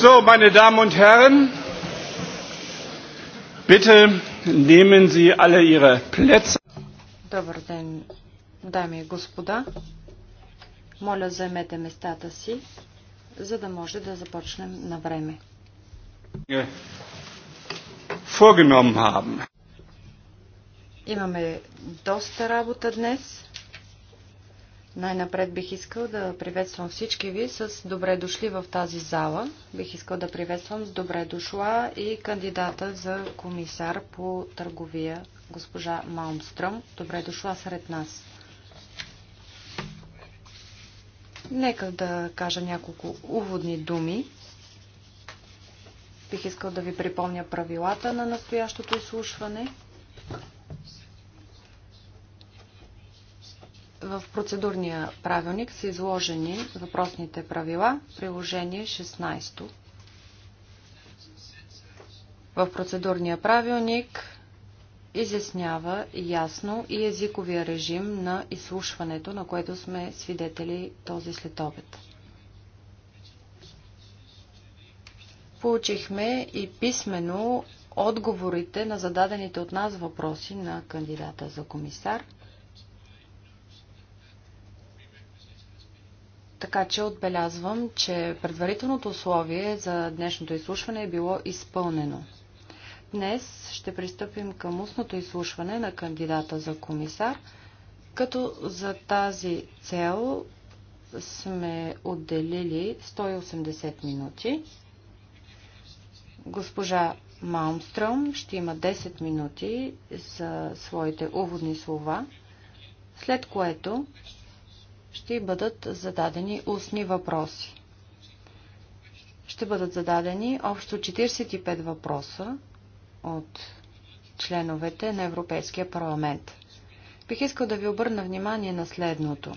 So, meine Damen und Herren, bitte nehmen Sie alle Ihre Plätze. Добър ден, дами и господа. Моля, заемете местата си, за да може да започнем на време. Имаме доста работа днес. Най-напред бих искал да приветствам всички ви с добре дошли в тази зала. Бих искал да приветствам с добре дошла и кандидата за комисар по търговия, госпожа Малмстръм. Добре дошла сред нас. Нека да кажа няколко уводни думи. Бих искал да ви припомня правилата на настоящото изслушване. В процедурния правилник са изложени въпросните правила, приложение 16. В процедурния правилник изяснява ясно и езиковия режим на изслушването, на което сме свидетели този следобед. Получихме и писменно отговорите на зададените от нас въпроси на кандидата за комисар – Така че отбелязвам, че предварителното условие за днешното изслушване е било изпълнено. Днес ще пристъпим към устното изслушване на кандидата за комисар, като за тази цел сме отделили 180 минути. Госпожа Маумстром ще има 10 минути за своите уводни слова, след което ще бъдат зададени устни въпроси. Ще бъдат зададени общо 45 въпроса от членовете на Европейския парламент. Бих искал да ви обърна внимание на следното.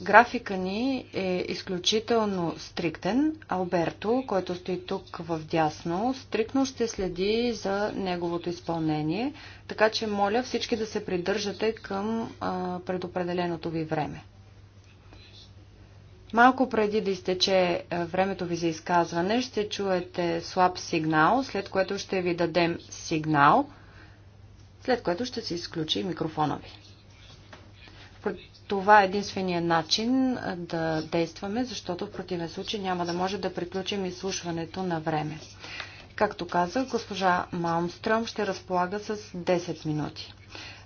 Графика ни е изключително стриктен. Алберто, който стои тук в дясно, стриктно ще следи за неговото изпълнение, така че моля всички да се придържате към а, предопределеното ви време. Малко преди да изтече е, времето ви за изказване, ще чуете слаб сигнал, след което ще ви дадем сигнал, след което ще се изключи микрофона ви. Това е единствения начин е, да действаме, защото в противен случай няма да може да приключим изслушването на време. Както казах, госпожа Маумстрем ще разполага с 10 минути.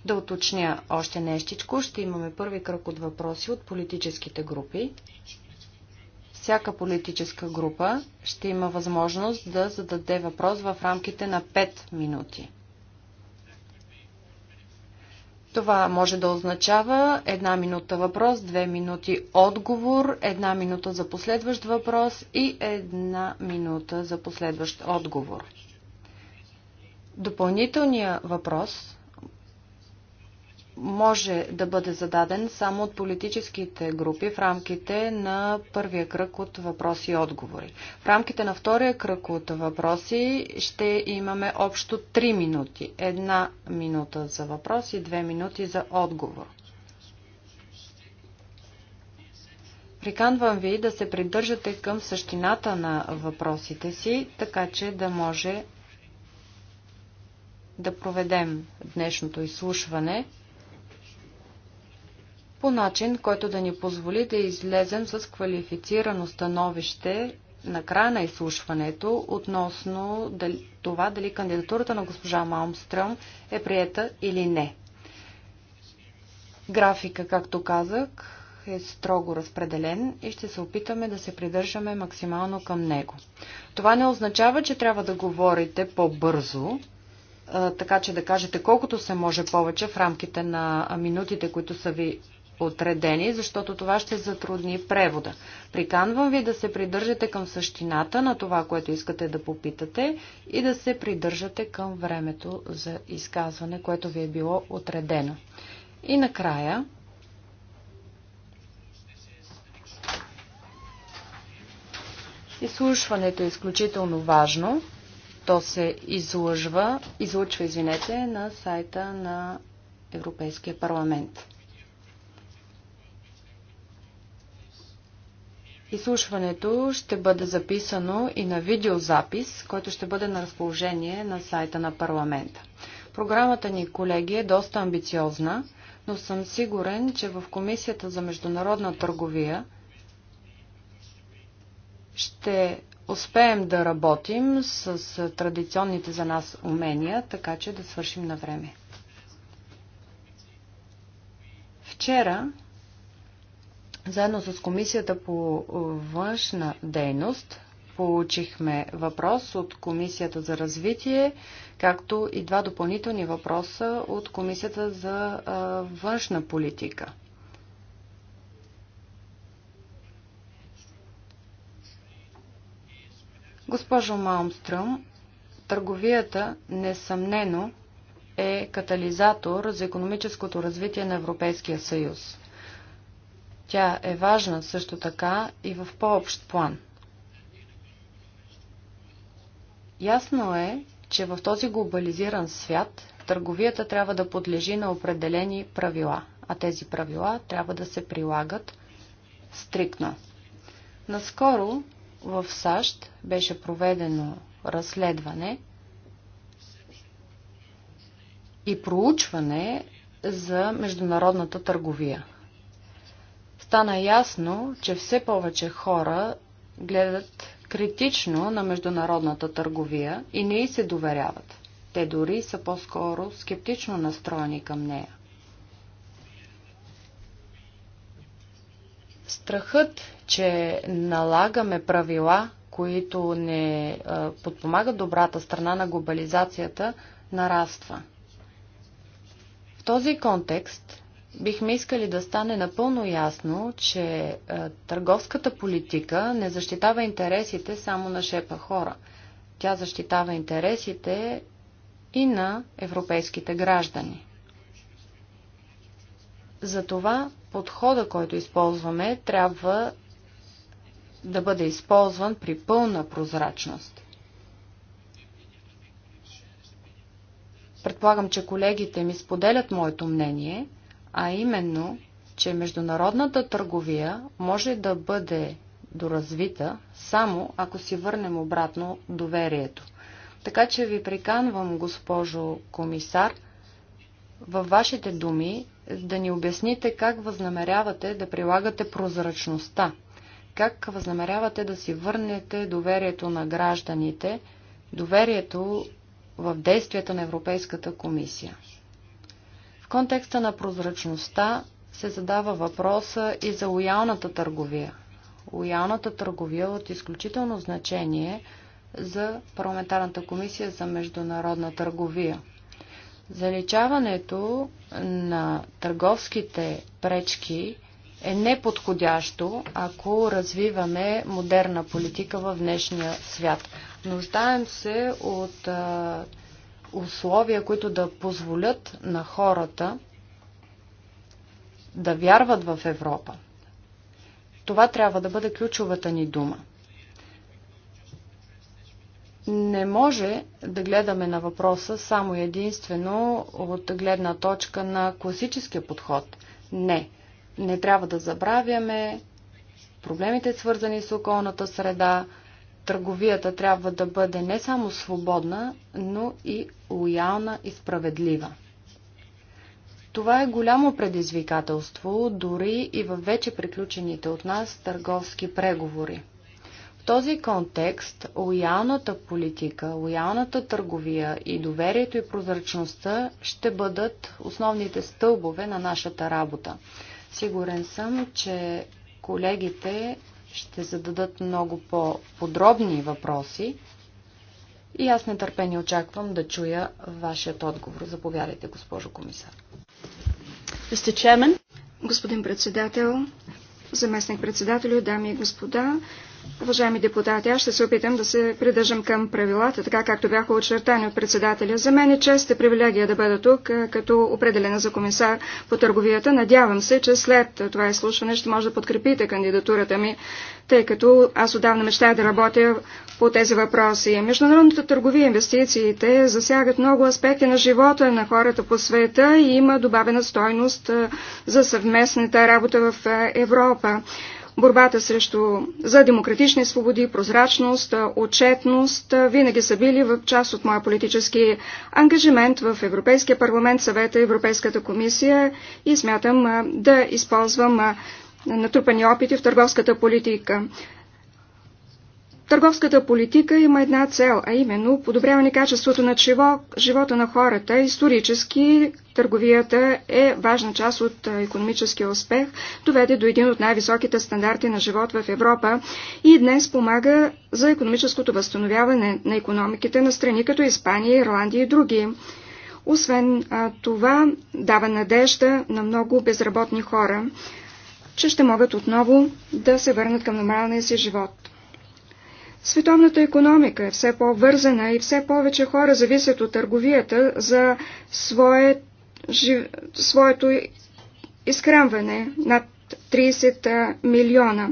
Да уточня още нещичко. Ще имаме първи кръг от въпроси от политическите групи. Всяка политическа група ще има възможност да зададе въпрос в рамките на 5 минути. Това може да означава една минута въпрос, две минути отговор, една минута за последващ въпрос и една минута за последващ отговор. Допълнителният въпрос може да бъде зададен само от политическите групи в рамките на първия кръг от въпроси и отговори. В рамките на втория кръг от въпроси ще имаме общо 3 минути. Една минута за въпрос и две минути за отговор. Приканвам ви да се придържате към същината на въпросите си, така че да може да проведем днешното изслушване – по начин, който да ни позволи да излезем с квалифицирано становище на края на изслушването относно дали, това дали кандидатурата на госпожа Малмстрем е приета или не. Графика, както казах, е строго разпределен и ще се опитаме да се придържаме максимално към него. Това не означава, че трябва да говорите по-бързо, така че да кажете колкото се може повече в рамките на минутите, които са ви отредени, защото това ще затрудни превода. Приканвам ви да се придържате към същината на това, което искате да попитате и да се придържате към времето за изказване, което ви е било отредено. И накрая, изслушването е изключително важно. То се излъжва, излъчва извинете, на сайта на Европейския парламент. Изслушването ще бъде записано и на видеозапис, който ще бъде на разположение на сайта на парламента. Програмата ни, колеги, е доста амбициозна, но съм сигурен, че в Комисията за международна търговия ще успеем да работим с традиционните за нас умения, така че да свършим на време. Вчера заедно с Комисията по външна дейност получихме въпрос от Комисията за развитие, както и два допълнителни въпроса от Комисията за външна политика. Госпожо Малмстръм, търговията несъмнено е катализатор за економическото развитие на Европейския съюз. Тя е важна също така и в по-общ план. Ясно е, че в този глобализиран свят търговията трябва да подлежи на определени правила, а тези правила трябва да се прилагат стриктно. Наскоро в САЩ беше проведено разследване и проучване за международната търговия стана ясно, че все повече хора гледат критично на международната търговия и не й се доверяват. Те дори са по-скоро скептично настроени към нея. Страхът, че налагаме правила, които не подпомагат добрата страна на глобализацията, нараства. В този контекст бихме искали да стане напълно ясно, че е, търговската политика не защитава интересите само на шепа хора. Тя защитава интересите и на европейските граждани. Затова подхода, който използваме, трябва да бъде използван при пълна прозрачност. Предполагам, че колегите ми споделят моето мнение, а именно, че международната търговия може да бъде доразвита само ако си върнем обратно доверието. Така че ви приканвам, госпожо комисар, във вашите думи да ни обясните как възнамерявате да прилагате прозрачността, как възнамерявате да си върнете доверието на гражданите, доверието в действията на Европейската комисия. В контекста на прозрачността се задава въпроса и за лоялната търговия. Лоялната търговия е от изключително значение за парламентарната комисия за международна търговия. Заличаването на търговските пречки е неподходящо, ако развиваме модерна политика в днешния свят. Нуждаем се от условия, които да позволят на хората да вярват в Европа. Това трябва да бъде ключовата ни дума. Не може да гледаме на въпроса само единствено от гледна точка на класическия подход. Не. Не трябва да забравяме проблемите, свързани с околната среда, търговията трябва да бъде не само свободна, но и лоялна и справедлива. Това е голямо предизвикателство, дори и във вече приключените от нас търговски преговори. В този контекст лоялната политика, лоялната търговия и доверието и прозрачността ще бъдат основните стълбове на нашата работа. Сигурен съм, че колегите ще зададат много по-подробни въпроси и аз нетърпение очаквам да чуя вашият отговор. Заповядайте, госпожо комисар. Господин председател, заместник председател, дами и господа, Уважаеми депутати, аз ще се опитам да се придържам към правилата, така както бяха очертани от председателя. За мен е чест и привилегия да бъда тук, като определена за комисар по търговията. Надявам се, че след това изслушване ще може да подкрепите кандидатурата ми, тъй като аз отдавна мечтая да работя по тези въпроси. Международната търговия и инвестициите засягат много аспекти на живота на хората по света и има добавена стойност за съвместната работа в Европа борбата срещу за демократични свободи, прозрачност, отчетност винаги са били в част от моя политически ангажимент в Европейския парламент, съвета, Европейската комисия и смятам да използвам натрупани опити в търговската политика. Търговската политика има една цел, а именно подобряване качеството на живота на хората. Исторически търговията е важна част от економическия успех, доведе до един от най-високите стандарти на живот в Европа и днес помага за економическото възстановяване на економиките на страни като Испания, Ирландия и други. Освен а, това, дава надежда на много безработни хора, че ще могат отново да се върнат към нормалния си живот. Световната економика е все по-вързана и все повече хора зависят от търговията за свое, жи, своето изхранване над 30 милиона.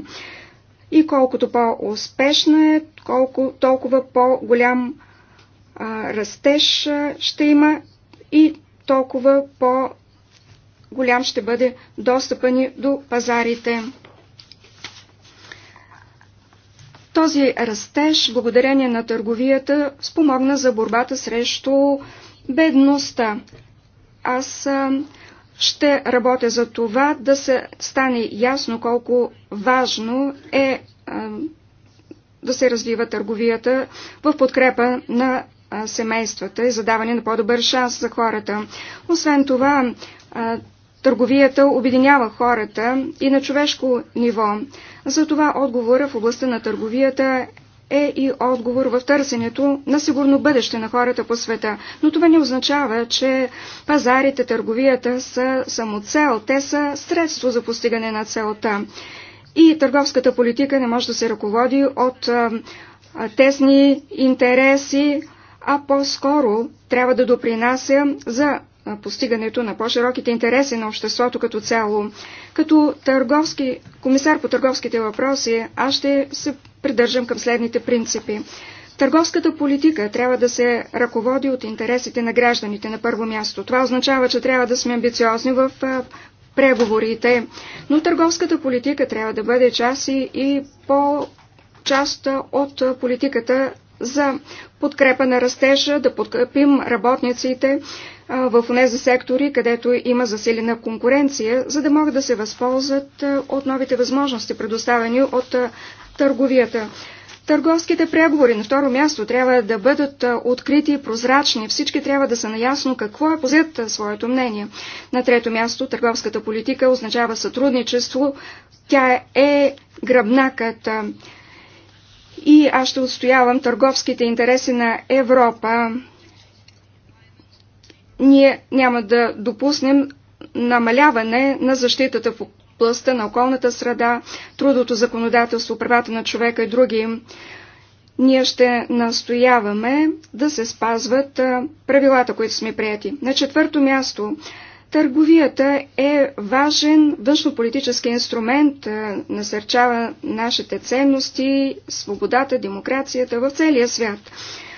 И колкото по-успешна е, колко, толкова по-голям растеж ще има и толкова по-голям ще бъде достъпа ни до пазарите. Този растеж, благодарение на търговията, спомогна за борбата срещу бедността. Аз ще работя за това да се стане ясно колко важно е да се развива търговията в подкрепа на семействата и задаване на по-добър шанс за хората. Освен това, Търговията обединява хората и на човешко ниво. Затова отговора в областта на търговията е и отговор в търсенето на сигурно бъдеще на хората по света. Но това не означава, че пазарите, търговията са само цел. Те са средство за постигане на целта. И търговската политика не може да се ръководи от тесни интереси, а по-скоро трябва да допринася за постигането на по-широките интереси на обществото като цяло. Като търговски, комисар по търговските въпроси, аз ще се придържам към следните принципи. Търговската политика трябва да се ръководи от интересите на гражданите на първо място. Това означава, че трябва да сме амбициозни в преговорите, но търговската политика трябва да бъде част и, и по част от политиката за подкрепа на растежа, да подкрепим работниците, в тези сектори, където има засилена конкуренция, за да могат да се възползват от новите възможности, предоставени от търговията. Търговските преговори на второ място трябва да бъдат открити и прозрачни. Всички трябва да са наясно какво е позет своето мнение. На трето място търговската политика означава сътрудничество. Тя е гръбнакът. И аз ще отстоявам търговските интереси на Европа ние няма да допуснем намаляване на защитата в областта на околната среда, трудото законодателство, правата на човека и други. Ние ще настояваме да се спазват правилата, които сме прияти. На четвърто място, търговията е важен външнополитически инструмент, насърчава нашите ценности, свободата, демокрацията в целия свят.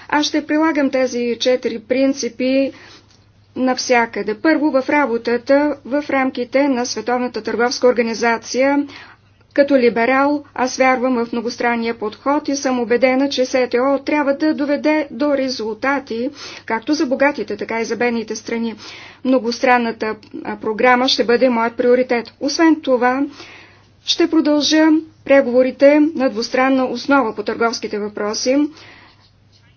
Аз ще прилагам тези четири принципи навсякъде. Първо в работата в рамките на Световната търговска организация. Като либерал, аз вярвам в многостранния подход и съм убедена, че СТО трябва да доведе до резултати, както за богатите, така и за бедните страни. Многостранната програма ще бъде моят приоритет. Освен това, ще продължа преговорите на двустранна основа по търговските въпроси.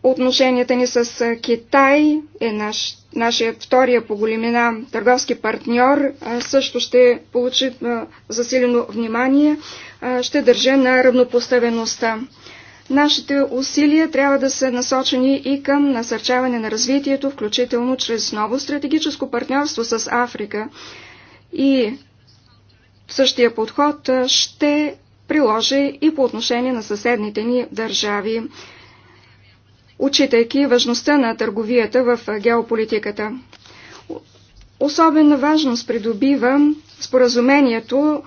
Отношенията ни с Китай е наш, нашия втория по големина търговски партньор. Също ще получи засилено внимание. Ще държа на равнопоставеността. Нашите усилия трябва да са насочени и към насърчаване на развитието, включително чрез ново стратегическо партньорство с Африка. И същия подход ще приложи и по отношение на съседните ни държави отчитайки важността на търговията в геополитиката. Особена важност придобива споразумението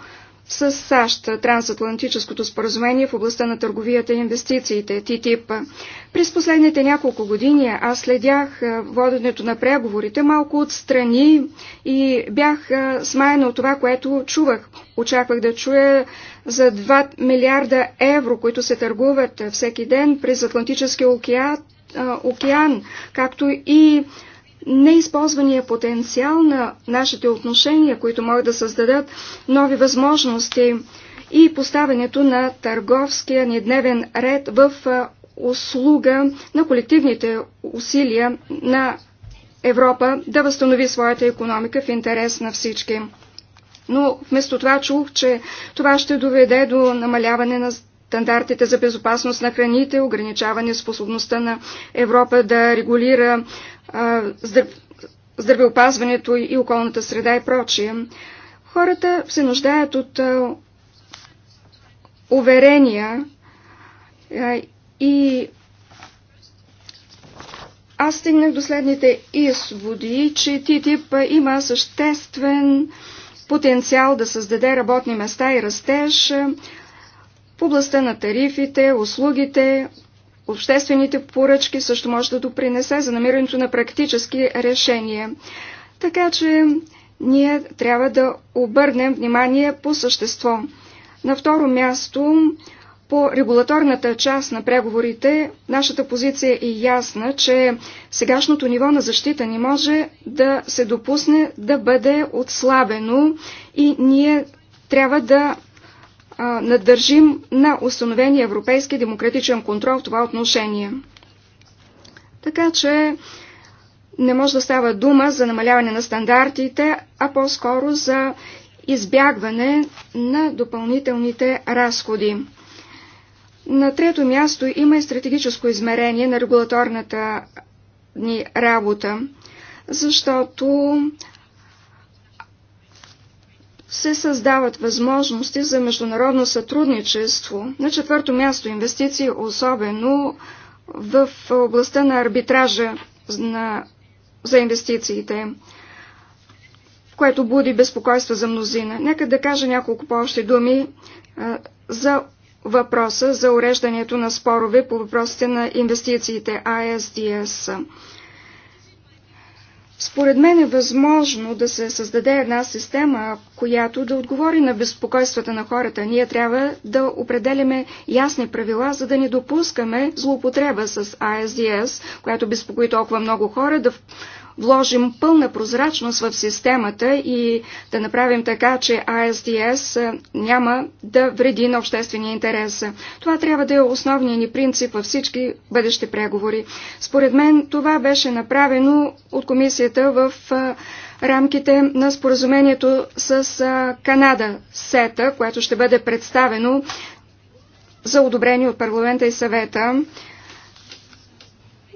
с САЩ, трансатлантическото споразумение в областта на търговията и инвестициите, ТТИП. През последните няколко години аз следях воденето на преговорите малко отстрани и бях смаяна от това, което чувах. Очаквах да чуя за 2 милиарда евро, които се търгуват всеки ден през Атлантическия океан, океан както и неизползвания потенциал на нашите отношения, които могат да създадат нови възможности и поставянето на търговския ни дневен ред в услуга на колективните усилия на Европа да възстанови своята економика в интерес на всички. Но вместо това чух, че това ще доведе до намаляване на стандартите за безопасност на храните, ограничаване способността на Европа да регулира здравеопазването и околната среда и прочие. Хората се нуждаят от уверения и аз стигнах до следните изводи, че ТТИП има съществен потенциал да създаде работни места и растеж в областта на тарифите, услугите, обществените поръчки също може да допринесе за намирането на практически решения. Така че ние трябва да обърнем внимание по същество. На второ място, по регулаторната част на преговорите, нашата позиция е ясна, че сегашното ниво на защита не може да се допусне да бъде отслабено и ние трябва да надържим на установения европейски демократичен контрол в това отношение. Така че не може да става дума за намаляване на стандартите, а по-скоро за избягване на допълнителните разходи. На трето място има и стратегическо измерение на регулаторната ни работа, защото се създават възможности за международно сътрудничество. На четвърто място инвестиции, особено в областта на арбитража на, за инвестициите, което буди безпокойство за мнозина. Нека да кажа няколко по-общи думи а, за въпроса за уреждането на спорове по въпросите на инвестициите ISDS. Според мен е възможно да се създаде една система, която да отговори на безпокойствата на хората. Ние трябва да определяме ясни правила, за да не допускаме злоупотреба с АСДС, която безпокои толкова много хора, да вложим пълна прозрачност в системата и да направим така, че ISDS няма да вреди на обществения интерес. Това трябва да е основният ни принцип във всички бъдещи преговори. Според мен това беше направено от комисията в рамките на споразумението с Канада СЕТА, което ще бъде представено за одобрение от парламента и съвета.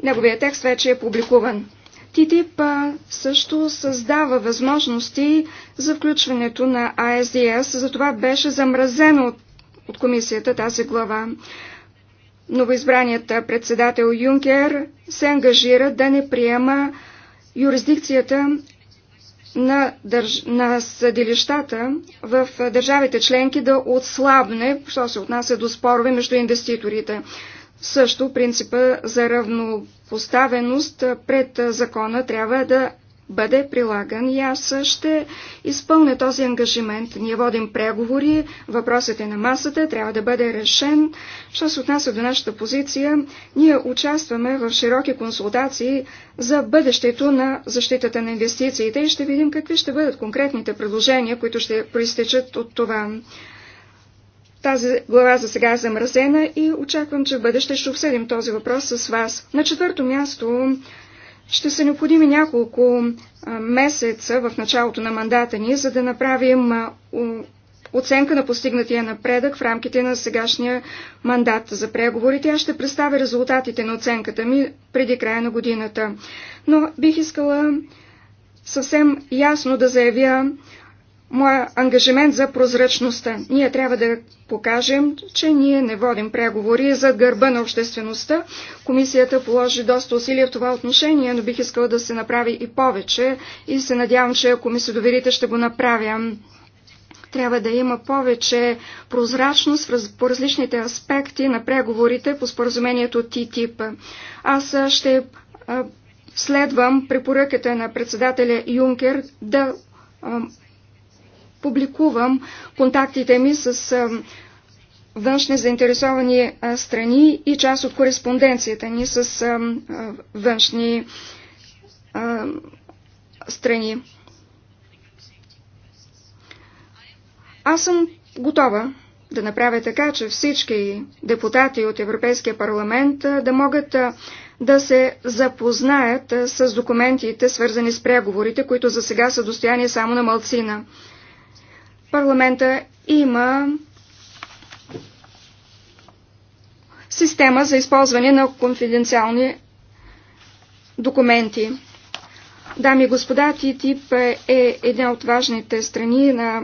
Неговия текст вече е публикуван. ТТИП също създава възможности за включването на АСДС, затова беше замразено от, от комисията тази глава. Новоизбраният председател Юнкер се ангажира да не приема юрисдикцията на, държ... на съдилищата в държавите членки да отслабне, що се отнася до спорове между инвеститорите. Също принципа за равнопоставеност пред закона трябва да бъде прилаган и аз ще изпълня този ангажимент. Ние водим преговори, въпросът е на масата, трябва да бъде решен. Що се отнася до нашата позиция, ние участваме в широки консултации за бъдещето на защитата на инвестициите и ще видим какви ще бъдат конкретните предложения, които ще проистечат от това. Тази глава за сега е замразена и очаквам, че в бъдеще ще обсъдим този въпрос с вас. На четвърто място ще са необходими няколко месеца в началото на мандата ни, за да направим оценка на постигнатия напредък в рамките на сегашния мандат за преговори. Тя ще представя резултатите на оценката ми преди края на годината. Но бих искала съвсем ясно да заявя моя ангажимент за прозрачността. Ние трябва да покажем, че ние не водим преговори за гърба на обществеността. Комисията положи доста усилия в това отношение, но бих искала да се направи и повече и се надявам, че ако ми се доверите, ще го направя. Трябва да има повече прозрачност по различните аспекти на преговорите по споразумението ТТИП. Аз ще следвам препоръката на председателя Юнкер да публикувам контактите ми с външни заинтересовани страни и част от кореспонденцията ни с външни страни. Аз съм готова да направя така, че всички депутати от Европейския парламент да могат да се запознаят с документите, свързани с преговорите, които за сега са достояние само на малцина парламента има система за използване на конфиденциални документи. Дами и господа, ТИТИП е една от важните страни на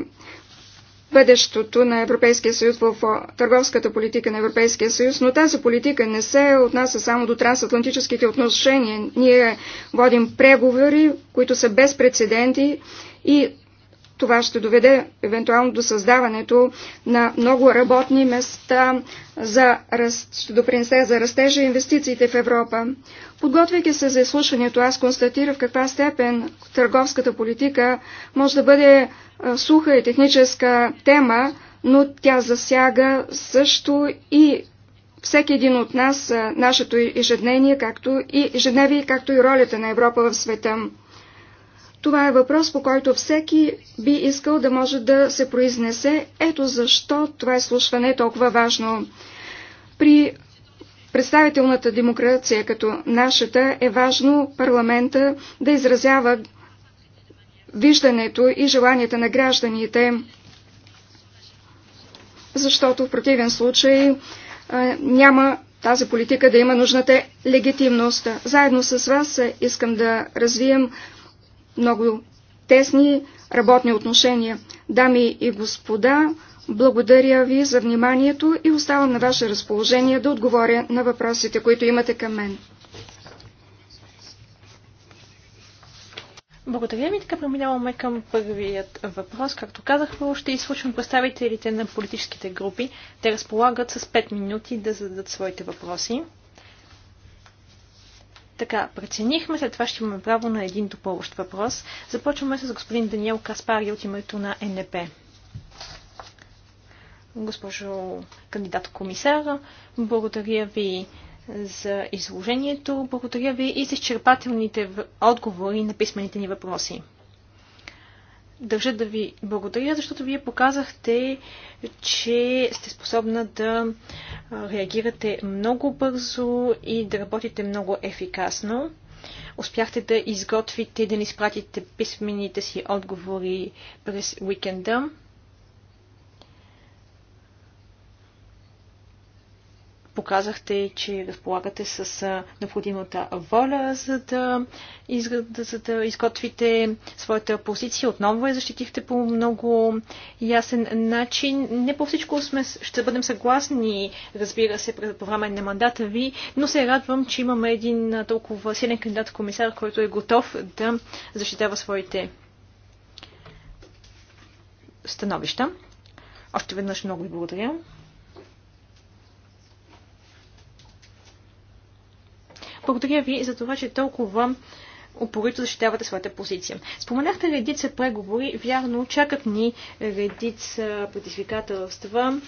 бъдещето на Европейския съюз в търговската политика на Европейския съюз, но тази политика не се отнася само до трансатлантическите отношения. Ние водим преговори, които са без прецеденти и това ще доведе евентуално до създаването на много работни места, за, ще допринесе за растежа и инвестициите в Европа. Подготвяйки се за изслушването, аз констатирах в каква степен търговската политика може да бъде суха и техническа тема, но тя засяга също и всеки един от нас, нашето ежедневие, както и, ежедневие, както и ролята на Европа в света. Това е въпрос, по който всеки би искал да може да се произнесе. Ето защо това изслушване е толкова важно. При представителната демокрация като нашата е важно парламента да изразява виждането и желанията на гражданите, защото в противен случай няма тази политика да има нужната легитимност. Заедно с вас искам да развием много тесни работни отношения. Дами и господа, благодаря ви за вниманието и оставам на ваше разположение да отговоря на въпросите, които имате към мен. Благодаря ми, Така преминаваме към първият въпрос. Както казахме, ще изслушвам представителите на политическите групи. Те разполагат с 5 минути да зададат своите въпроси. Така, преценихме, след това ще имаме право на един допълващ въпрос. Започваме с господин Даниел Каспари от името на НП. Госпожо кандидат комисар, благодаря ви за изложението, благодаря ви и за изчерпателните отговори на писмените ни въпроси държа да ви благодаря, защото вие показахте, че сте способна да реагирате много бързо и да работите много ефикасно. Успяхте да изготвите и да ни изпратите писмените си отговори през уикенда. Показахте, че разполагате с необходимата воля, за да, за да изготвите своята позиция. Отново я защитихте по много ясен начин. Не по всичко сме, ще бъдем съгласни, разбира се, по време на мандата ви, но се радвам, че имаме един толкова силен кандидат-комисар, който е готов да защитава своите становища. Още веднъж много ви благодаря. Благодаря ви за това, че толкова упорито защитавате своята позиция. Споменахте редица преговори, вярно, чакат ни редица предизвикателства.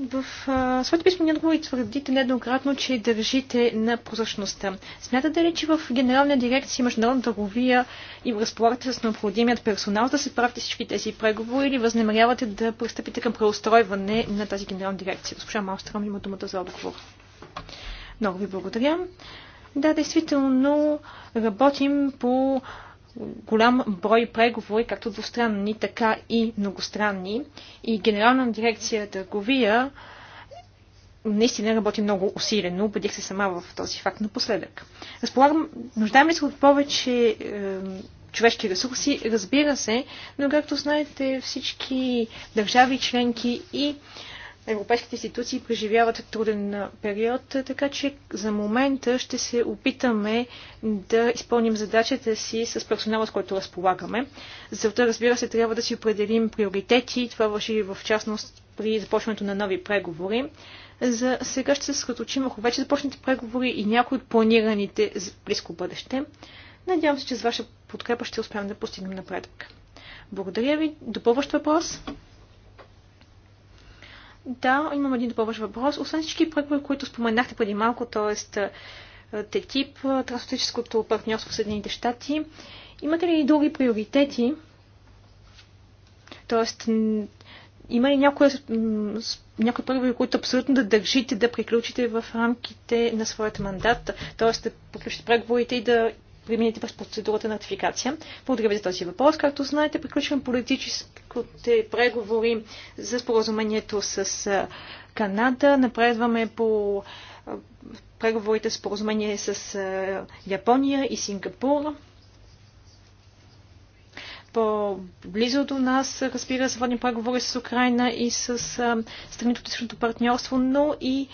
В а, писмо писмени отговори твърдите нееднократно, че държите на прозрачността. Смятате ли, че в Генерална дирекция Международна търговия им разполагате с необходимият персонал да се правите всички тези преговори или възнамерявате да пристъпите към преустройване на тази Генерална дирекция? Госпожа Малстрам има думата за отговор. Много ви благодаря. Да, действително работим по голям брой преговори, както двустранни, така и многостранни. И Генерална дирекция търговия наистина работи много усилено. Убедих се сама в този факт напоследък. Разполагам, нуждаем ли се от повече е, човешки ресурси? Разбира се, но както знаете, всички държави членки и европейските институции преживяват труден период, така че за момента ще се опитаме да изпълним задачата си с персонала, с който разполагаме. За това, разбира се, трябва да си определим приоритети. Това върши в частност при започването на нови преговори. За сега ще се съсредоточим върху вече започнати преговори и някои от планираните за близко бъдеще. Надявам се, че с ваша подкрепа ще успеем да постигнем напредък. Благодаря ви. Допълващ въпрос? Да, имам един допълващ въпрос. Освен всички проекти, които споменахте преди малко, т.е. ТЕТИП, Трансатлантическото партньорство в Съединените щати, имате ли и други приоритети? Тоест, има ли някои, някои първи, които абсолютно да държите да приключите в рамките на своят мандат, т.е. да приключите преговорите и да преминете през процедурата на ратификация. Благодаря ви за този въпрос. Както знаете, приключваме политическите преговори за споразумението с Канада. Напредваме по преговорите с споразумение с Япония и Сингапур. По-близо до нас, разбира се, водни преговори с Украина и с страните от партньорство, но и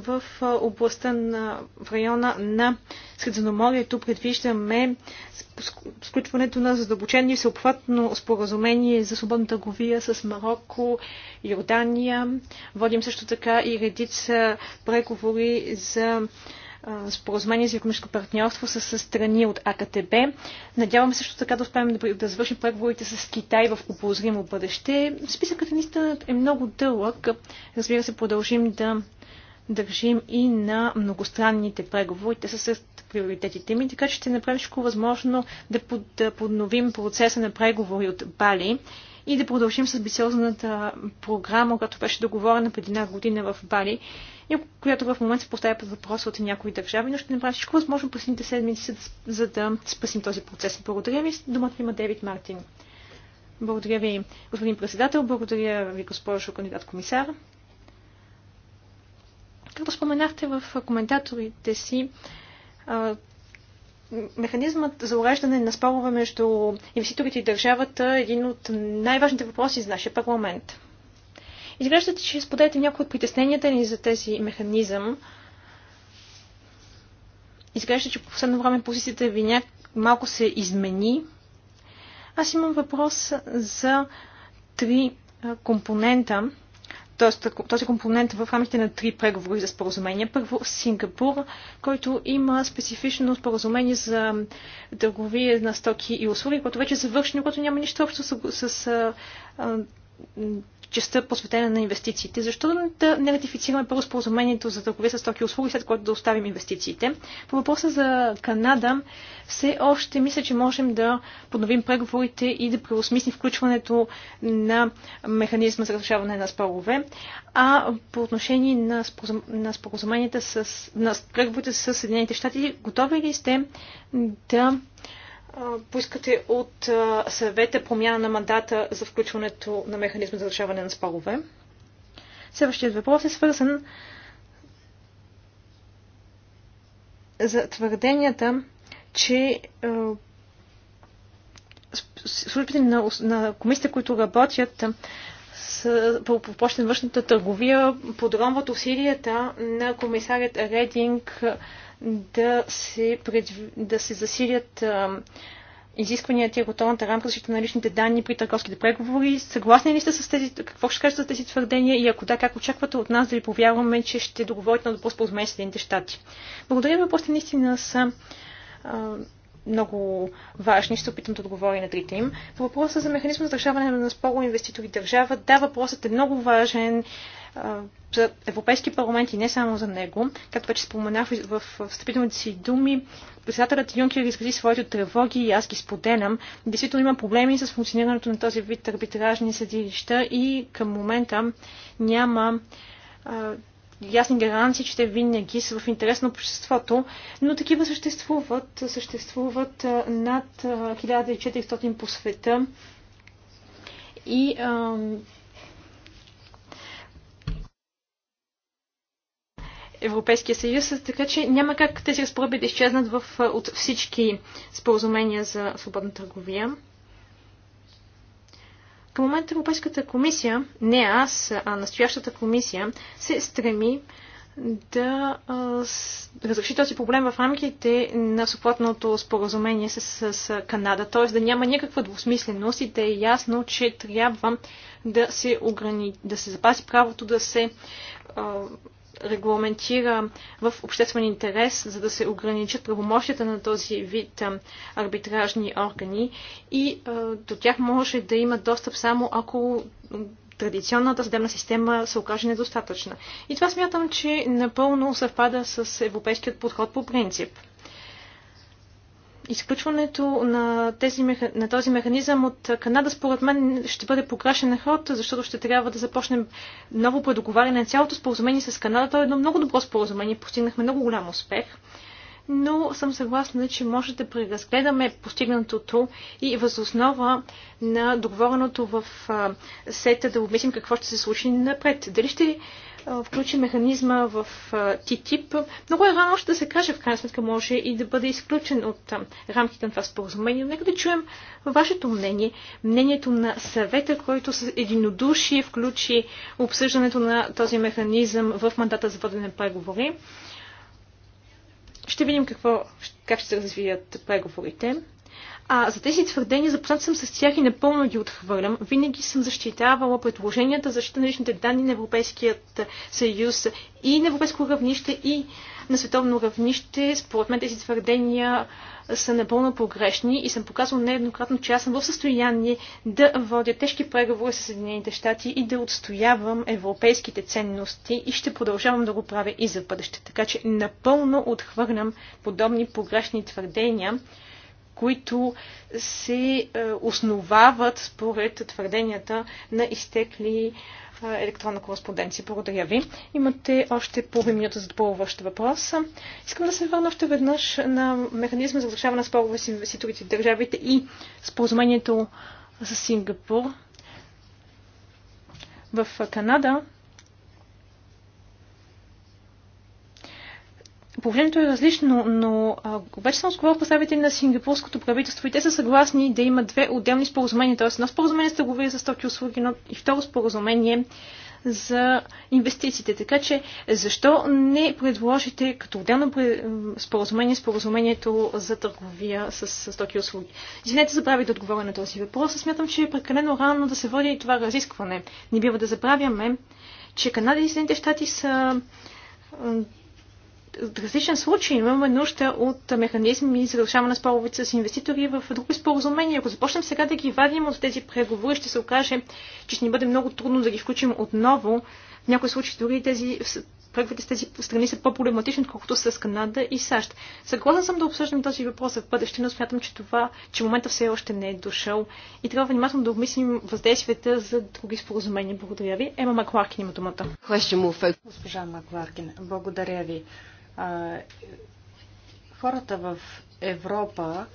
в областта на, в района на Средиземноморието предвиждаме сключването на задълбочено и всеобхватно споразумение за свободна търговия с Марокко, Йордания. Водим също така и редица преговори за споразумение за економическо партньорство с страни от АКТБ. Надяваме също така да успеем да, да завършим преговорите с Китай в обозримо бъдеще. Списъкът наистина е много дълъг. Разбира се, продължим да държим и на многостранните преговори. Те са с приоритетите ми, така че ще направим всичко възможно да, под, да подновим процеса на преговори от Бали и да продължим с амбициозната програма, която беше договорена преди една година в Бали, и която в момента се поставя под въпрос от някои държави, но ще направим всичко възможно последните седмици, за да спасим този процес. Благодаря ви. Думата има Девид Мартин. Благодаря ви, господин председател. Благодаря ви, госпожо кандидат комисар. Както споменахте в коментаторите си, механизмът за уреждане на спорове между инвеститорите и държавата е един от най-важните въпроси за нашия парламент. Изглежда, че споделяте някои от притесненията ни за тези механизъм. Изглежда, че по последно време позицията ви малко се измени. Аз имам въпрос за три компонента този компонент в рамките на три преговори за споразумения. Първо Сингапур, който има специфично споразумение за търговия на стоки и услуги, което вече е завършено, което няма нищо общо с, с, с частта посветена на инвестициите. Защо да не ратифицираме първо споразумението за търговия с токи и услуги, след което да оставим инвестициите? По въпроса за Канада, все още мисля, че можем да подновим преговорите и да преосмислим включването на механизма за разрешаване на спорове. А по отношение на, споразум... на споразуменията с... на преговорите с Съединените щати, готови ли сте да поискате от съвета промяна на мандата за включването на механизма за решаване на спорове. Следващият въпрос е свързан за твърденията, че службите на, на комисията, които работят с, по, по почта на външната търговия, подромват усилията на комисарят Рединг да се, предв... да се засилят а, изискванията и готовната рамка защита на личните данни при търговските преговори. Съгласни ли сте с тези, какво ще кажете за тези твърдения и ако да, как очаквате от нас да ви повярваме, че ще договорите на добро споразумение с Съединените щати? Благодаря ви, въпросите наистина са а, много важни. Ще се опитам да отговоря на трите им. По въпроса за механизма за решаване на споро инвеститори държава, да, въпросът е много важен за Европейски парламент и не само за него. Както вече споменах в встъпителните си думи, председателят Юнкер изрази своите тревоги и аз ги споделям. Действително има проблеми с функционирането на този вид арбитражни съдилища и към момента няма а, ясни гаранции, че те винаги са в интерес на обществото, но такива съществуват. Съществуват над 1400 по света и Европейския съюз, така че няма как тези разпоредби да изчезнат в, от всички споразумения за свободна търговия. Към момента Европейската комисия, не аз, а настоящата комисия, се стреми да а, разреши този проблем в рамките на съплатното споразумение с, с, с Канада, т.е. да няма никаква двусмисленост и да е ясно, че трябва да се, ограни... да се запази правото да се а, регламентира в обществен интерес, за да се ограничат правомощията на този вид арбитражни органи и до тях може да има достъп само ако традиционната съдебна система се окаже недостатъчна. И това смятам, че напълно съвпада с европейският подход по принцип изключването на, тези, на този механизъм от Канада, според мен, ще бъде покрашен на ход, защото ще трябва да започнем ново предоговаряне на цялото споразумение с Канада. То е едно много добро споразумение, постигнахме много голям успех. Но съм съгласна, че може да преразгледаме постигнатото и възоснова на договореното в сета да обмислим какво ще се случи напред. Дали ще включи механизма в ТИТИП. Много е рано още да се каже, в крайна сметка може и да бъде изключен от рамките на това споразумение. Нека да чуем вашето мнение, мнението на съвета, който с единодушие включи обсъждането на този механизъм в мандата за водене преговори. Ще видим какво, как ще се развият преговорите. А за тези твърдения запознат съм с тях и напълно ги отхвърлям. Винаги съм защитавала предложенията за защита на личните данни на Европейският съюз и на европейско равнище и на световно равнище. Според мен тези твърдения са напълно погрешни и съм показал нееднократно, че аз съм в състояние да водя тежки преговори с Съединените щати и да отстоявам европейските ценности и ще продължавам да го правя и за бъдеще. Така че напълно отхвърлям подобни погрешни твърдения които се е, основават според твърденията на изтекли е, електронна кореспонденция. Благодаря ви. Имате още половин минута за допълващ въпрос. Искам да се върна още веднъж на механизма за разрешаване на спорове с инвеститорите в държавите и споразумението с Сингапур. В Канада положението е различно, но а, вече съм разговарял представители на сингапурското правителство и те са съгласни да има две отделни споразумения. Тоест, едно споразумение с търговия за стоки услуги, но и второ споразумение за инвестициите. Така че, защо не предложите като отделно споразумение споразумението за търговия с, с стоки услуги? Извинете, забравих да отговоря на този въпрос. Смятам, че е прекалено рано да се води и това разискване. Не бива да забравяме, че Канада и Съединените щати са различен случай имаме нужда от механизми за решаване на споровица с инвеститори в други споразумения. Ако започнем сега да ги вадим от тези преговори, ще се окаже, че ще ни бъде много трудно да ги включим отново. В някои случаи дори тези преговорите с тези страни са по-проблематични, отколкото с Канада и САЩ. Съгласна съм да обсъждам този въпрос в бъдеще, но смятам, че това, че момента все още не е дошъл и трябва внимателно да обмислим въздействията за други споразумения. Благодаря ви. Ема Макларкин има думата. Госпожа Макларкин, благодаря ви. А, хората в Европа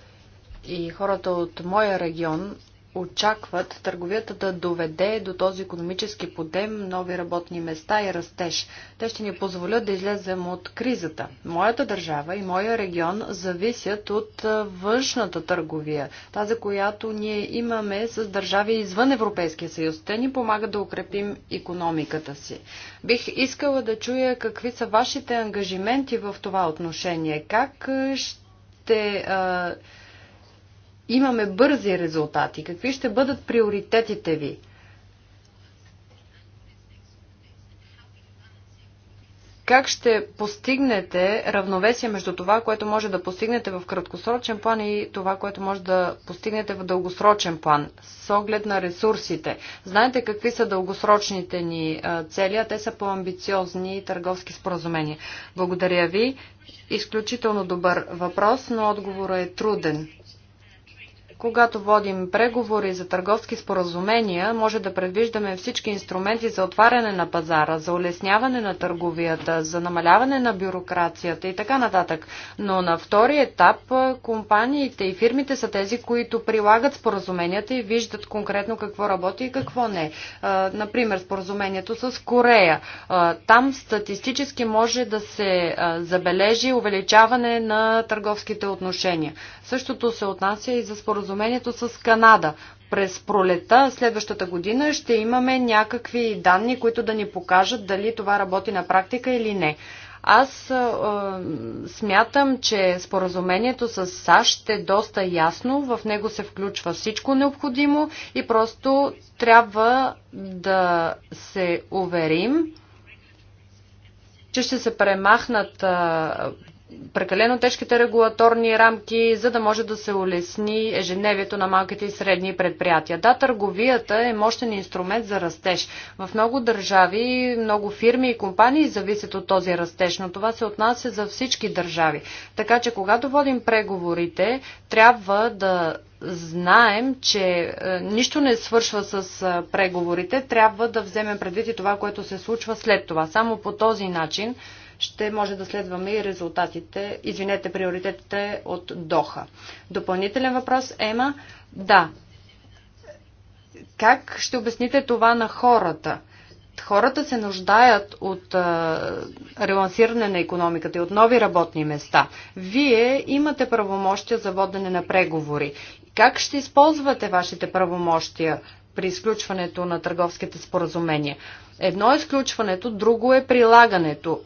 и хората от моя регион очакват търговията да доведе до този економически подем нови работни места и растеж. Те ще ни позволят да излезем от кризата. Моята държава и моя регион зависят от външната търговия, тази, която ние имаме с държави извън Европейския съюз. Те ни помагат да укрепим економиката си. Бих искала да чуя какви са вашите ангажименти в това отношение. Как ще имаме бързи резултати? Какви ще бъдат приоритетите ви? Как ще постигнете равновесие между това, което може да постигнете в краткосрочен план и това, което може да постигнете в дългосрочен план, с оглед на ресурсите? Знаете какви са дългосрочните ни цели, а те са по-амбициозни търговски споразумения. Благодаря ви. Изключително добър въпрос, но отговорът е труден. Когато водим преговори за търговски споразумения, може да предвиждаме всички инструменти за отваряне на пазара, за улесняване на търговията, за намаляване на бюрокрацията и така нататък. Но на втори етап компаниите и фирмите са тези, които прилагат споразуменията и виждат конкретно какво работи и какво не. Например, споразумението с Корея. Там статистически може да се забележи увеличаване на търговските отношения. Същото се отнася и за споразумението споразумението с Канада. През пролета следващата година ще имаме някакви данни, които да ни покажат дали това работи на практика или не. Аз е, смятам, че споразумението с САЩ е доста ясно, в него се включва всичко необходимо и просто трябва да се уверим, че ще се премахнат е, прекалено тежките регулаторни рамки, за да може да се улесни ежедневието на малките и средни предприятия. Да, търговията е мощен инструмент за растеж. В много държави, много фирми и компании зависят от този растеж, но това се отнася за всички държави. Така че, когато водим преговорите, трябва да знаем, че е, нищо не свършва с е, преговорите, трябва да вземем предвид и това, което се случва след това. Само по този начин ще може да следваме и резултатите, извинете, приоритетите от Доха. Допълнителен въпрос, Ема? Да. Как ще обясните това на хората? Хората се нуждаят от а, релансиране на економиката и от нови работни места. Вие имате правомощия за водене на преговори. Как ще използвате вашите правомощия при изключването на търговските споразумения? Едно е изключването, друго е прилагането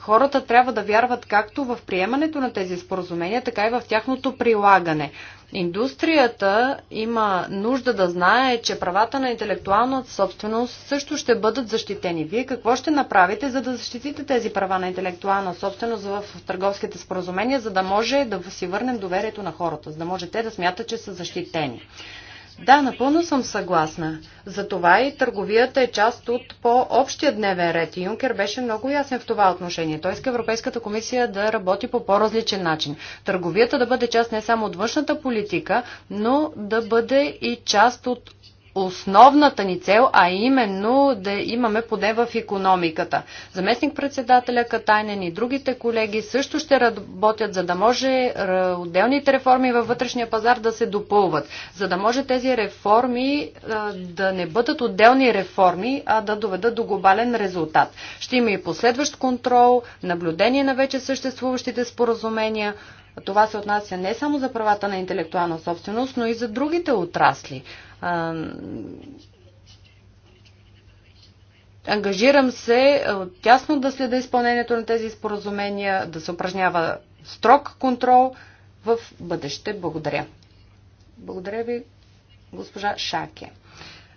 хората трябва да вярват както в приемането на тези споразумения, така и в тяхното прилагане. Индустрията има нужда да знае, че правата на интелектуалната собственост също ще бъдат защитени. Вие какво ще направите, за да защитите тези права на интелектуална собственост в търговските споразумения, за да може да си върнем доверието на хората, за да може те да смятат, че са защитени? Да, напълно съм съгласна. Затова и търговията е част от по-общия дневен ред. И Юнкер беше много ясен в това отношение. Той иска Европейската комисия да работи по по-различен начин. Търговията да бъде част не само от външната политика, но да бъде и част от основната ни цел, а именно да имаме поне в економиката. Заместник председателя Катайнен и другите колеги също ще работят, за да може е, отделните реформи във вътрешния пазар да се допълват, за да може тези реформи е, да не бъдат отделни реформи, а да доведат до глобален резултат. Ще има и последващ контрол, наблюдение на вече съществуващите споразумения, това се отнася не само за правата на интелектуална собственост, но и за другите отрасли. Ангажирам се тясно да следа изпълнението на тези споразумения, да се упражнява строг контрол в бъдеще. Благодаря. Благодаря ви, госпожа Шаке.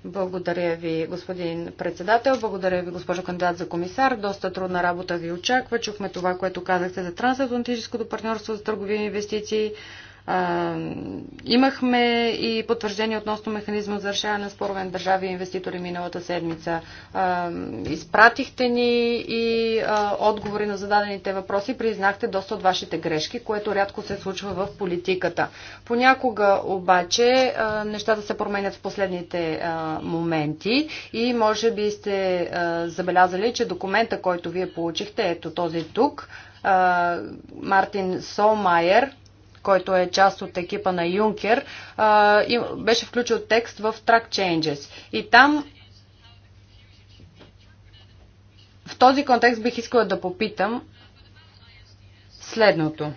Благодаря ви, господин председател. Благодаря ви, госпожо кандидат за комисар. Доста трудна работа ви очаква. Чухме това, което казахте за трансатлантическото партньорство за търговия и инвестиции. Имахме и потвърждение относно механизма за решаване на спорове на държави и инвеститори миналата седмица. Изпратихте ни и отговори на зададените въпроси. Признахте доста от вашите грешки, което рядко се случва в политиката. Понякога обаче нещата се променят в последните моменти и може би сте забелязали, че документа, който вие получихте, ето този тук, Мартин Солмайер, който е част от екипа на Юнкер, беше включил текст в Track Changes. И там в този контекст бих искала да попитам следното.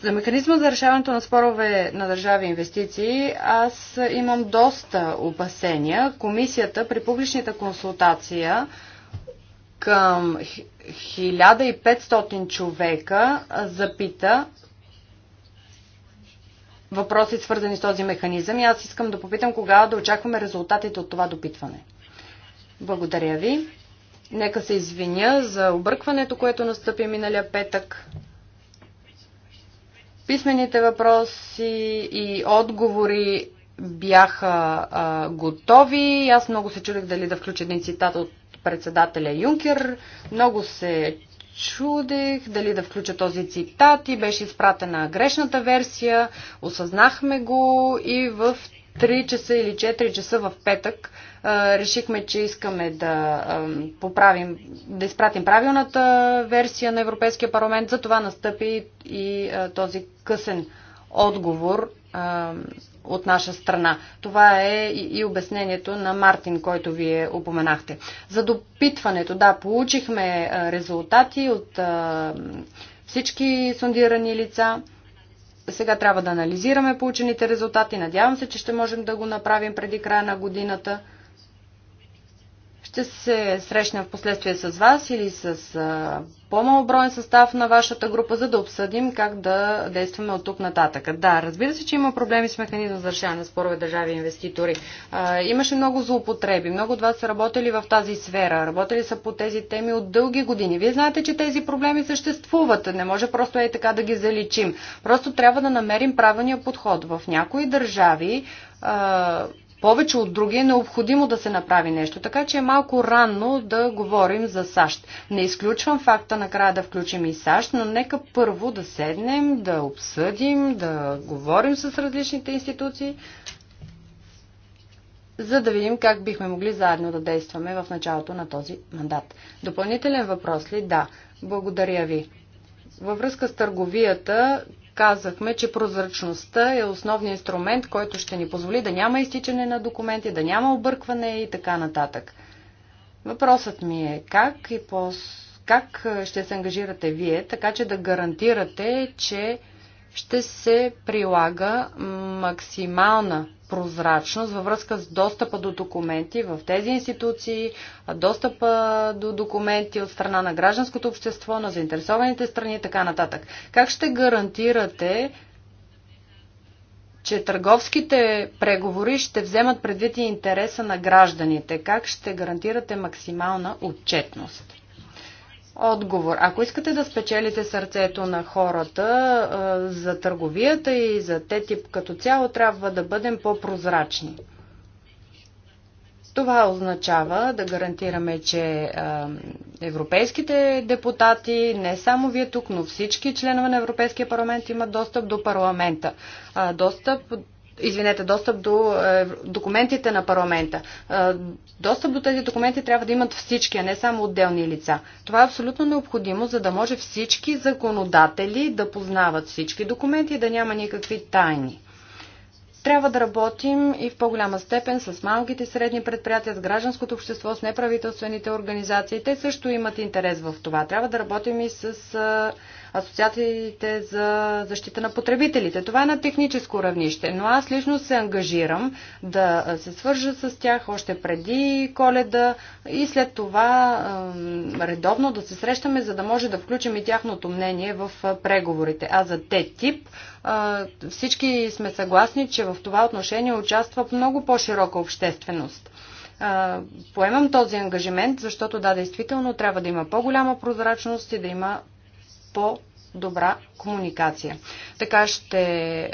За механизма за решаването на спорове на държави инвестиции аз имам доста опасения. Комисията при публичната консултация към 1500 човека запита въпроси, свързани с този механизъм. И аз искам да попитам кога да очакваме резултатите от това допитване. Благодаря ви. Нека се извиня за объркването, което настъпи миналия петък. Писмените въпроси и отговори бяха а, готови. Аз много се чудех дали да включа един цитат от председателя Юнкер. Много се чудех дали да включа този цитат и беше изпратена грешната версия. Осъзнахме го и в 3 часа или 4 часа в петък решихме, че искаме да поправим, да изпратим правилната версия на Европейския парламент. За това настъпи и този късен отговор от наша страна. Това е и обяснението на Мартин, който вие упоменахте. За допитването, да, получихме резултати от всички сондирани лица. Сега трябва да анализираме получените резултати. Надявам се, че ще можем да го направим преди края на годината ще се срещнем в последствие с вас или с по-малоброен състав на вашата група, за да обсъдим как да действаме от тук нататък. Да, разбира се, че има проблеми с механизъм за решаване на спорове държави и инвеститори. А, имаше много злоупотреби. Много от вас са работили в тази сфера. Работили са по тези теми от дълги години. Вие знаете, че тези проблеми съществуват. Не може просто е така да ги заличим. Просто трябва да намерим правилния подход. В някои държави а, повече от други е необходимо да се направи нещо, така че е малко рано да говорим за САЩ. Не изключвам факта накрая да включим и САЩ, но нека първо да седнем, да обсъдим, да говорим с различните институции, за да видим как бихме могли заедно да действаме в началото на този мандат. Допълнителен въпрос ли? Да. Благодаря ви. Във връзка с търговията, казахме, че прозрачността е основният инструмент, който ще ни позволи да няма изтичане на документи, да няма объркване и така нататък. Въпросът ми е как и по как ще се ангажирате вие, така че да гарантирате, че ще се прилага максимална прозрачност във връзка с достъпа до документи в тези институции, достъпа до документи от страна на гражданското общество, на заинтересованите страни и така нататък. Как ще гарантирате, че търговските преговори ще вземат предвид и интереса на гражданите? Как ще гарантирате максимална отчетност? отговор. Ако искате да спечелите сърцето на хората за търговията и за те тип като цяло, трябва да бъдем по-прозрачни. Това означава да гарантираме, че европейските депутати, не само вие тук, но всички членове на Европейския парламент имат достъп до парламента. Достъп извинете, достъп до е, документите на парламента. Е, достъп до тези документи трябва да имат всички, а не само отделни лица. Това е абсолютно необходимо, за да може всички законодатели да познават всички документи и да няма никакви тайни. Трябва да работим и в по-голяма степен с малките и средни предприятия, с гражданското общество, с неправителствените организации. Те също имат интерес в това. Трябва да работим и с е, асоциациите за защита на потребителите. Това е на техническо равнище, но аз лично се ангажирам да се свържа с тях още преди коледа и след това редовно да се срещаме, за да може да включим и тяхното мнение в преговорите. А за те тип всички сме съгласни, че в това отношение участва много по-широка общественост поемам този ангажимент, защото да, действително трябва да има по-голяма прозрачност и да има по-добра комуникация. Така ще е,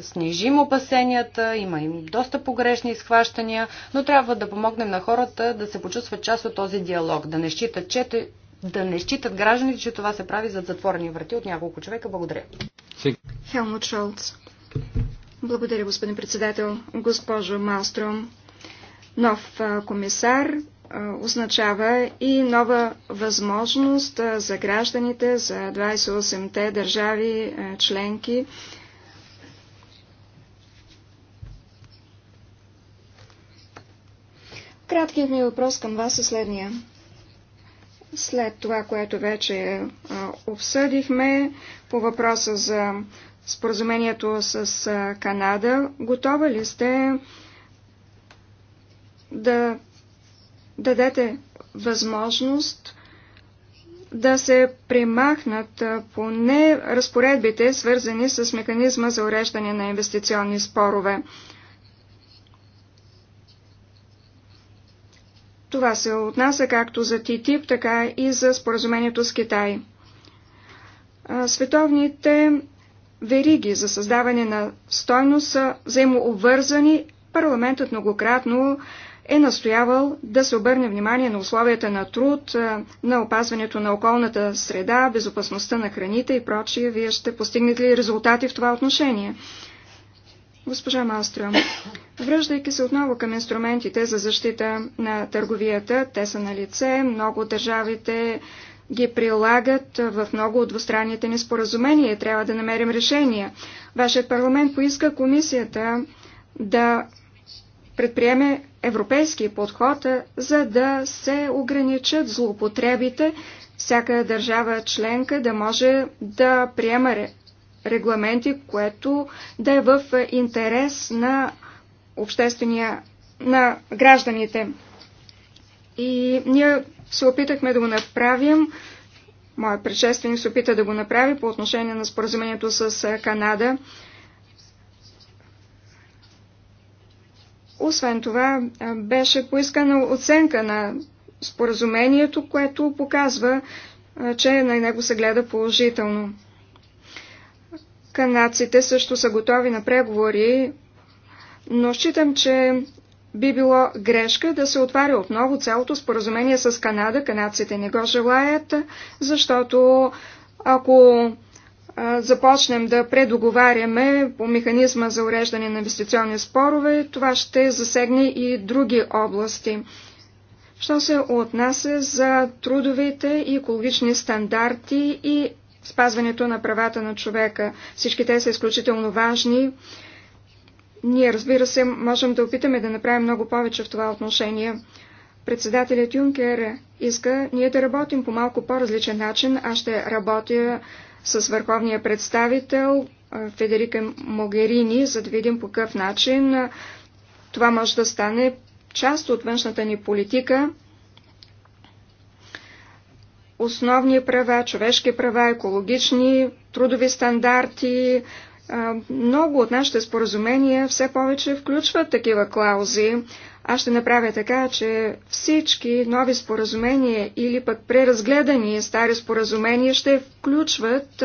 снижим опасенията, има им доста погрешни изхващания, но трябва да помогнем на хората да се почувстват част от този диалог, да не считат, че, да не считат гражданите, че това се прави зад затворени врати от няколко човека. Благодаря. Хелмут Шолц. Благодаря, господин председател. Госпожо Малстром, нов комисар, означава и нова възможност за гражданите, за 28-те държави членки. Краткият ми въпрос към вас е следния. След това, което вече обсъдихме по въпроса за споразумението с Канада, готова ли сте да дадете възможност да се премахнат поне разпоредбите, свързани с механизма за уреждане на инвестиционни спорове. Това се отнася както за ТТИП, така и за споразумението с Китай. Световните вериги за създаване на стойност са взаимообвързани. Парламентът многократно е настоявал да се обърне внимание на условията на труд, на опазването на околната среда, безопасността на храните и прочие. Вие ще постигнете ли резултати в това отношение? Госпожа Малстрюм, връждайки се отново към инструментите за защита на търговията, те са на лице, много държавите ги прилагат в много от двустранните ни споразумения. Трябва да намерим решения. Вашият парламент поиска комисията да предприеме европейски подход, за да се ограничат злоупотребите, всяка държава членка да може да приема регламенти, което да е в интерес на обществения, на гражданите. И ние се опитахме да го направим. Моят предшественик се опита да го направи по отношение на споразумението с Канада. Освен това, беше поискана оценка на споразумението, което показва, че на него се гледа положително. Канадците също са готови на преговори, но считам, че би било грешка да се отваря отново цялото споразумение с Канада. Канадците не го желаят, защото ако започнем да предоговаряме по механизма за уреждане на инвестиционни спорове, това ще засегне и други области. Що се отнася за трудовите и екологични стандарти и спазването на правата на човека, всички те са изключително важни. Ние, разбира се, можем да опитаме да направим много повече в това отношение. Председателят Юнкер иска ние да работим по малко по-различен начин. Аз ще работя с върховния представител Федерика Могерини, за да видим по какъв начин това може да стане част от външната ни политика. Основни права, човешки права, екологични, трудови стандарти. Много от нашите споразумения все повече включват такива клаузи. Аз ще направя така, че всички нови споразумения или пък преразгледани стари споразумения ще включват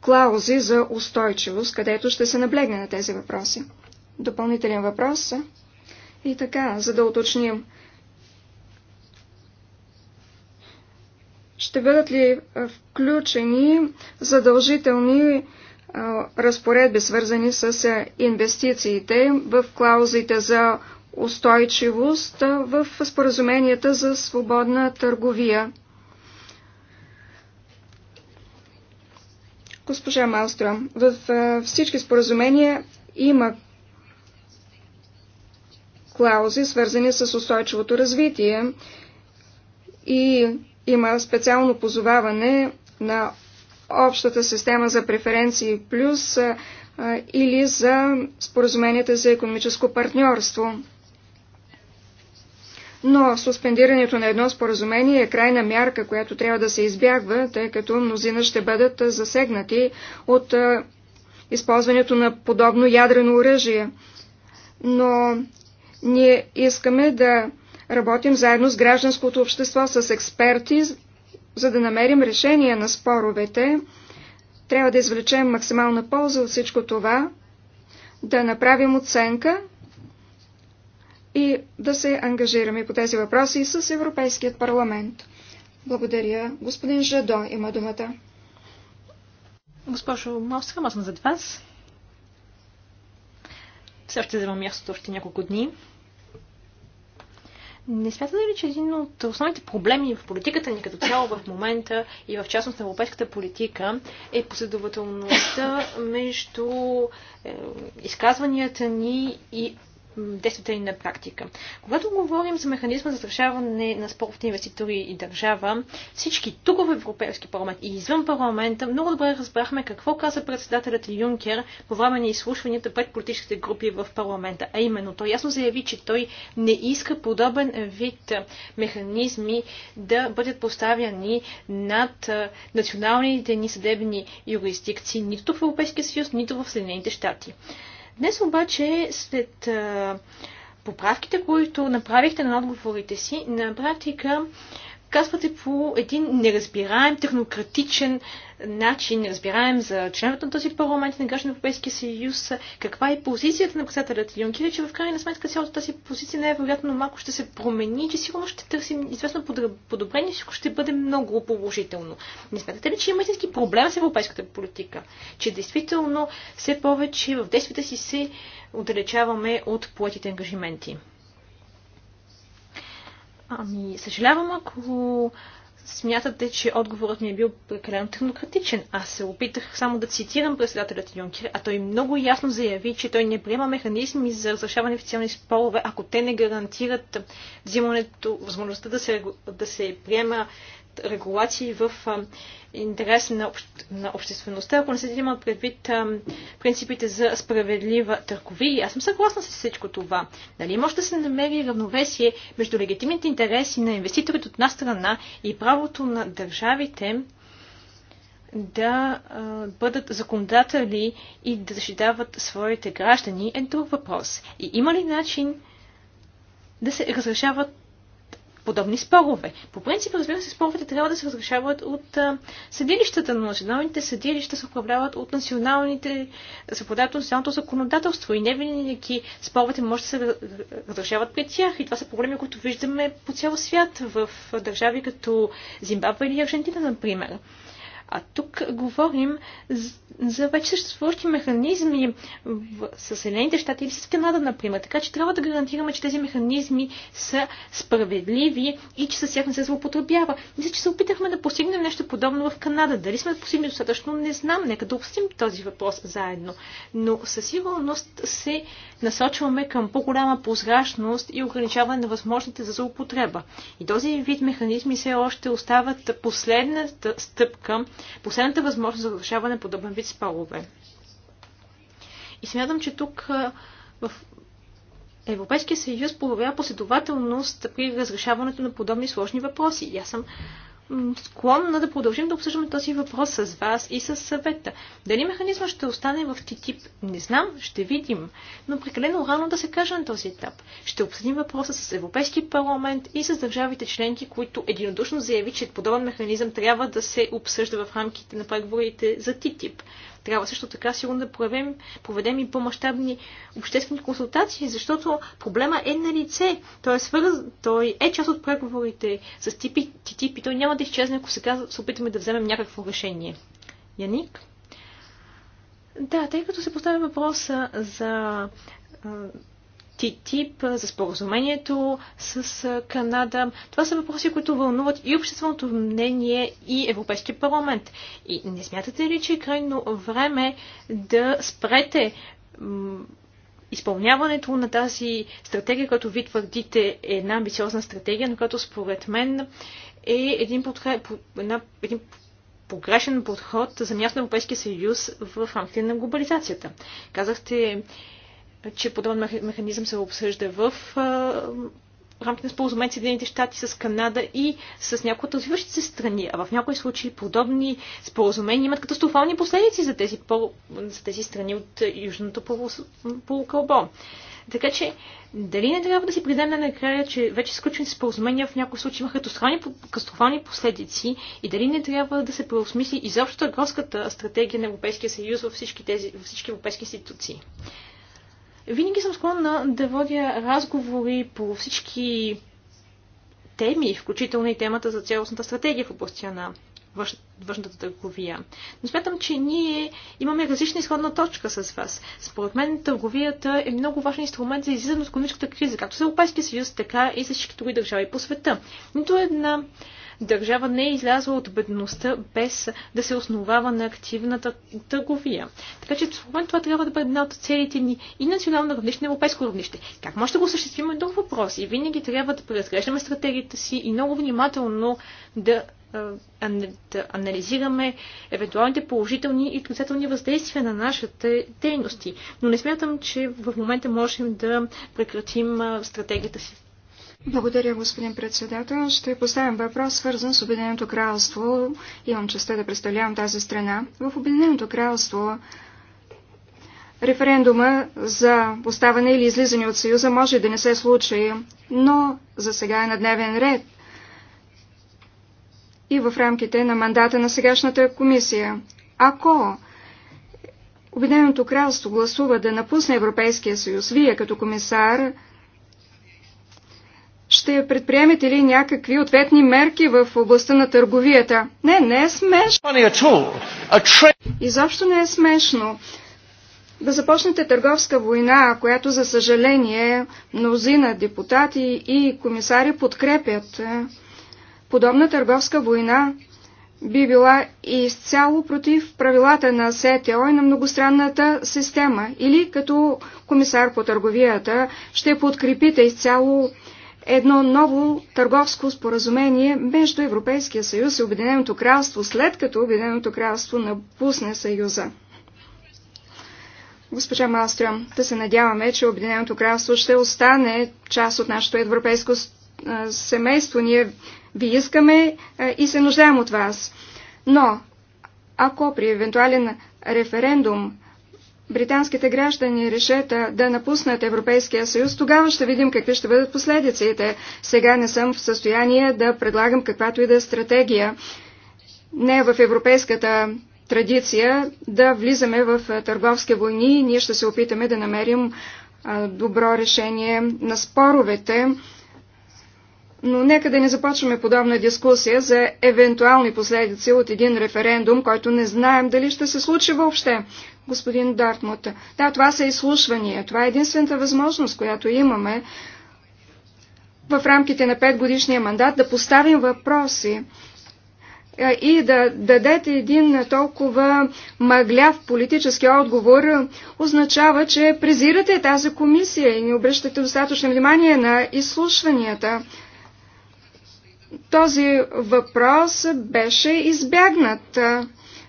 клаузи за устойчивост, където ще се наблегне на тези въпроси. Допълнителен въпрос. И така, за да уточним. Ще бъдат ли включени задължителни разпоредби, свързани с инвестициите в клаузите за устойчивост в споразуменията за свободна търговия. Госпожа Малстро, в всички споразумения има клаузи, свързани с устойчивото развитие и има специално позоваване на общата система за преференции плюс или за споразуменията за економическо партньорство. Но суспендирането на едно споразумение е крайна мярка, която трябва да се избягва, тъй като мнозина ще бъдат засегнати от използването на подобно ядрено оръжие. Но ние искаме да работим заедно с гражданското общество, с експерти, за да намерим решение на споровете. Трябва да извлечем максимална полза от всичко това, да направим оценка и да се ангажираме по тези въпроси и с Европейският парламент. Благодаря. Господин Жадо има думата. Госпожо Мовска, аз съм зад вас. Все ще взема мястото още няколко дни. Не смятате ли, че един от основните проблеми в политиката ни като цяло в момента и в частност на европейската политика е последователността между е, изказванията ни и действията на практика. Когато говорим за механизма за разрешаване на споровите инвеститори и държава, всички тук в Европейски парламент и извън парламента много добре разбрахме какво каза председателят Юнкер по време на изслушванията пред политическите групи в парламента. А именно, той ясно заяви, че той не иска подобен вид механизми да бъдат поставяни над националните ни съдебни юрисдикции, нито в Европейския съюз, нито в Съединените щати. Днес обаче, след поправките, които направихте на отговорите си, на практика казвате по един неразбираем, технократичен начин разбираем за членовете на този парламент и на граждан на Европейския съюз, каква е позицията на председателят Юнкер, че в крайна сметка цялата тази позиция най-вероятно е малко ще се промени, че сигурно ще търсим известно подобрение, всичко ще бъде много положително. Не смятате ли, че има истински проблем с европейската политика? Че действително все повече в действията си се отдалечаваме от поетите ангажименти? Ами, съжалявам, ако смятате, че отговорът ми е бил прекалено технократичен. Аз се опитах само да цитирам председателят Юнкер, а той много ясно заяви, че той не приема механизми за разрешаване официални спорове, ако те не гарантират взимането, възможността да се, да се приема регулации в интерес на, общ, на обществеността, ако не се имат предвид ам, принципите за справедлива търговия. Аз съм съгласна с всичко това. Дали може да се намери равновесие между легитимните интереси на инвеститорите от една страна и правото на държавите да а, бъдат законодатели и да защитават своите граждани е друг въпрос. И има ли начин да се разрешават подобни спорове. По принцип, разбира се, споровете трябва да се разрешават от а, съдилищата, но националните съдилища се управляват от националните, се от националното законодателство и не винаги споровете може да се разрешават при тях. И това са проблеми, които виждаме по цял свят в държави като Зимбабве или Аржентина, например. А тук говорим за вече съществуващи механизми в Съединените щати или с Канада, например. Така че трябва да гарантираме, че тези механизми са справедливи и че с тях не се злоупотребява. Мисля, че се опитахме да постигнем нещо подобно в Канада. Дали сме постигнали достатъчно, не знам. Нека да обсъдим този въпрос заедно. Но със сигурност се насочваме към по-голяма прозрачност и ограничаване на възможните за злоупотреба. И този вид механизми все още остават последната стъпка последната възможност за решаване на подобен вид спорове. И смятам, че тук в Европейския съюз проявява последователност при разрешаването на подобни сложни въпроси. И аз съм склонна да продължим да обсъждаме този въпрос с вас и с съвета. Дали механизма ще остане в ТТИП, не знам, ще видим, но прекалено рано да се каже на този етап. Ще обсъдим въпроса с Европейски парламент и с държавите членки, които единодушно заяви, че подобен механизъм трябва да се обсъжда в рамките на преговорите за ТТИП. Трябва също така сигурно да проведем, проведем и по-масштабни обществени консултации, защото проблема е на лице. Той е, свърз... той е част от преговорите с типи, типи. Той няма да изчезне, ако сега се опитаме да вземем някакво решение. Яник? Да, тъй като се поставя въпроса за ТИТИП, за споразумението с Канада. Това са въпроси, които вълнуват и общественото мнение, и Европейския парламент. И не смятате ли, че е крайно време да спрете изпълняването на тази стратегия, която ви твърдите е една амбициозна стратегия, но която според мен е един, подход, една, един погрешен подход за място на Европейския съюз в рамките на глобализацията. Казахте че подобен механизъм се обсъжда в рамките на споразумение Съединените щати с Канада и с някои от развиващите се страни. А в някои случаи подобни споразумения имат катастрофални последици за тези, по, за тези страни от Южното полукълбо. Така че, дали не трябва да си придем на накрая, че вече сключени споразумения в някои случаи имаха катастрофални последици и дали не трябва да се преосмисли изобщо търговската стратегия на Европейския съюз във всички, тези, във всички европейски институции? Винаги съм склонна да водя разговори по всички теми, включително и темата за цялостната стратегия в областта на външната търговия. Но смятам, че ние имаме различна изходна точка с вас. Според мен търговията е много важен инструмент за излизане от економическата криза, както за Европейския съюз, така и за всички други държави по света. Нито една държава не е излязла от бедността без да се основава на активната търговия. Така че в момента това трябва да бъде една от целите ни и национално равнище, и европейско равнище. Как може да го осъществим е друг въпрос и винаги трябва да преразглеждаме стратегията си и много внимателно да да анализираме евентуалните положителни и отрицателни въздействия на нашите дейности. Но не смятам, че в момента можем да прекратим стратегията си благодаря, господин председател. Ще поставям въпрос, свързан с Обединеното кралство. Имам честа да представлявам тази страна. В Обединеното кралство референдума за поставане или излизане от Съюза може да не се случи, но за сега е на дневен ред и в рамките на мандата на сегашната комисия. Ако Обединеното кралство гласува да напусне Европейския съюз, вие като комисар ще предприемете ли някакви ответни мерки в областта на търговията? Не, не е смешно. Изобщо не е смешно. Да започнете търговска война, която за съжаление мнозина депутати и комисари подкрепят. Подобна търговска война би била изцяло против правилата на СТО и на многостранната система. Или като комисар по търговията ще подкрепите изцяло едно ново търговско споразумение между Европейския съюз и Обединеното кралство, след като Обединеното кралство напусне съюза. Госпожа Малстрюм, да се надяваме, че Обединеното кралство ще остане част от нашето европейско семейство. Ние ви искаме и се нуждаем от вас. Но, ако при евентуален референдум британските граждани решат да напуснат Европейския съюз, тогава ще видим какви ще бъдат последиците. Сега не съм в състояние да предлагам каквато и да е стратегия. Не в европейската традиция да влизаме в търговски войни ние ще се опитаме да намерим добро решение на споровете. Но нека да не започваме подобна дискусия за евентуални последици от един референдум, който не знаем дали ще се случи въобще господин Дортмут. Да, това са изслушвания. Това е единствената възможност, която имаме в рамките на 5 годишния мандат да поставим въпроси е, и да дадете един толкова мъгляв политически отговор, означава, че презирате тази комисия и не обръщате достатъчно внимание на изслушванията. Този въпрос беше избягнат.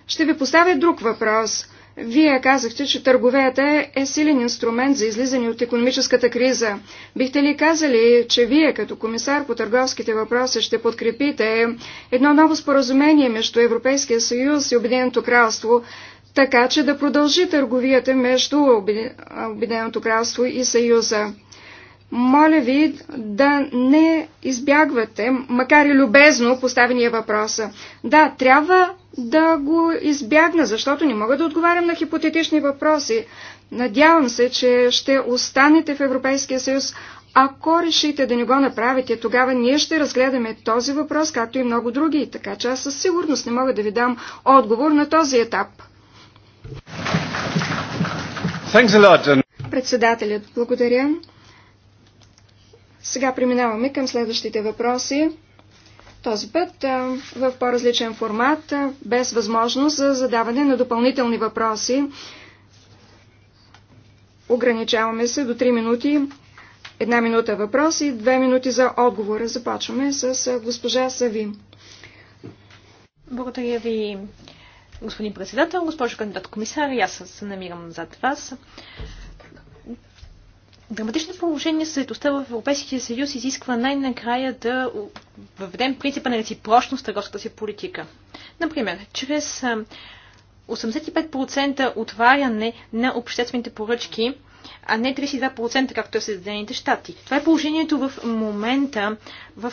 Ще ви поставя друг въпрос. Вие казахте, че търговията е силен инструмент за излизане от економическата криза. Бихте ли казали, че вие като комисар по търговските въпроси ще подкрепите едно ново споразумение между Европейския съюз и Обединеното кралство, така че да продължи търговията между Обединеното кралство и съюза? Моля ви да не избягвате, макар и любезно, поставения въпроса. Да, трябва да го избягна, защото не мога да отговарям на хипотетични въпроси. Надявам се, че ще останете в Европейския съюз. Ако решите да не го направите, тогава ние ще разгледаме този въпрос, както и много други, така че аз със сигурност не мога да ви дам отговор на този етап. Председателят, благодаря. Сега преминаваме към следващите въпроси. Този път в по-различен формат, без възможност за задаване на допълнителни въпроси. Ограничаваме се до 3 минути. Една минута въпрос и две минути за отговора. Започваме с госпожа Сави. Благодаря ви, господин председател, госпожо кандидат комисар. Аз се намирам зад вас. Драматичното положение с остава в Европейския съюз изисква най-накрая да въведем принципа на реципрочност в търговската си политика. Например, чрез 85% отваряне на обществените поръчки, а не 32%, както е в Съединените щати. Това е положението в момента в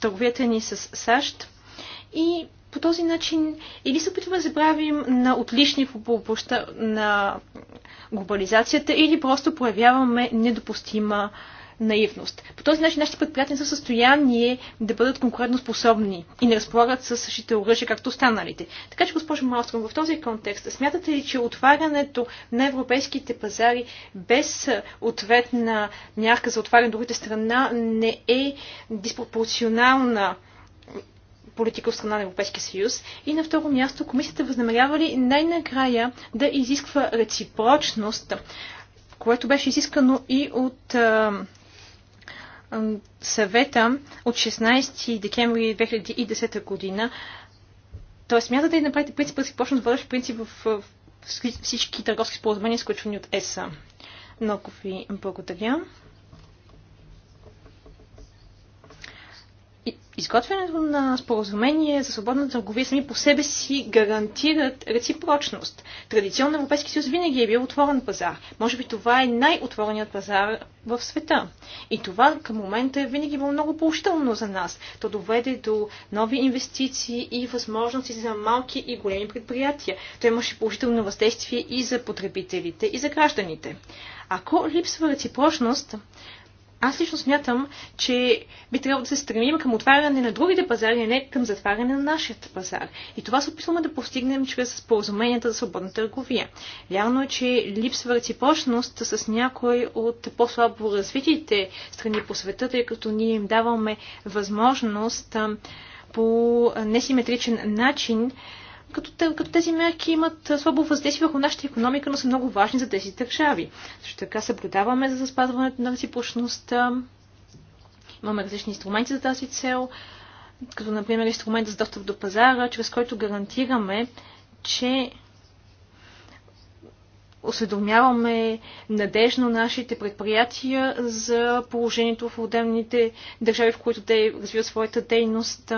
търговията ни с САЩ и по този начин или се опитваме да забравим на отлични по помощта на глобализацията, или просто проявяваме недопустима наивност. По този начин нашите предприятия са в състояние да бъдат конкурентоспособни и не разполагат с същите оръжия, както останалите. Така че, госпожо Малстром, в този контекст, смятате ли, че отварянето на европейските пазари без ответна мярка за отваряне на другата страна не е диспропорционална политика от страна на Европейския съюз? И на второ място, комисията възнамерява ли най-накрая да изисква реципрочност, което беше изискано и от а, а, съвета от 16 декември 2010 година. Тоест, смятате да да направите принципа реципрочност, почне принцип в, в, в всички търговски споразумения, сключвани от ЕСА? Много ви благодаря. Изготвянето на споразумение за свободна търговия сами по себе си гарантират реципрочност. Традиционно Европейски съюз винаги е бил отворен пазар. Може би това е най-отвореният пазар в света. И това към момента е винаги било много поощрено за нас. То доведе до нови инвестиции и възможности за малки и големи предприятия. То имаше положително въздействие и за потребителите, и за гражданите. Ако липсва реципрочност, аз лично смятам, че би трябвало да се стремим към отваряне на другите пазари, а не към затваряне на нашия пазар. И това се опитваме да постигнем чрез споразуменията за свободна търговия. Вярно е, че липсва реципрочност с някой от по-слабо развитите страни по света, тъй като ние им даваме възможност по несиметричен начин като, като тези мерки имат слабо въздействие върху нашата економика, но са много важни за тези държави. Също така съблюдаваме за спазването на реципрочността. Имаме различни инструменти за тази цел, като например инструмент за достъп до пазара, чрез който гарантираме, че осведомяваме надежно нашите предприятия за положението в отделните държави, в които те развиват своята дейност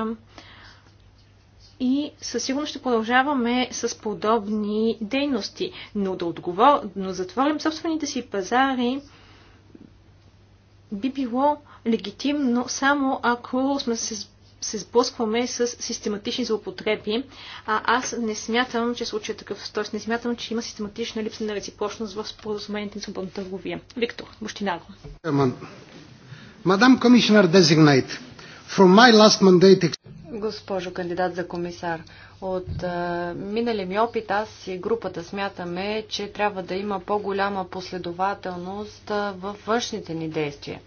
и със сигурност ще продължаваме с подобни дейности. Но да отговор... но затворим собствените си пазари би било легитимно само ако сме се се сблъскваме с систематични злоупотреби, а аз не смятам, че случай е такъв, т.е. не смятам, че има систематична липса на реципрочност в споразумението на свободна търговия. Виктор, Бощинаго. Мадам комисионер Дезигнайт, from my last mandate... Госпожо кандидат за комисар, от а, минали ми опит аз и групата смятаме, че трябва да има по-голяма последователност във външните ни действия.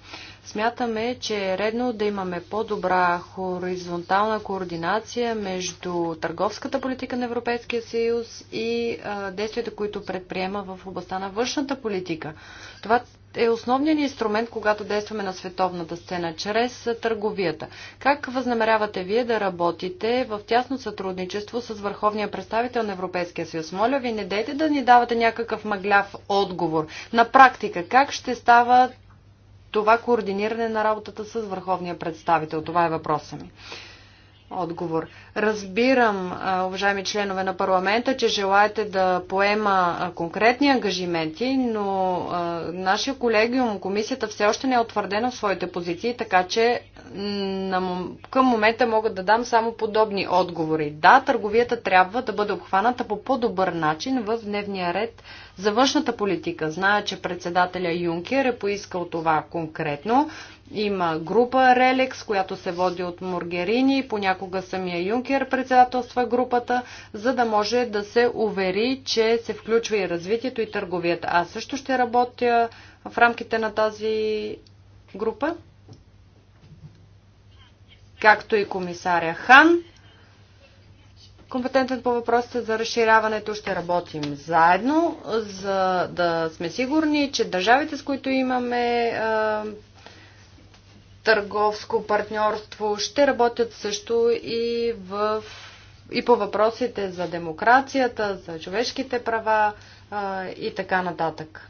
Смятаме, че е редно да имаме по-добра хоризонтална координация между търговската политика на Европейския съюз и а, действията, които предприема в областта на външната политика. Това е основният инструмент, когато действаме на световната сцена, чрез търговията. Как възнамерявате вие да работите в тясно сътрудничество с върховния представител на Европейския съюз? Моля ви, не дайте да ни давате някакъв мъгляв отговор. На практика, как ще става това координиране на работата с върховния представител? Това е въпроса ми отговор. Разбирам, уважаеми членове на парламента, че желаете да поема конкретни ангажименти, но нашия колегиум, комисията все още не е утвърдена в своите позиции, така че към момента мога да дам само подобни отговори. Да, търговията трябва да бъде обхваната по по-добър начин в дневния ред за външната политика зная, че председателя Юнкер е поискал това конкретно. Има група Релекс, която се води от Моргерини и понякога самия Юнкер председателства групата, за да може да се увери, че се включва и развитието и търговията. Аз също ще работя в рамките на тази група, както и комисаря Хан компетентен по въпросите за разширяването. Ще работим заедно, за да сме сигурни, че държавите, с които имаме а, търговско партньорство, ще работят също и, в, и по въпросите за демокрацията, за човешките права а, и така нататък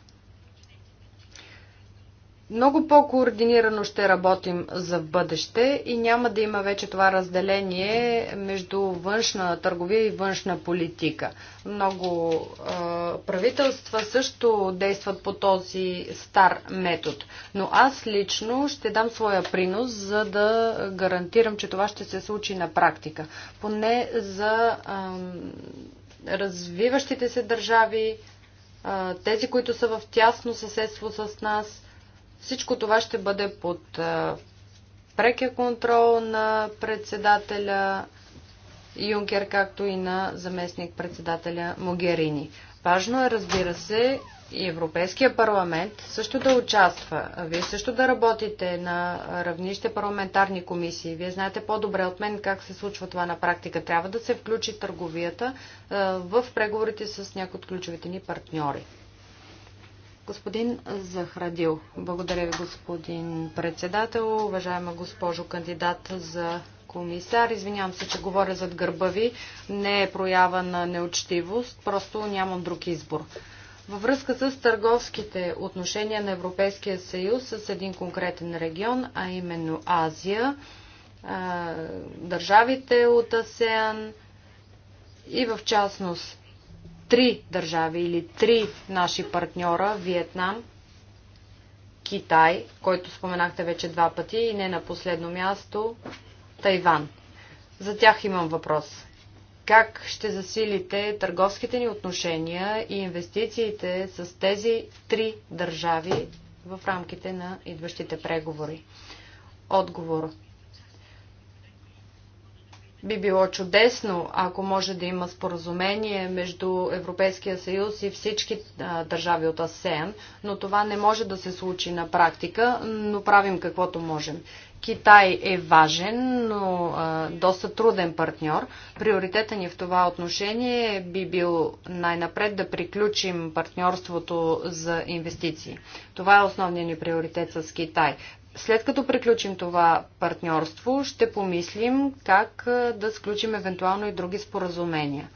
много по-координирано ще работим за в бъдеще и няма да има вече това разделение между външна търговия и външна политика. Много е, правителства също действат по този стар метод. Но аз лично ще дам своя принос, за да гарантирам, че това ще се случи на практика. Поне за е, развиващите се държави, е, тези, които са в тясно съседство с нас – всичко това ще бъде под прекия контрол на председателя Юнкер, както и на заместник председателя Могерини. Важно е, разбира се, и Европейския парламент също да участва. Вие също да работите на равнище парламентарни комисии. Вие знаете по-добре от мен как се случва това на практика. Трябва да се включи търговията в преговорите с някои от ключовите ни партньори. Господин Захрадил. Благодаря ви, господин председател. Уважаема госпожо кандидат за комисар. Извинявам се, че говоря зад гърба ви. Не е проява на неучтивост, просто нямам друг избор. Във връзка с търговските отношения на Европейския съюз с един конкретен регион, а именно Азия, държавите от АСЕАН и в частност три държави или три наши партньора Виетнам, Китай, който споменахте вече два пъти и не на последно място Тайван. За тях имам въпрос. Как ще засилите търговските ни отношения и инвестициите с тези три държави в рамките на идващите преговори? Отговор. Би било чудесно, ако може да има споразумение между Европейския съюз и всички държави от Асен, но това не може да се случи на практика, но правим каквото можем. Китай е важен, но а, доста труден партньор. Приоритета ни в това отношение би бил най-напред да приключим партньорството за инвестиции. Това е основният ни приоритет с Китай. След като приключим това партньорство, ще помислим как да сключим евентуално и други споразумения.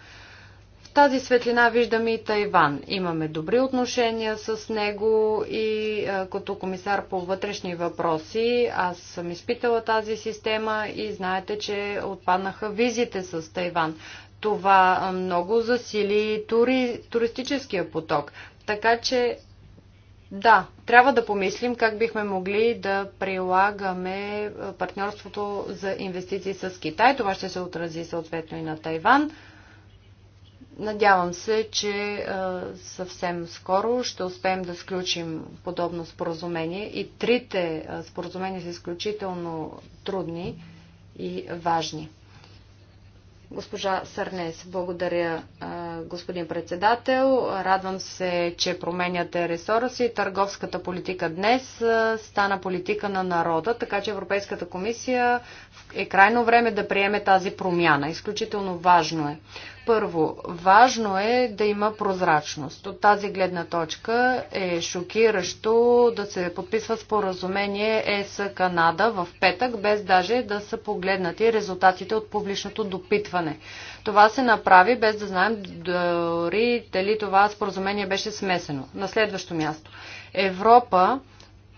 В тази светлина виждаме и Тайван. Имаме добри отношения с него и като комисар по вътрешни въпроси аз съм изпитала тази система и знаете, че отпаднаха визите с Тайван. Това много засили тури, туристическия поток. Така че да, трябва да помислим как бихме могли да прилагаме партньорството за инвестиции с Китай. Това ще се отрази съответно и на Тайван. Надявам се, че съвсем скоро ще успеем да сключим подобно споразумение. И трите споразумения са изключително трудни и важни. Госпожа Сърнес, благодаря, господин председател. Радвам се, че променяте ресора си. Търговската политика днес стана политика на народа, така че Европейската комисия е крайно време да приеме тази промяна. Изключително важно е. Първо, важно е да има прозрачност. От тази гледна точка е шокиращо да се подписва споразумение ЕС Канада в петък, без даже да са погледнати резултатите от публичното допитване. Това се направи без да знаем дори дали това споразумение беше смесено. На следващо място. Европа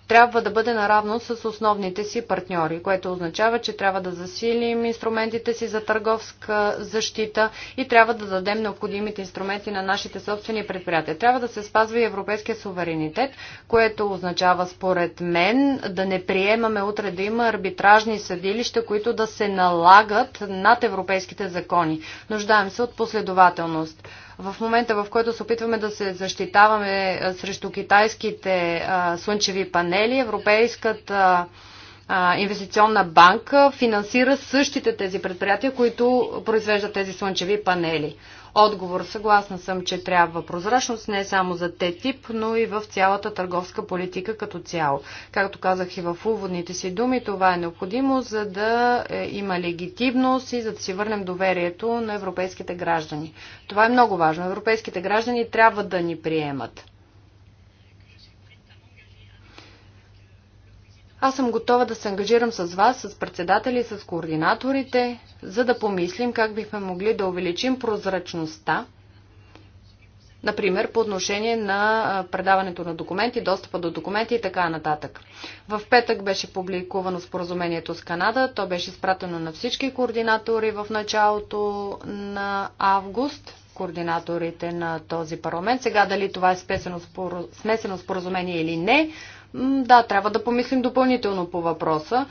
трябва да бъде наравно с основните си партньори, което означава, че трябва да засилим инструментите си за търговска защита и трябва да дадем необходимите инструменти на нашите собствени предприятия. Трябва да се спазва и европейския суверенитет, което означава според мен да не приемаме утре да има арбитражни съдилища, които да се налагат над европейските закони. Нуждаем се от последователност в момента, в който се опитваме да се защитаваме срещу китайските слънчеви панели, Европейската инвестиционна банка финансира същите тези предприятия, които произвеждат тези слънчеви панели отговор. Съгласна съм, че трябва прозрачност не само за те тип, но и в цялата търговска политика като цяло. Както казах и в уводните си думи, това е необходимо, за да е, има легитимност и за да си върнем доверието на европейските граждани. Това е много важно. Европейските граждани трябва да ни приемат. Аз съм готова да се ангажирам с вас, с председатели, с координаторите, за да помислим как бихме могли да увеличим прозрачността, например по отношение на предаването на документи, достъпа до документи и така нататък. В петък беше публикувано споразумението с Канада, то беше изпратено на всички координатори в началото на август координаторите на този парламент. Сега дали това е смесено споразумение или не, да, трябва да помислим допълнително по въпроса.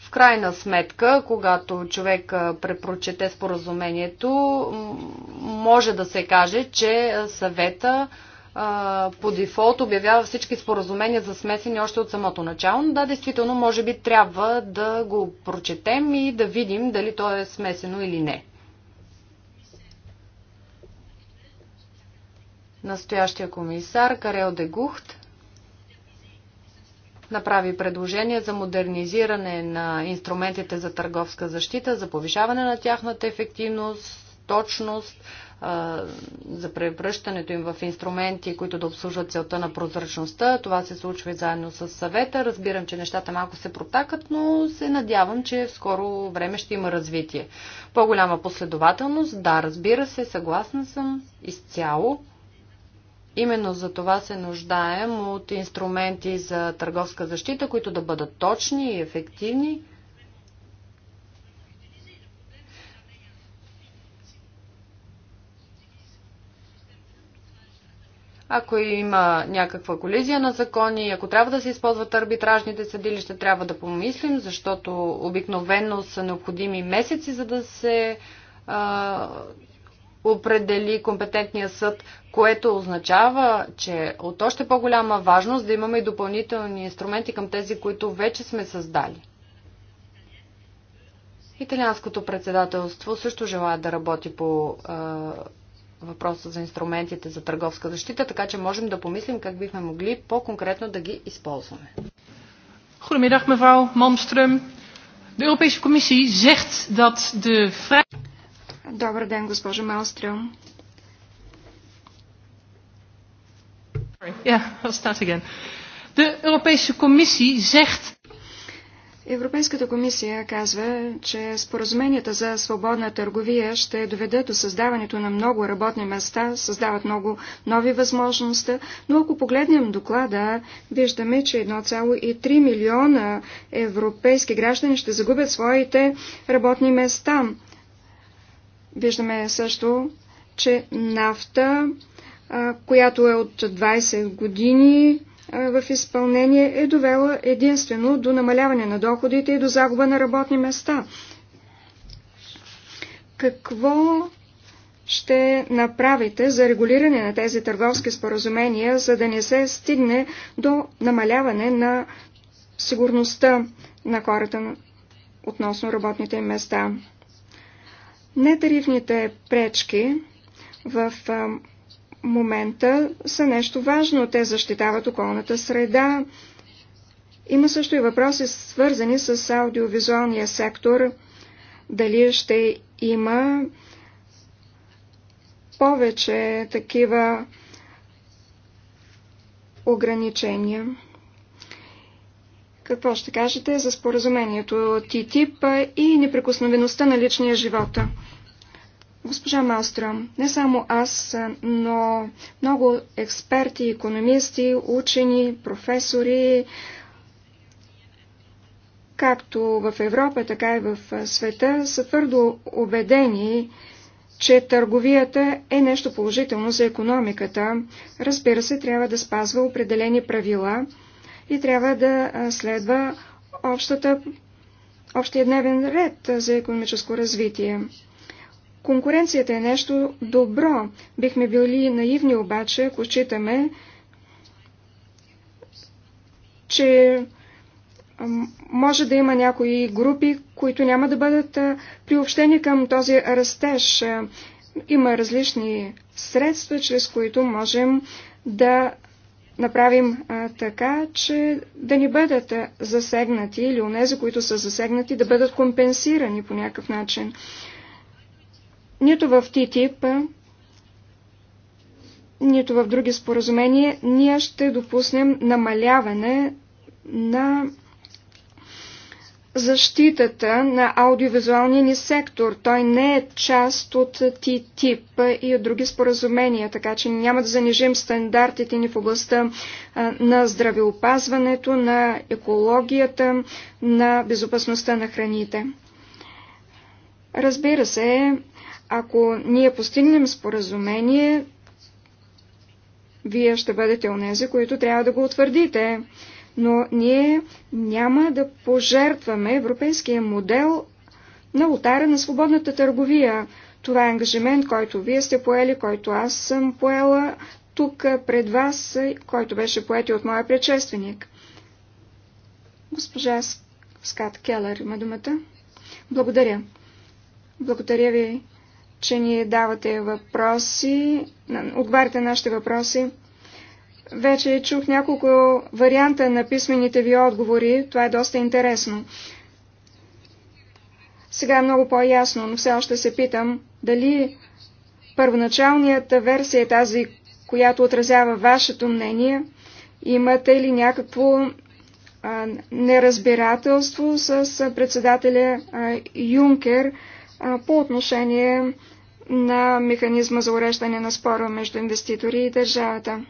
В крайна сметка, когато човек препрочете споразумението, може да се каже, че съвета по дефолт обявява всички споразумения за смесени още от самото начало. Да, действително, може би трябва да го прочетем и да видим дали то е смесено или не. Настоящия комисар Карел Дегухт направи предложение за модернизиране на инструментите за търговска защита, за повишаване на тяхната ефективност, точност, за превръщането им в инструменти, които да обслужват целта на прозрачността. Това се случва и заедно с съвета. Разбирам, че нещата малко се протакат, но се надявам, че в скоро време ще има развитие. По-голяма последователност, да, разбира се, съгласна съм изцяло. Именно за това се нуждаем от инструменти за търговска защита, които да бъдат точни и ефективни. Ако има някаква колизия на закони, ако трябва да се използват арбитражните съдилища, трябва да помислим, защото обикновено са необходими месеци, за да се а, определи компетентния съд, което означава, че от още по-голяма важност да имаме и допълнителни инструменти към тези, които вече сме създали. Италианското председателство също желая да работи по е, въпроса за инструментите за търговска защита, така че можем да помислим как бихме могли по-конкретно да ги използваме. Goedemiddag mevrouw Malmström. De Europese Commissie zegt dat de Добър ден, госпожа Малстрюм. De Europese Commissie zegt. Европейската комисия казва, че споразуменията за свободна търговия ще доведат до създаването на много работни места, създават много нови възможности, но ако погледнем доклада, виждаме, че 1,3 милиона европейски граждани ще загубят своите работни места. Виждаме също, че нафта, която е от 20 години в изпълнение, е довела единствено до намаляване на доходите и до загуба на работни места. Какво ще направите за регулиране на тези търговски споразумения, за да не се стигне до намаляване на сигурността на хората относно работните места? Нетарифните пречки в момента са нещо важно. Те защитават околната среда. Има също и въпроси свързани с аудиовизуалния сектор. Дали ще има повече такива ограничения. Какво ще кажете за споразумението ТИТИП и неприкосновеността на личния живот? Госпожа Малстрам, не само аз, но много експерти, економисти, учени, професори, както в Европа, така и в света, са твърдо убедени, че търговията е нещо положително за економиката. Разбира се, трябва да спазва определени правила – и трябва да следва общата, общия дневен ред за економическо развитие. Конкуренцията е нещо добро. Бихме били наивни обаче, ако считаме, че може да има някои групи, които няма да бъдат приобщени към този растеж. Има различни средства, чрез които можем да направим а, така, че да ни бъдат засегнати или онези, които са засегнати, да бъдат компенсирани по някакъв начин. Нито в ТТИП, нито в други споразумения ние ще допуснем намаляване на защитата на аудиовизуалния ни сектор. Той не е част от ТИТИП и от други споразумения, така че няма да занижим стандартите ни в областта на здравеопазването, на екологията, на безопасността на храните. Разбира се, ако ние постигнем споразумение, вие ще бъдете онези, които трябва да го утвърдите но ние няма да пожертваме европейския модел на ултара на свободната търговия. Това е ангажимент, който вие сте поели, който аз съм поела тук пред вас, който беше поети от моя предшественик. Госпожа Скат Келър има думата. Благодаря. Благодаря ви, че ни давате въпроси, отговаряте на нашите въпроси. Вече чух няколко варианта на писмените ви отговори. Това е доста интересно. Сега е много по-ясно, но все още се питам дали първоначалната версия е тази, която отразява вашето мнение. Имате ли някакво а, неразбирателство с председателя а, Юнкер а, по отношение на механизма за уреждане на спора между инвеститори и държавата?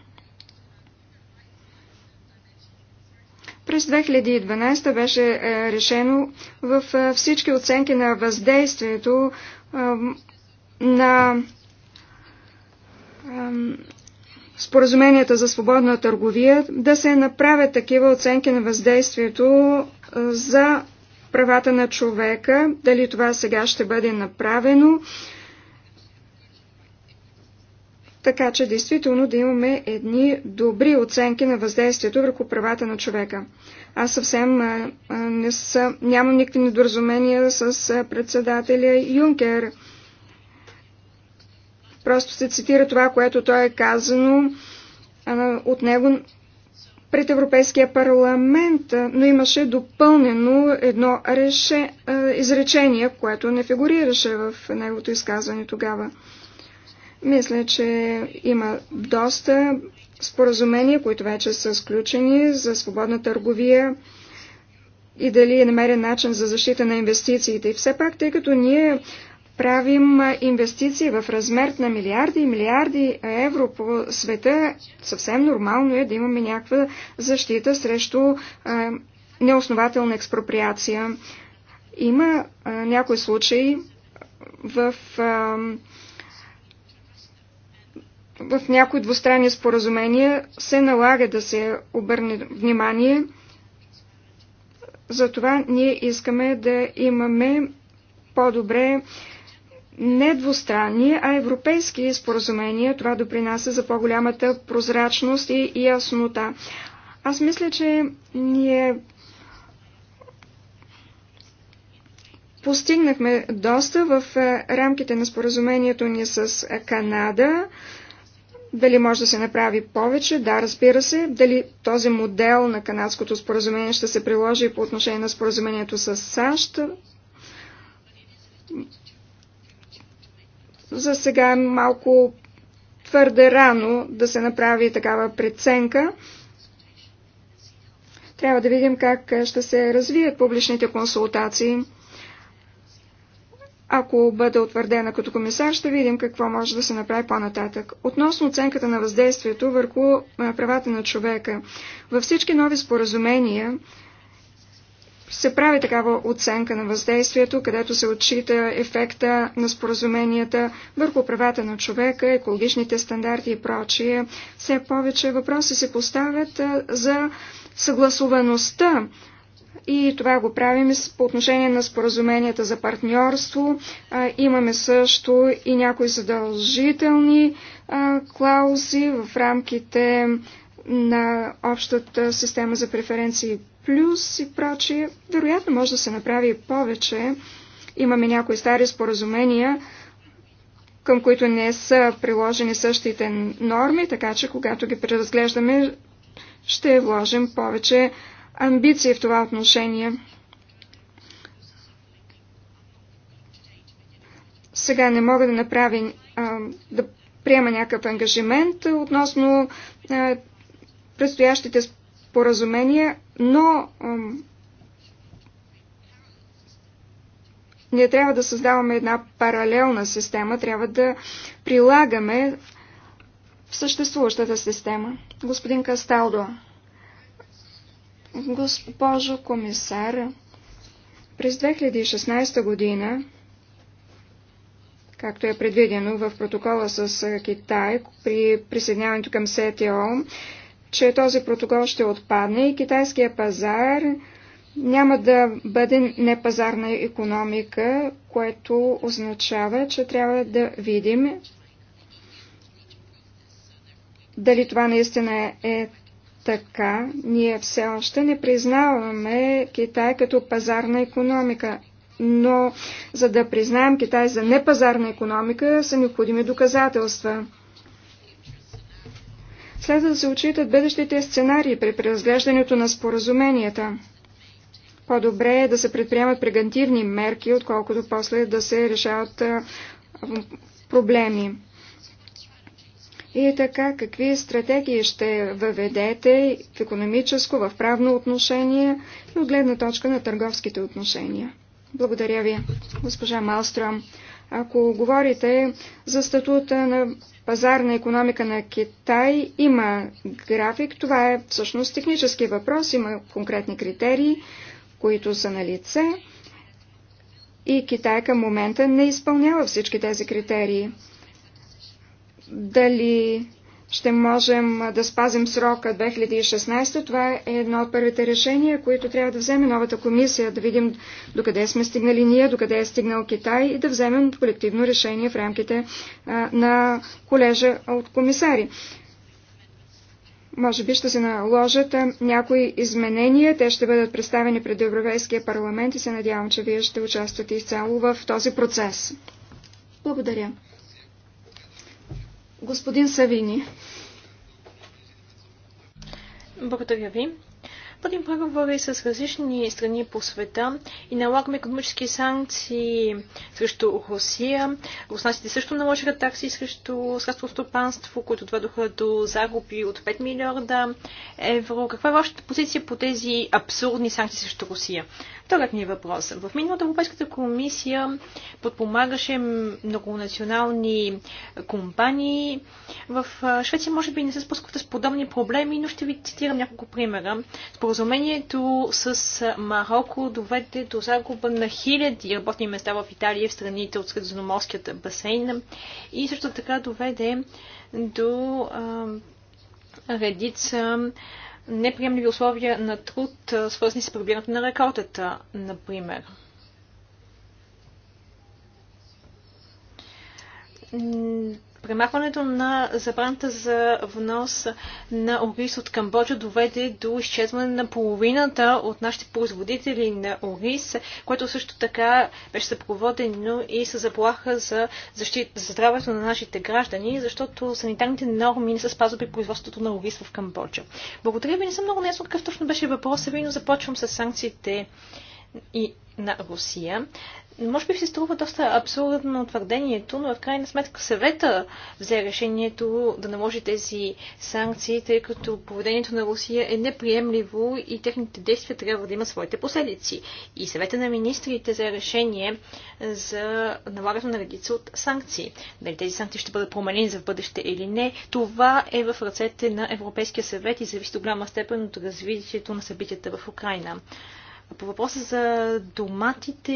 През 2012 беше е, решено в е, всички оценки на въздействието е, на споразуменията за свободна търговия да се направят такива оценки на въздействието за правата на човека, дали това сега ще бъде направено, така че действително да имаме едни добри оценки на въздействието върху правата на човека. Аз съвсем не съм, нямам никакви недоразумения с председателя Юнкер. Просто се цитира това, което той е казано от него пред Европейския парламент, но имаше допълнено едно реше, изречение, което не фигурираше в неговото изказване тогава. Мисля, че има доста споразумения, които вече са сключени за свободна търговия и дали е намерен начин за защита на инвестициите. И все пак, тъй като ние правим инвестиции в размер на милиарди и милиарди евро по света, съвсем нормално е да имаме някаква защита срещу неоснователна експроприация. Има някои случаи в в някои двустранни споразумения се налага да се обърне внимание. Затова ние искаме да имаме по-добре не двустранни, а европейски споразумения. Това допринася за по-голямата прозрачност и яснота. Аз мисля, че ние постигнахме доста в рамките на споразумението ни с Канада. Дали може да се направи повече? Да, разбира се. Дали този модел на канадското споразумение ще се приложи по отношение на споразумението с САЩ? За сега е малко твърде рано да се направи такава преценка. Трябва да видим как ще се развият публичните консултации. Ако бъда утвърдена като комисар, ще видим какво може да се направи по-нататък. Относно оценката на въздействието върху правата на човека, във всички нови споразумения се прави такава оценка на въздействието, където се отчита ефекта на споразуменията върху правата на човека, екологичните стандарти и прочие. Все повече въпроси се поставят за съгласуваността и това го правим по отношение на споразуменията за партньорство. Имаме също и някои задължителни клаузи в рамките на общата система за преференции плюс и прочие. Вероятно може да се направи повече. Имаме някои стари споразумения, към които не са приложени същите норми, така че когато ги преразглеждаме, ще вложим повече амбиции в това отношение. Сега не мога да направя, да приема някакъв ангажимент относно предстоящите споразумения, но ние трябва да създаваме една паралелна система, трябва да прилагаме в съществуващата система. Господин Касталдо. Госпожо комисар, през 2016 година, както е предвидено в протокола с Китай при присъединяването към СТО, че този протокол ще отпадне и китайския пазар няма да бъде непазарна економика, което означава, че трябва да видим дали това наистина е така ние все още не признаваме Китай като пазарна економика. Но за да признаем Китай за непазарна економика са необходими доказателства. Следва да се отчитат бъдещите сценарии при преразглеждането на споразуменията. По-добре е да се предприемат прегантивни мерки, отколкото после да се решават проблеми. И така, какви стратегии ще въведете в економическо, в правно отношение и от гледна точка на търговските отношения? Благодаря ви, госпожа Малстрам. Ако говорите за статута на пазарна економика на Китай, има график, това е всъщност технически въпрос, има конкретни критерии, които са на лице и Китай към момента не изпълнява всички тези критерии дали ще можем да спазим срока 2016. Това е едно от първите решения, които трябва да вземе новата комисия, да видим докъде сме стигнали ние, докъде е стигнал Китай и да вземем колективно решение в рамките на колежа от комисари. Може би ще се наложат някои изменения. Те ще бъдат представени пред Европейския парламент и се надявам, че вие ще участвате изцяло в този процес. Благодаря. Господин Савини. Благодаря ви. Пътим преговори с различни страни по света и налагаме економически санкции срещу Русия. Руснаците също наложиха такси срещу средство стопанство, които доведоха до загуби от 5 милиарда евро. Каква е вашата позиция по тези абсурдни санкции срещу Русия? Вторият ми е въпрос. В миналата Европейската комисия подпомагаше многонационални компании. В Швеция може би не се спускат с подобни проблеми, но ще ви цитирам няколко примера. Споразумението с Марокко доведе до загуба на хиляди работни места в Италия в страните от Средиземноморският басейн и също така доведе до а, редица а, неприемливи условия на труд, свързани с пробирането на рекордата, например. Премахването на забраната за внос на ориз от Камбоджа доведе до изчезване на половината от нашите производители на ориз, което също така беше съпроводено и с заплаха за, защита, за здравето на нашите граждани, защото санитарните норми не са спазват при производството на ориз в Камбоджа. Благодаря ви, не съм много неясно какъв точно беше въпросът ви, но започвам с санкциите и на Русия. Може би се струва доста абсурдно твърдението, но в крайна сметка съвета взе решението да наложи тези санкции, тъй като поведението на Русия е неприемливо и техните действия трябва да имат своите последици. И съвета на министрите взе решение за налагането на редица от санкции. Дали тези санкции ще бъдат променени за в бъдеще или не, това е в ръцете на Европейския съвет и зависи до голяма степен от развитието на събитията в Украина. По въпроса за доматите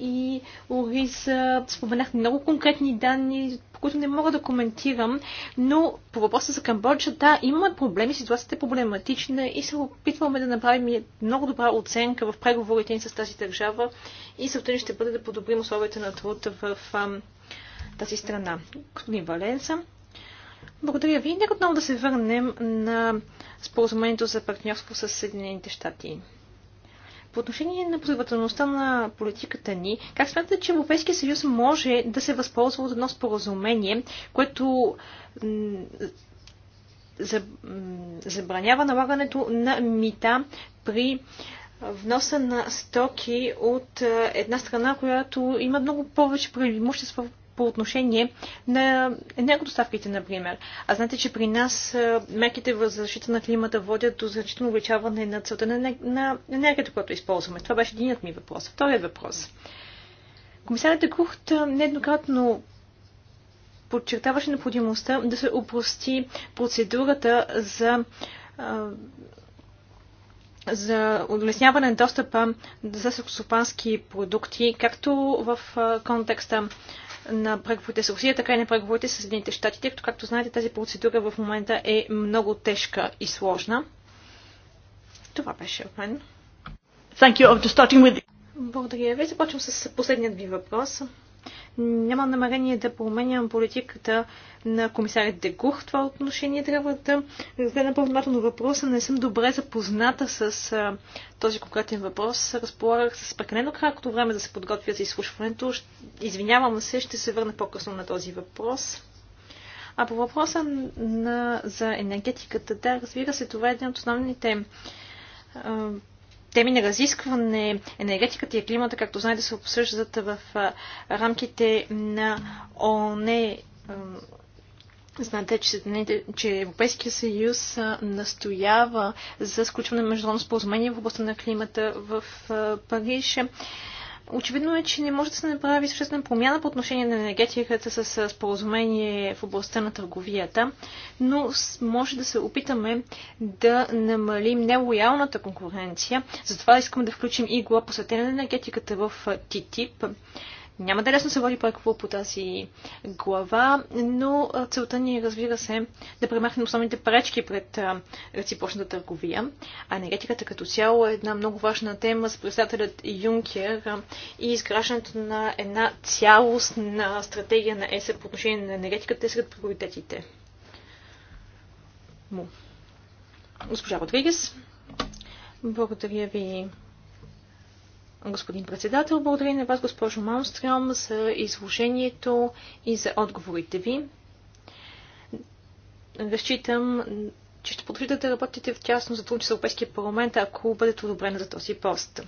и ориза споменах много конкретни данни, по които не мога да коментирам, но по въпроса за Камбоджа, да, имаме проблеми, ситуацията е проблематична и се опитваме да направим много добра оценка в преговорите ни с тази държава и съвтън ще бъде да подобрим условията на труд в тази страна. Господин Валенса, благодаря ви. Нека отново да се върнем на споразумението за партньорство с Съединените щати. По отношение на последователността на политиката ни, как смятате, че Европейския съюз може да се възползва от едно споразумение, което забранява налагането на мита при вноса на стоки от е, една страна, която има много повече преимущества по отношение на енергодоставките, например. А знаете, че при нас мерките в защита на климата водят до значително увеличаване на целта на енергията, която използваме. Това беше единият ми въпрос. Вторият въпрос. Комисарите Кухт нееднократно подчертаваше необходимостта да се опрости процедурата за за улесняване на достъпа за селскостопански продукти, както в контекста на преговорите с Русия, така и на преговорите с Съединените щати, тъй като, както знаете, тази процедура в момента е много тежка и сложна. Това беше от мен. Thank you. Starting with... Благодаря ви. Започвам с последният ви въпрос. Нямам намерение да променям политиката на комисарят Дегух в това отношение. Трябва да разгледам по-внимателно въпроса. Не съм добре запозната с а, този конкретен въпрос. Разполагах с прекалено краткото време да се подготвя за изслушването. Извинявам се, ще се върна по-късно на този въпрос. А по въпроса на, за енергетиката, да, разбира се, това е един от основните теми на разискване, енергетиката и климата, както знаете, се обсъждат в рамките на ООН. Знаете, че, че Европейския съюз настоява за сключване на международно споразумение в областта на климата в Париж. Очевидно е, че не може да се направи съществена промяна по отношение на енергетиката с споразумение в областта на търговията, но може да се опитаме да намалим нелоялната конкуренция. Затова искам да включим и глава посветена на енергетиката в ТТИП. Няма да е лесно се води по по-екво по тази глава, но целта ни, е, разбира се, да премахнем основните пречки пред реципрочната търговия. А енергетиката като цяло е една много важна тема за председателят Юнкер и изграждането на една цялостна стратегия на ЕСЕ по отношение на енергетиката е сред приоритетите. Му. Госпожа Родригес, благодаря ви, господин председател. Благодаря на вас, госпожо Малмстрем, за изложението и за отговорите ви. Разчитам, че ще продължите да работите в тясно сътрудничество с Европейския парламент, ако бъдете одобрена за този пост.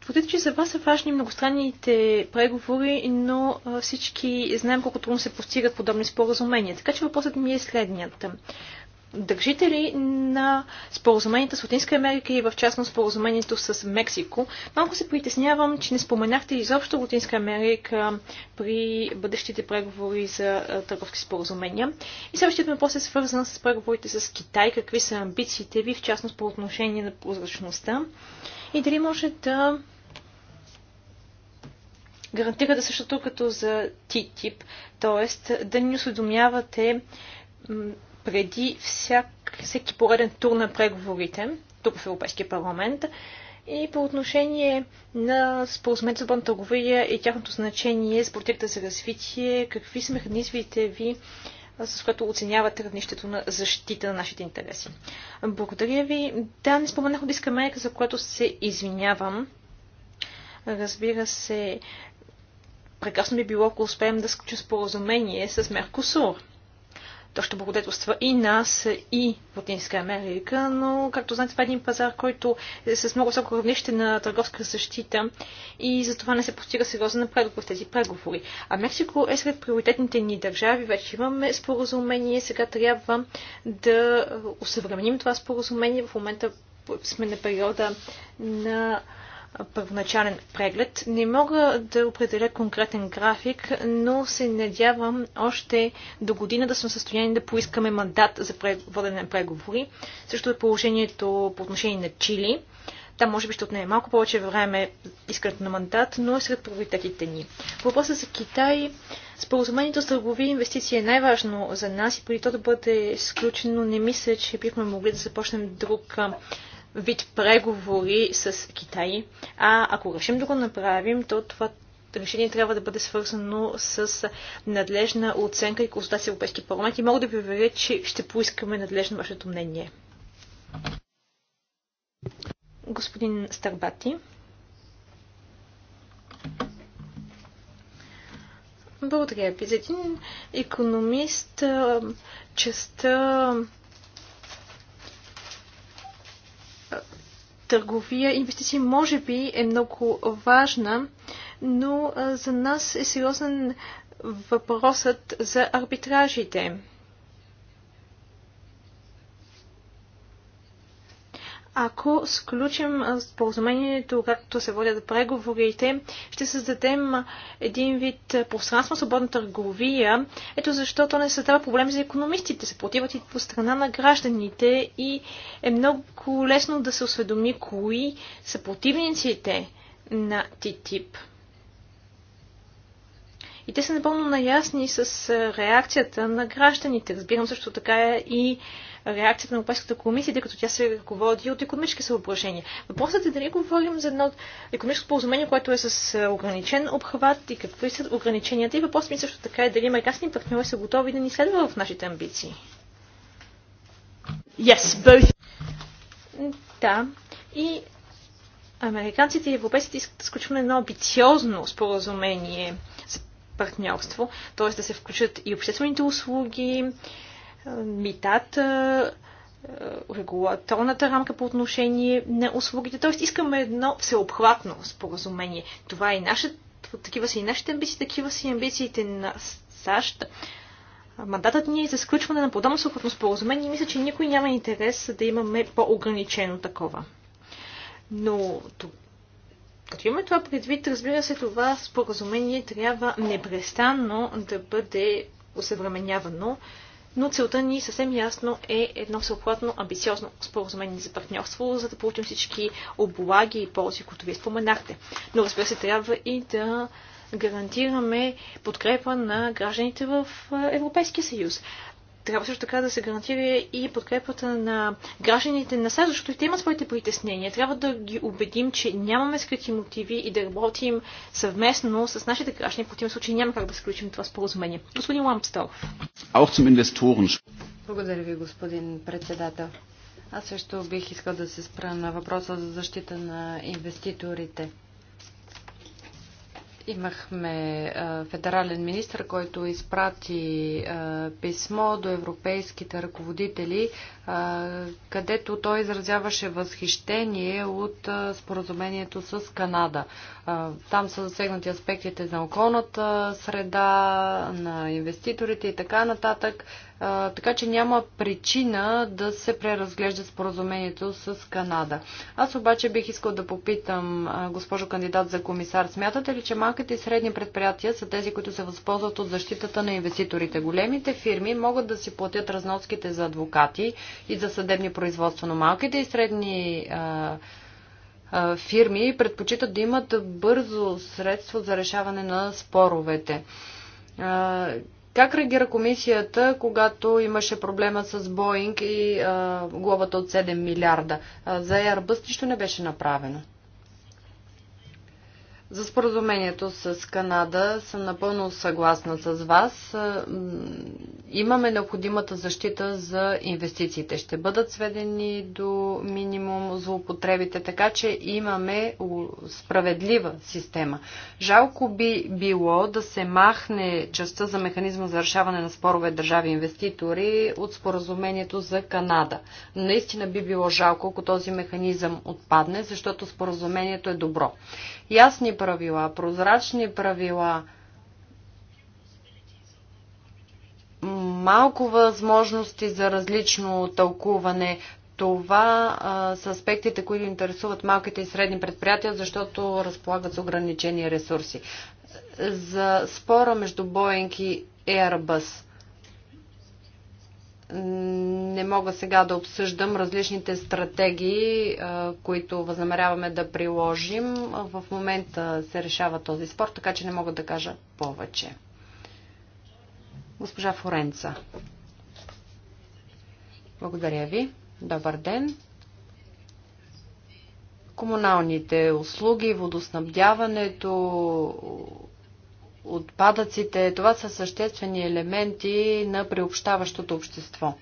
Твърдите, че за вас са важни многостранните преговори, но всички знаем колко трудно се постигат подобни споразумения. Така че въпросът ми е следният държители на споразуменията с Латинска Америка и в частност споразумението с Мексико. Малко се притеснявам, че не споменахте изобщо Латинска Америка при бъдещите преговори за търговски споразумения. И следващият въпрос е свързан с преговорите с Китай. Какви са амбициите ви, в частност по отношение на прозрачността? И дали може да гарантирате да същото като за ТИТИП, т.е. да ни осведомявате преди всяк, всеки пореден тур на преговорите тук в Европейския парламент и по отношение на споразумението за бъдна търговия и тяхното значение с политиката за развитие, какви са механизмите ви, с което оценявате равнището на защита на нашите интереси. Благодаря ви. Да, не споменах от Америка, за което се извинявам. Разбира се, прекрасно би било, ако успеем да сключим споразумение с Меркосур. То ще благодетелства и нас, и Латинска Америка, но, както знаете, това е един пазар, който е с много високо равнище на търговска защита и за това не се постига сериозен напредък в тези преговори. А Мексико е сред приоритетните ни държави. Вече имаме споразумение. Сега трябва да усъвременим това споразумение. В момента сме на периода на първоначален преглед. Не мога да определя конкретен график, но се надявам още до година да сме в състояние да поискаме мандат за водене на преговори. Също е положението по отношение на Чили. Там може би ще отнеме малко повече време искането на мандат, но е сред приоритетите ни. По въпроса за Китай, споразумението с търгови инвестиции е най-важно за нас и преди то да бъде сключено, не мисля, че бихме могли да започнем друг вид преговори с Китай. А ако решим да го направим, то това решение трябва да бъде свързано с надлежна оценка и консултация в Европейски парламент и мога да ви уверя, че ще поискаме надлежно вашето мнение. Господин Старбати. Благодаря ви. За един економист, частта търговия инвестиции може би е много важна, но за нас е сериозен въпросът за арбитражите. Ако сключим споразумението, както се водят преговорите, ще създадем един вид пространство свободна търговия. Ето защо то не създава проблем за економистите. Се противат и по страна на гражданите и е много лесно да се осведоми кои са противниците на ТИТИП. И те са напълно наясни с е, реакцията на гражданите. Разбирам също така и реакцията на Европейската комисия, тъй като тя се ръководи от економически съображения. Въпросът е дали говорим за едно економическо споразумение, което е с е, ограничен обхват и какви са ограниченията. И въпросът ми също така е дали американските партньори са готови да ни следва в нашите амбиции. Yes, both. Да. И американците и европейците искат да сключваме едно амбициозно споразумение партньорство, т.е. да се включат и обществените услуги, е, митата, е, регулаторната рамка по отношение на услугите. Т.е. искаме едно всеобхватно споразумение. Това е и нашата такива са и нашите амбиции, такива са и амбициите на САЩ. Мандатът ни е за сключване на подобно съхватно споразумение и мисля, че никой няма интерес да имаме по-ограничено такова. Но като имаме това предвид, разбира се, това споразумение трябва непрестанно да бъде усъвременявано, но целта ни съвсем ясно е едно всеобхватно амбициозно споразумение за партньорство, за да получим всички облаги и ползи, които вие споменахте. Но разбира се, трябва и да гарантираме подкрепа на гражданите в Европейския съюз. Трябва също така да се гарантира и подкрепата на гражданите на САЩ, защото и те имат своите притеснения. Трябва да ги убедим, че нямаме скрити мотиви и да работим съвместно с нашите граждани. В противен случай няма как да сключим това споразумение. Господин Ламстов. Благодаря ви, господин председател. Аз също бих искал да се спра на въпроса за защита на инвеститорите. Имахме федерален министр, който изпрати писмо до европейските ръководители където той изразяваше възхищение от споразумението с Канада. Там са засегнати аспектите на околната среда, на инвеститорите и така нататък. Така че няма причина да се преразглежда споразумението с Канада. Аз обаче бих искал да попитам, госпожо кандидат за комисар, смятате ли, че малките и средни предприятия са тези, които се възползват от защитата на инвеститорите? Големите фирми могат да си платят разноските за адвокати, и за съдебни производства. Но малките и средни а, а, фирми предпочитат да имат бързо средство за решаване на споровете. А, как реагира комисията, когато имаше проблема с Боинг и а, глобата от 7 милиарда? А, за Airbus нищо не беше направено. За споразумението с Канада съм напълно съгласна с вас. Е, имаме необходимата защита за инвестициите. Ще бъдат сведени до минимум злоупотребите, така че имаме справедлива система. Жалко би било да се махне частта за механизма за решаване на спорове държави инвеститори от споразумението за Канада. Наистина би било жалко, ако този механизъм отпадне, защото споразумението е добро. Ясни правила, прозрачни правила, малко възможности за различно тълкуване. Това а, са аспектите, които интересуват малките и средни предприятия, защото разполагат с ограничени ресурси. За спора между Боинг и Airbus – не мога сега да обсъждам различните стратегии, които възнамеряваме да приложим. В момента се решава този спор, така че не мога да кажа повече. Госпожа Форенца. Благодаря ви. Добър ден. Комуналните услуги, водоснабдяването, отпадъците, това са съществени елементи на приобщаващото общество.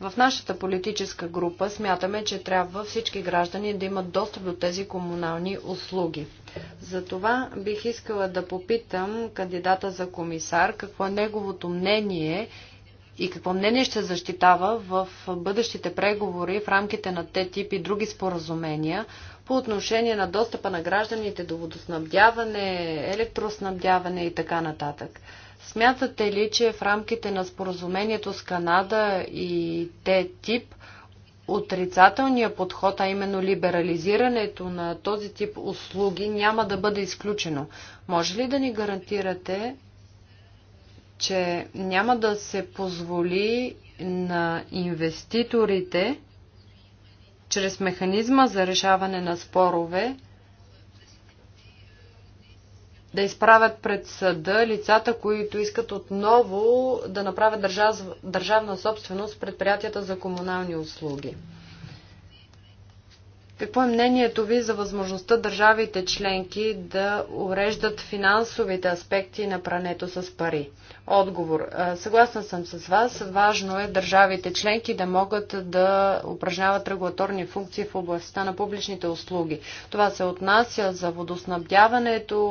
В нашата политическа група смятаме, че трябва всички граждани да имат достъп до тези комунални услуги. За това бих искала да попитам кандидата за комисар какво е неговото мнение и какво мнение ще защитава в бъдещите преговори в рамките на ТТИП и други споразумения, по отношение на достъпа на гражданите до водоснабдяване, електроснабдяване и така нататък. Смятате ли, че в рамките на споразумението с Канада и те тип отрицателният подход, а именно либерализирането на този тип услуги няма да бъде изключено? Може ли да ни гарантирате, че няма да се позволи на инвеститорите чрез механизма за решаване на спорове да изправят пред съда лицата, които искат отново да направят държавна собственост предприятията за комунални услуги. Какво е мнението ви за възможността държавите членки да уреждат финансовите аспекти на прането с пари? Отговор. Съгласна съм с вас. Важно е държавите членки да могат да упражняват регулаторни функции в областта на публичните услуги. Това се отнася за водоснабдяването,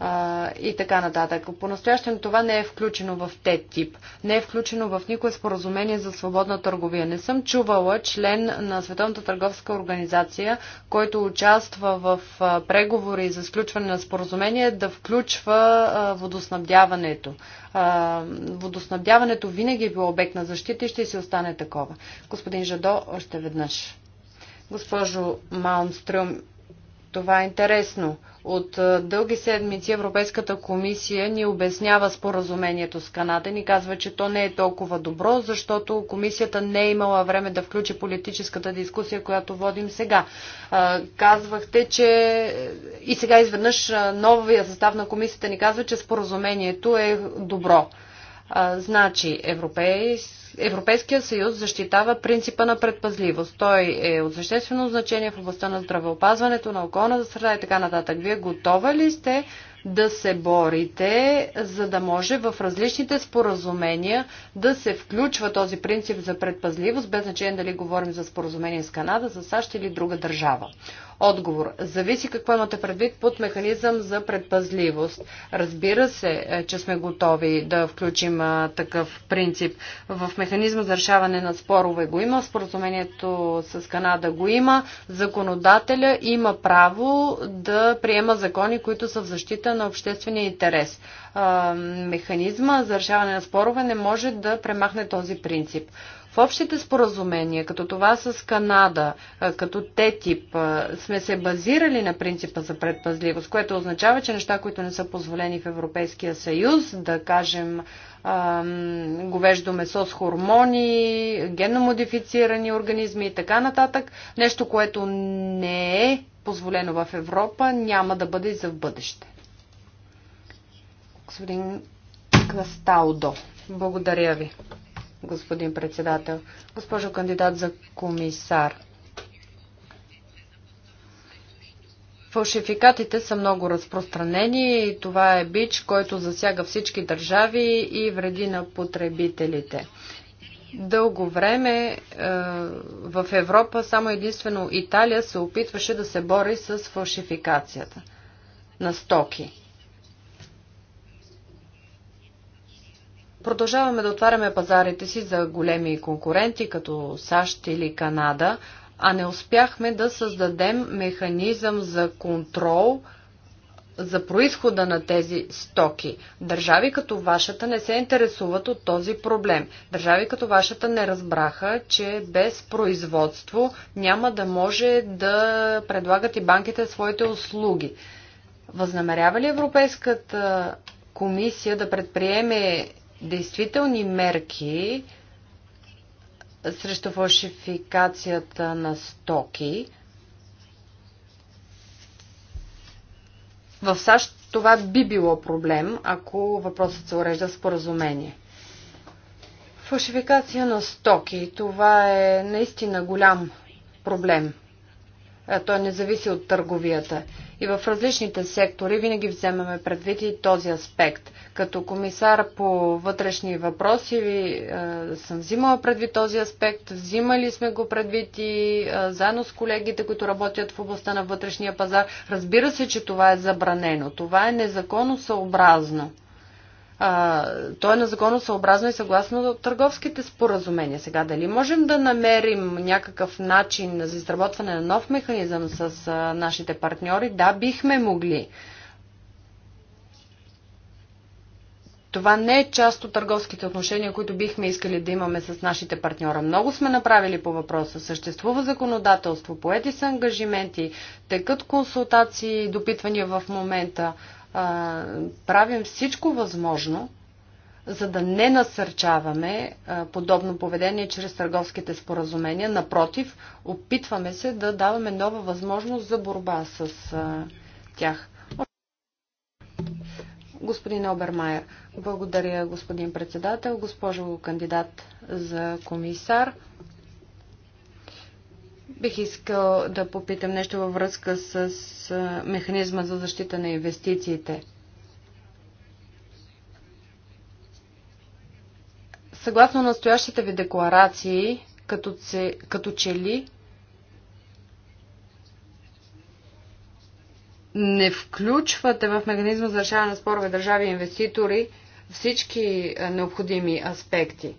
а, и така нататък. По-настоящем това не е включено в тип, Не е включено в никое споразумение за свободна търговия. Не съм чувала член на Световната търговска организация, който участва в а, преговори за сключване на споразумение, да включва а, водоснабдяването. А, водоснабдяването винаги е било обект на защита и ще си остане такова. Господин Жадо, още веднъж. Госпожо Маунстрюм, това е интересно. От е, дълги седмици Европейската комисия ни обяснява споразумението с Канада. Ни казва, че то не е толкова добро, защото комисията не е имала време да включи политическата дискусия, която водим сега. Е, казвахте, че е, и сега изведнъж новия състав на комисията ни казва, че споразумението е добро. А, значи, европейс... Европейския съюз защитава принципа на предпазливост. Той е от съществено значение в областта на здравеопазването, на околната среда и така нататък. Вие готова ли сте да се борите, за да може в различните споразумения да се включва този принцип за предпазливост, без значение дали говорим за споразумение с Канада, за САЩ или друга държава. Отговор. Зависи какво имате предвид под механизъм за предпазливост. Разбира се, е, че сме готови да включим такъв принцип. В механизма за решаване на спорове го има, споразумението с Канада го има, законодателя има право да приема закони, които са в защита на обществения интерес механизма за решаване на спорове не може да премахне този принцип. В общите споразумения, като това с Канада, като ТЕТИП, сме се базирали на принципа за предпазливост, което означава, че неща, които не са позволени в Европейския съюз, да кажем говеждо месо с хормони, генно модифицирани организми и така нататък, нещо, което не е позволено в Европа, няма да бъде и за в бъдеще. Господин Касталдо. Благодаря ви, господин председател. Госпожо кандидат за комисар. Фалшификатите са много разпространени и това е бич, който засяга всички държави и вреди на потребителите. Дълго време е, в Европа само единствено Италия се опитваше да се бори с фалшификацията на стоки. Продължаваме да отваряме пазарите си за големи конкуренти, като САЩ или Канада, а не успяхме да създадем механизъм за контрол за происхода на тези стоки. Държави като вашата не се интересуват от този проблем. Държави като вашата не разбраха, че без производство няма да може да предлагат и банките своите услуги. Възнамерява ли Европейската комисия да предприеме действителни мерки срещу фалшификацията на стоки. В САЩ това би било проблем, ако въпросът се урежда споразумение. Фалшификация на стоки. Това е наистина голям проблем. Е, той не зависи от търговията. И в различните сектори винаги вземаме предвид и този аспект. Като комисар по вътрешни въпроси ви, е, съм взимала предвид този аспект, взимали сме го предвид и е, заедно с колегите, които работят в областта на вътрешния пазар. Разбира се, че това е забранено, това е незаконосъобразно а, той е незаконосъобразно и съгласно търговските споразумения. Сега дали можем да намерим някакъв начин за изработване на нов механизъм с а, нашите партньори? Да, бихме могли. Това не е част от търговските отношения, които бихме искали да имаме с нашите партньора. Много сме направили по въпроса. Съществува законодателство, поети са ангажименти, текат консултации, допитвания в момента правим всичко възможно, за да не насърчаваме а, подобно поведение чрез търговските споразумения. Напротив, опитваме се да даваме нова възможност за борба с а, тях. Господин Обермайер, благодаря господин председател, госпожо кандидат за комисар. Бих искал да попитам нещо във връзка с механизма за защита на инвестициите. Съгласно настоящите ви декларации, като, це, като че ли не включвате в механизма за решаване на спорове държави и инвеститори всички необходими аспекти.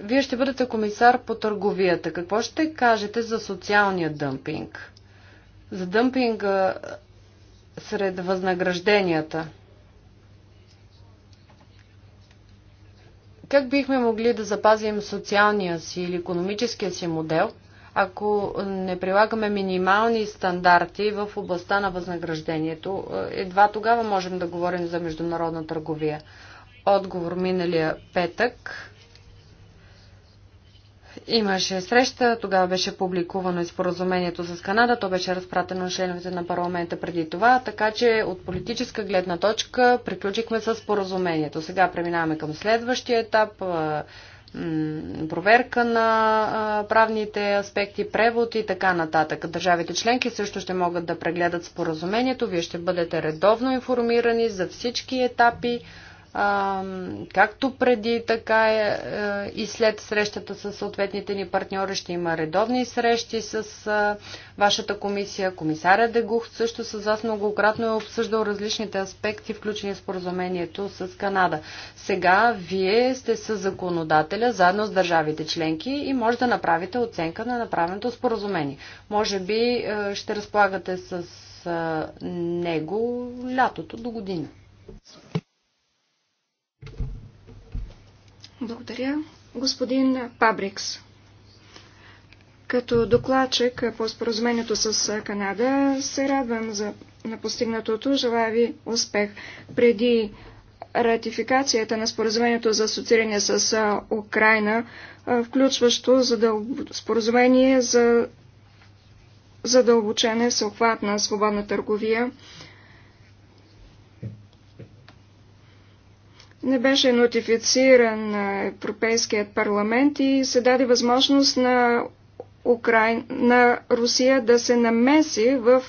Вие ще бъдете комисар по търговията. Какво ще кажете за социалния дъмпинг? За дъмпинга сред възнагражденията? Как бихме могли да запазим социалния си или економическия си модел, ако не прилагаме минимални стандарти в областта на възнаграждението? Едва тогава можем да говорим за международна търговия. Отговор миналия петък Имаше среща, тогава беше публикувано и споразумението с Канада, то беше разпратено на членовете на парламента преди това, така че от политическа гледна точка приключихме с споразумението. Сега преминаваме към следващия етап, проверка на правните аспекти, превод и така нататък. Държавите членки също ще могат да прегледат споразумението, вие ще бъдете редовно информирани за всички етапи както преди, така е, е, и след срещата с съответните ни партньори ще има редовни срещи с вашата комисия. Комисаря Дегух също с вас многократно е обсъждал различните аспекти, включени в споразумението с Канада. Сега вие сте с законодателя, заедно с държавите членки и може да направите оценка на направеното споразумение. Може би е, ще разполагате с него лятото до година. Благодаря. Господин Пабрикс. Като докладчик по споразумението с Канада се радвам за на постигнатото. Желая ви успех. Преди ратификацията на споразумението за асоцииране с Украина, включващо споразумение за задълбочене, на свободна търговия не беше нотифициран Европейският парламент и се даде възможност на, Украй... на Русия да се намеси в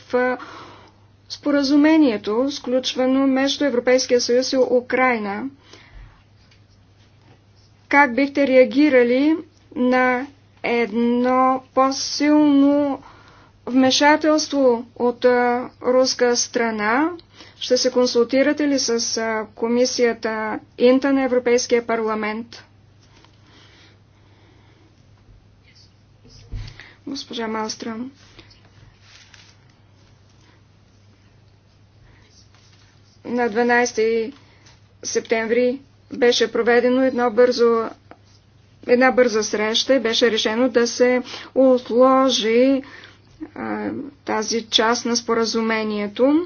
споразумението, сключвано между Европейския съюз и Украина. Как бихте реагирали на едно по-силно вмешателство от а, руска страна. Ще се консултирате ли с а, комисията Инта на Европейския парламент? Госпожа Малстрам. На 12 септември беше проведено едно бързо една бърза среща и беше решено да се отложи тази част на споразумението,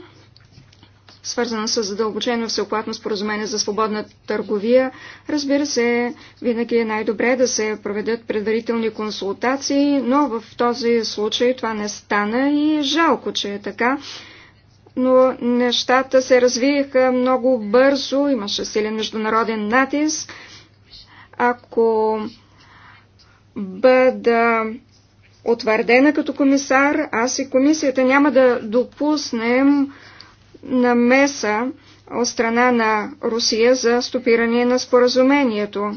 свързана с задълбочено всеоплатно споразумение за свободна търговия. Разбира се, винаги е най-добре да се проведат предварителни консултации, но в този случай това не стана и е жалко, че е така. Но нещата се развиеха много бързо, имаше силен международен натиск. Ако бъда утвърдена като комисар, аз и комисията няма да допуснем намеса от страна на Русия за стопиране на споразумението.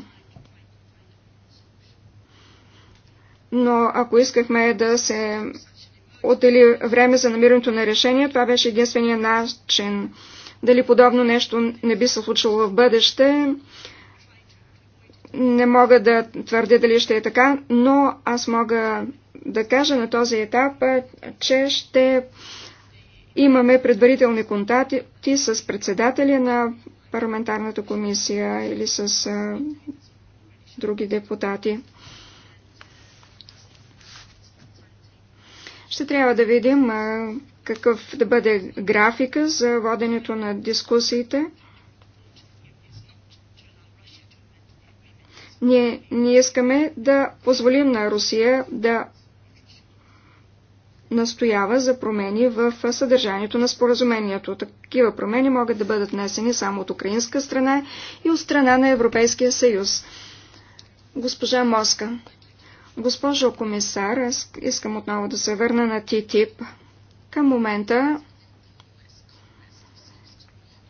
Но ако искахме да се отдели време за намирането на решение, това беше единствения начин. Дали подобно нещо не би се случило в бъдеще, не мога да твърдя дали ще е така, но аз мога да кажа на този етап, че ще имаме предварителни контакти с председателя на парламентарната комисия или с други депутати. Ще трябва да видим какъв да бъде графика за воденето на дискусиите. Ние не искаме да позволим на Русия да настоява за промени в съдържанието на споразумението. Такива промени могат да бъдат внесени само от украинска страна и от страна на Европейския съюз. Госпожа Моска. Госпожо комисар, аз искам отново да се върна на ТИТИП. Към момента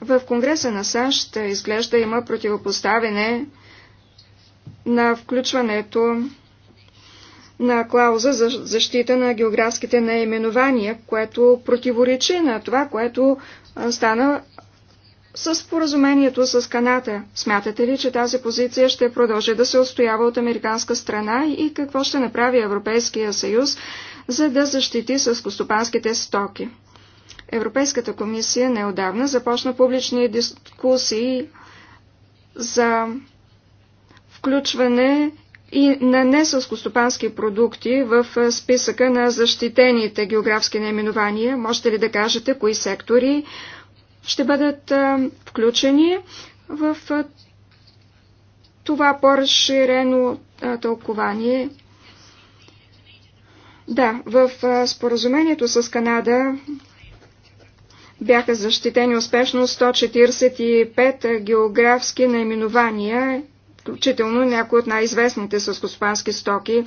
в Конгреса на САЩ изглежда има противопоставяне на включването на клауза за защита на географските наименования, което противоречи на това, което стана с поразумението с Каната. Смятате ли, че тази позиция ще продължи да се отстоява от американска страна и какво ще направи Европейския съюз, за да защити съскостопанските стоки? Европейската комисия неодавна започна публични дискусии за включване и на несълскостопански продукти в списъка на защитените географски наименования. Можете ли да кажете кои сектори ще бъдат включени в това по-разширено тълкование? Да, в споразумението с Канада бяха защитени успешно 145 географски наименования включително някои от най-известните с хоспански стоки,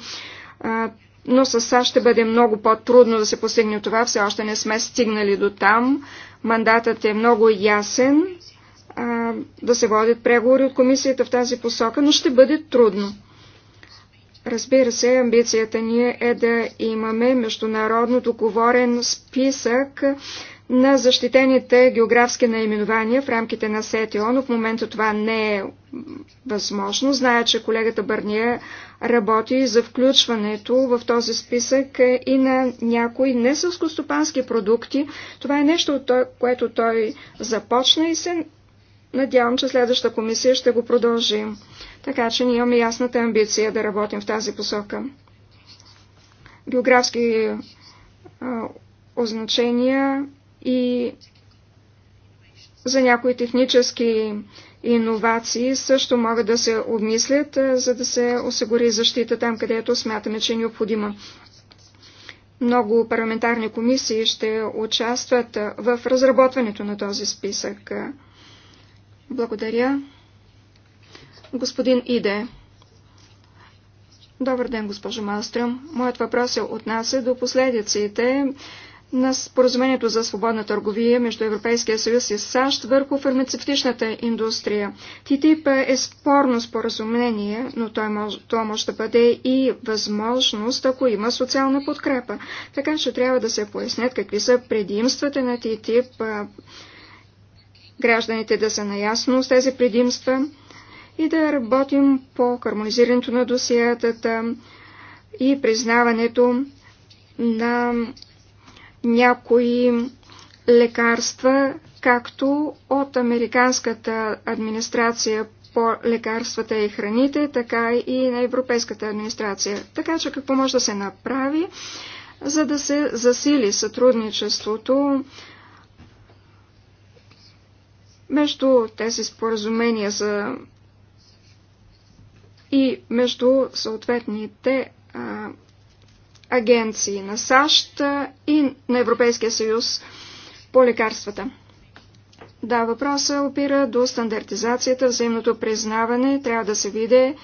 но с САЩ ще бъде много по-трудно да се постигне това. Все още не сме стигнали до там. Мандатът е много ясен да се водят преговори от комисията в тази посока, но ще бъде трудно. Разбира се, амбицията ни е да имаме международно договорен списък на защитените географски наименования в рамките на СТО, но в момента това не е възможно. Зная, че колегата Бърния работи за включването в този списък и на някои несълскостопански продукти. Това е нещо, което той започна и се надявам, че следващата комисия ще го продължи. Така че ние имаме ясната амбиция да работим в тази посока. Географски означения и за някои технически иновации също могат да се обмислят, за да се осигури защита там, където смятаме, че е необходима. Много парламентарни комисии ще участват в разработването на този списък. Благодаря. Господин Иде. Добър ден, госпожо Малстрем. Моят въпрос нас е отнася до последиците на споразумението за свободна търговия между Европейския съюз и САЩ върху фармацевтичната индустрия. ТТИП е спорно споразумение, но то може, то може да бъде и възможност, ако има социална подкрепа. Така че трябва да се пояснят какви са предимствата на ТТИП, гражданите да са наясно с тези предимства и да работим по хармонизирането на досиятата и признаването на някои лекарства, както от Американската администрация по лекарствата и храните, така и на Европейската администрация. Така че какво може да се направи, за да се засили сътрудничеството между тези споразумения за и между съответните а, агенции на САЩ и на Европейския съюз по лекарствата. Да, въпроса опира до стандартизацията, взаимното признаване. Трябва да се види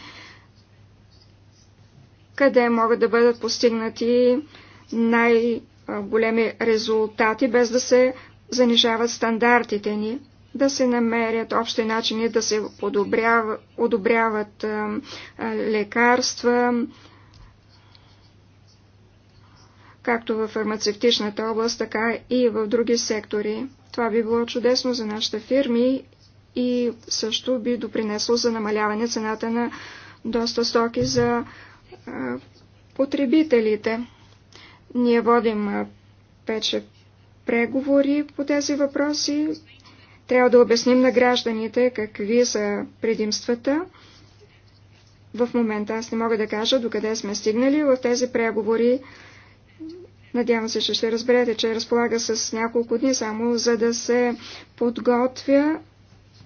къде могат да бъдат постигнати най-големи резултати, без да се занижават стандартите ни, да се намерят общи начини да се одобряват лекарства, както в фармацевтичната област, така и в други сектори. Това би било чудесно за нашите фирми и също би допринесло за намаляване цената на доста стоки за а, потребителите. Ние водим а, вече преговори по тези въпроси. Трябва да обясним на гражданите какви са предимствата. В момента аз не мога да кажа докъде сме стигнали в тези преговори. Надявам се, че ще разберете, че разполага с няколко дни само, за да се подготвя.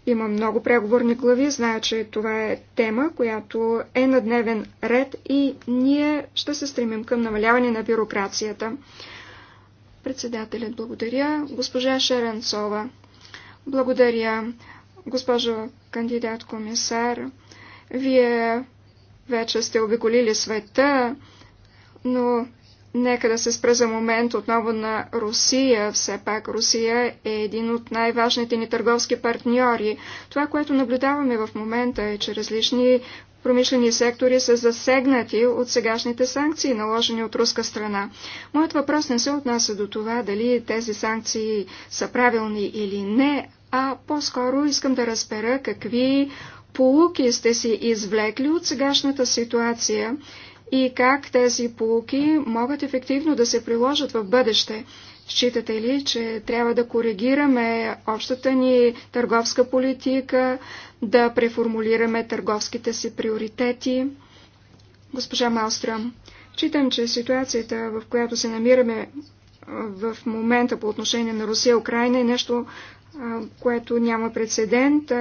Има много преговорни глави, зная, че това е тема, която е на дневен ред и ние ще се стремим към намаляване на бюрокрацията. Председателят благодаря. Госпожа Шеренцова. Благодаря. Госпожо кандидат комисар, вие вече сте обиколили света, но Нека да се спра за момент отново на Русия. Все пак Русия е един от най-важните ни търговски партньори. Това, което наблюдаваме в момента е, че различни промишлени сектори са засегнати от сегашните санкции, наложени от руска страна. Моят въпрос не се отнася до това дали тези санкции са правилни или не, а по-скоро искам да разбера какви полуки сте си извлекли от сегашната ситуация и как тези полуки могат ефективно да се приложат в бъдеще. Считате ли, че трябва да коригираме общата ни търговска политика, да преформулираме търговските си приоритети? Госпожа Малстрам, читам, че ситуацията, в която се намираме в момента по отношение на Русия и Украина е нещо което няма прецедент.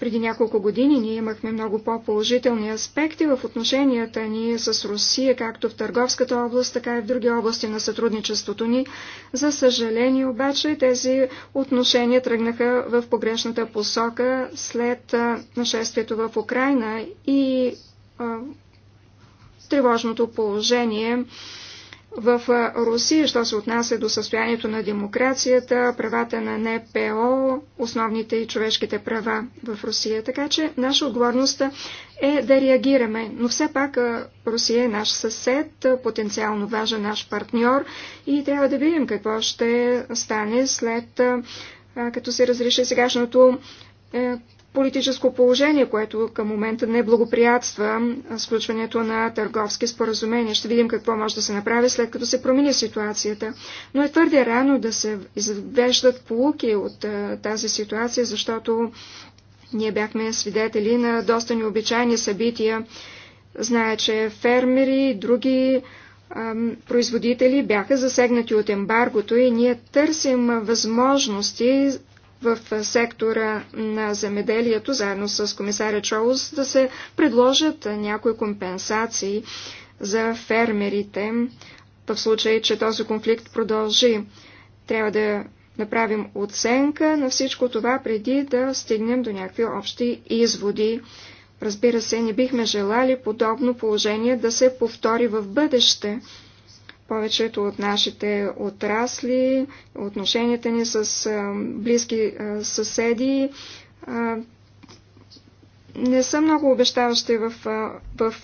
Преди няколко години ние имахме много по-положителни аспекти в отношенията ни с Русия, както в търговската област, така и в други области на сътрудничеството ни. За съжаление обаче тези отношения тръгнаха в погрешната посока след нашествието в Украина и тревожното положение в Русия, що се отнася до състоянието на демокрацията, правата на НПО, основните и човешките права в Русия. Така че наша отговорност е да реагираме. Но все пак Русия е наш съсед, потенциално важен наш партньор и трябва да видим какво ще стане след като се разреши сегашното е, политическо положение, което към момента не благоприятства сключването на търговски споразумения. Ще видим какво може да се направи след като се промени ситуацията. Но е твърде рано да се извеждат полуки от тази ситуация, защото ние бяхме свидетели на доста необичайни събития. Зная, че фермери и други производители бяха засегнати от ембаргото и ние търсим възможности в сектора на земеделието, заедно с комисаря Чоус, да се предложат някои компенсации за фермерите, в случай, че този конфликт продължи. Трябва да направим оценка на всичко това, преди да стигнем до някакви общи изводи. Разбира се, не бихме желали подобно положение да се повтори в бъдеще повечето от нашите отрасли, отношенията ни с близки съседи не са много обещаващи в, в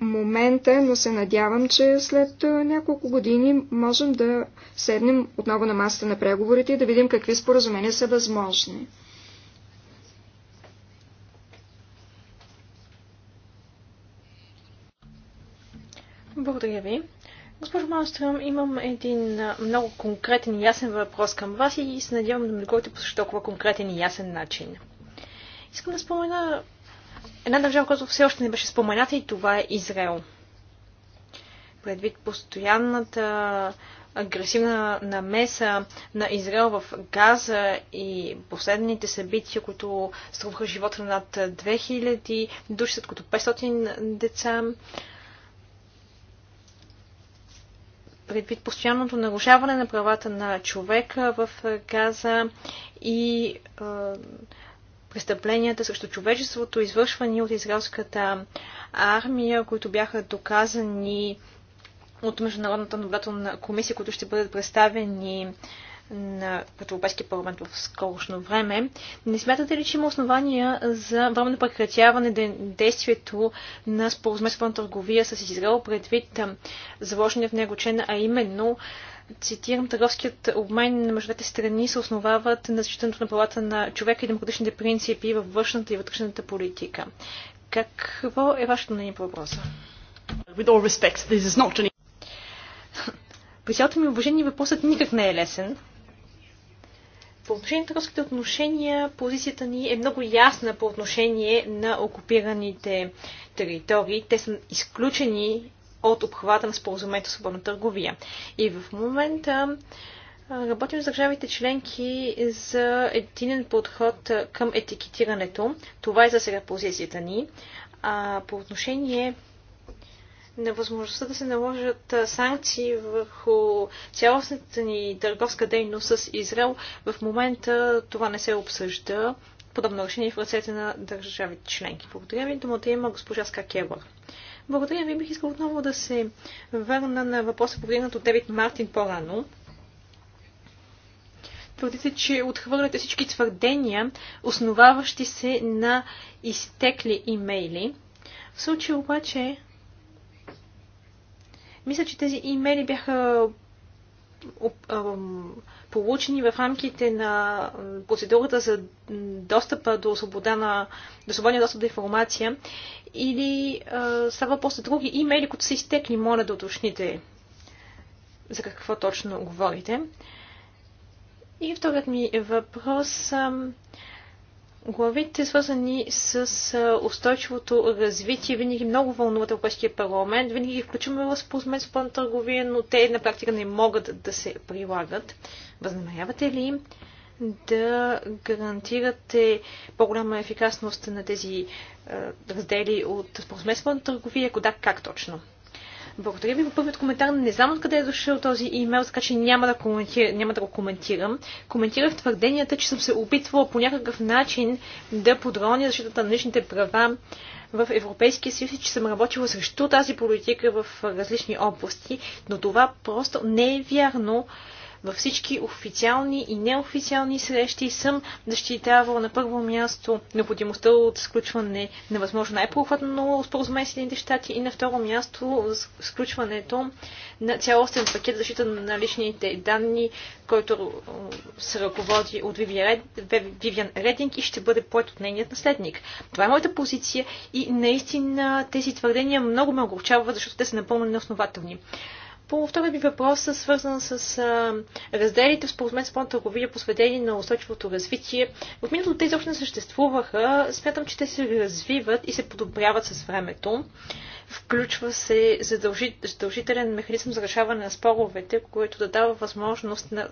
момента, но се надявам, че след няколко години можем да седнем отново на масата на преговорите и да видим какви споразумения са възможни. Благодаря ви. Госпожо Малстрам, имам един много конкретен и ясен въпрос към вас и се надявам да ми отговорите по също толкова конкретен и ясен начин. Искам да спомена една държава, която все още не беше спомената и това е Израел. Предвид постоянната агресивна намеса на Израел в Газа и последните събития, които струваха живота над 2000 души, след като 500 деца, предвид постоянното нарушаване на правата на човека в Газа и е, престъпленията срещу човечеството, извършвани от израелската армия, които бяха доказани от Международната наблюдателна комисия, които ще бъдат представени на Европейския парламент в скорошно време. Не смятате ли, че има основания за временно прекратяване де, действието на споразумението търговия с Израел предвид заложения в него член, а именно цитирам, търговският обмен на между двете страни се основават на защитането на правата на човека и демократичните принципи във външната и вътрешната политика. Какво е вашето мнение по въпроса? With all respect, this is not При цялото ми уважение въпросът никак не е лесен. По отношение на търговските отношения, позицията ни е много ясна по отношение на окупираните територии. Те са изключени от обхвата на споразумението свободна търговия. И в момента Работим с държавите членки за единен подход към етикетирането. Това е за сега позицията ни. А по отношение на възможността да се наложат санкции върху цялостната ни търговска дейност с Израел. В момента това не се обсъжда. Подобно решение е в ръцете на държавите членки. Благодаря ви. Думата има госпожа Скакева. Благодаря ви. Бих искал отново да се върна на въпроса, повдигнат от Девит Мартин по-рано. Твърдите, че отхвърляте всички твърдения, основаващи се на изтекли имейли. В случай обаче мисля, че тези имейли бяха получени в рамките на процедурата за достъпа до, свобода на, до свободния достъп до информация или а, става въпрос за други имейли, които са изтекли, моля да уточните за какво точно говорите. И вторият ми въпрос а, Главите, свързани с устойчивото развитие, винаги много вълнуват Европейския парламент. Винаги ги включваме в споразумение с план търговия, но те на практика не могат да се прилагат. Възнамерявате ли да гарантирате по-голяма ефикасност на тези раздели от споразумение с план търговия? Ако да, как точно? Благодаря ви по първият коментар. Не знам откъде е дошъл този имейл, така че няма да, коментира, няма да го коментирам. Коментирах твърденията, че съм се опитвала по някакъв начин да подроня защитата на личните права в Европейския съюз и че съм работила срещу тази политика в различни области, но това просто не е вярно. Във всички официални и неофициални срещи съм защитавал на първо място необходимостта от сключване на възможно най прохватно споразумение с Съединените щати и на второ място сключването на цялостен пакет за защита на личните данни, който се ръководи от Вивиан Рединг и ще бъде поет от нейният наследник. Това е моята позиция и наистина тези твърдения много ме огорчават, защото те са напълно неоснователни. По втория ми въпрос е свързан с а, разделите в споразумение с план търговия, посветени на устойчивото развитие. В миналото те още не съществуваха. Смятам, че те се развиват и се подобряват с времето. Включва се задължителен механизъм за решаване на споровете, който да дава възможност на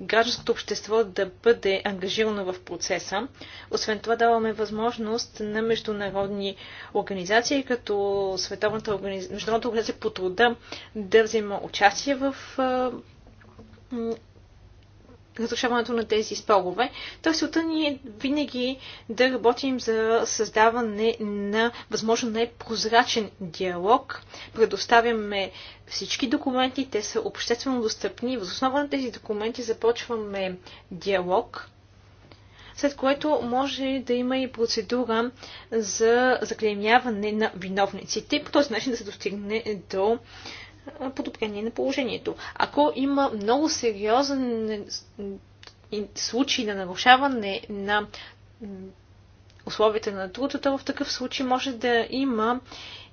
гражданското общество да бъде ангажирано в процеса. Освен това даваме възможност на международни организации, като Световната организ... Международната организация по труда да взема участие в разрешаването на тези спорове. Та целта ни е винаги да работим за създаване на възможно най-прозрачен диалог. Предоставяме всички документи, те са обществено достъпни. Въз основа на тези документи започваме диалог, след което може да има и процедура за заклеймяване на виновниците. По този начин да се достигне до подобрение на положението. Ако има много сериозен случай на нарушаване на условията на труда, то в такъв случай може да има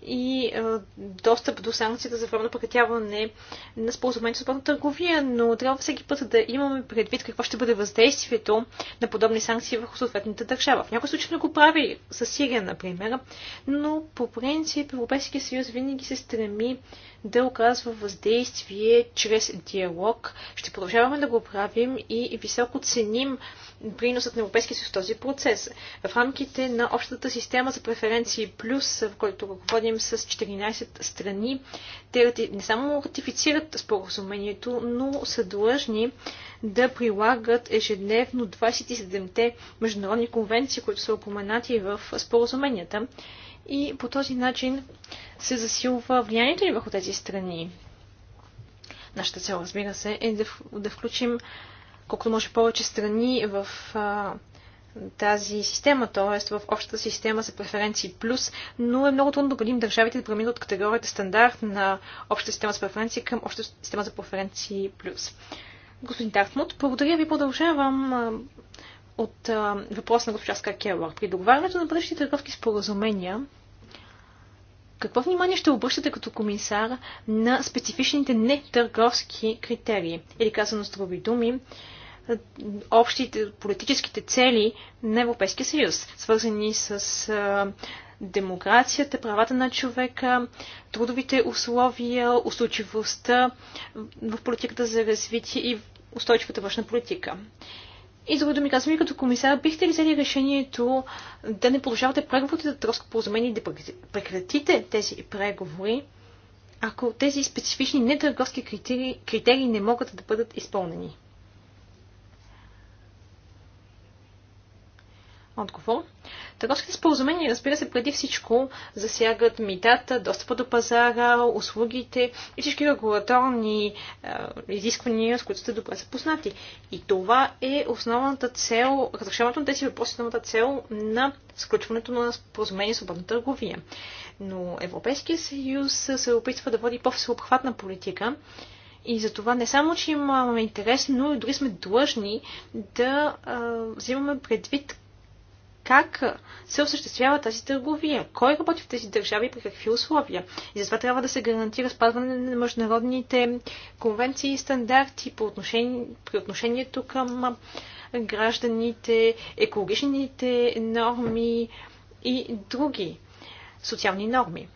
и е, достъп до санкцията за форма на прекратяване на споразумението за платна търговия, но трябва всеки път да имаме предвид какво ще бъде въздействието на подобни санкции върху съответната държава. В някои случаи го прави с Сирия, например, но по принцип Европейския съюз винаги се стреми да оказва въздействие чрез диалог. Ще продължаваме да го правим и високо ценим приносът на Европейския съюз в този процес. В рамките на общата система за преференции плюс, в който ръководим споразумением с 14 страни. Те не само ратифицират споразумението, но са длъжни да прилагат ежедневно 27-те международни конвенции, които са упоменати в споразуменията. И по този начин се засилва влиянието ни върху тези страни. Нашата цел, разбира се, е да, да включим колкото може повече страни в а, тази система, т.е. в общата система за преференции плюс, но е много трудно да убедим държавите да преминат от категорията стандарт на общата система за преференции към общата система за преференции плюс. Господин Дартмут, благодаря ви. Продължавам от въпроса на госпожа Скакелър. При договарянето на бъдещите търговски споразумения, какво внимание ще обръщате като комисар на специфичните нетърговски критерии? Или казано с други думи, общите политическите цели на Европейския съюз, свързани с демокрацията, правата на човека, трудовите условия, устойчивостта в политиката за развитие и устойчивата външна политика. И за да ми казвам, като комисар, бихте ли взели решението да не продължавате преговорите за търско поразумение и да прекратите тези преговори, ако тези специфични нетърговски критерии, критерии не могат да бъдат изпълнени? Отговор. Търговските споразумения, разбира се, преди всичко засягат митата, достъпа до пазара, услугите и всички регулаторни е, изисквания, с които сте добре запознати. И това е основната цел, разрешаването на тези въпроси, е основната цел на сключването на споразумение с свободна търговия. Но Европейския съюз се опитва да води по-всеобхватна политика и за това не само, че имаме интерес, но и дори сме длъжни да а, е, взимаме предвид как се осъществява тази търговия, кой работи в тези държави и при какви условия. И затова трябва да се гарантира спазване на международните конвенции и стандарти по отношение, при отношението към гражданите, екологичните норми и други социални норми.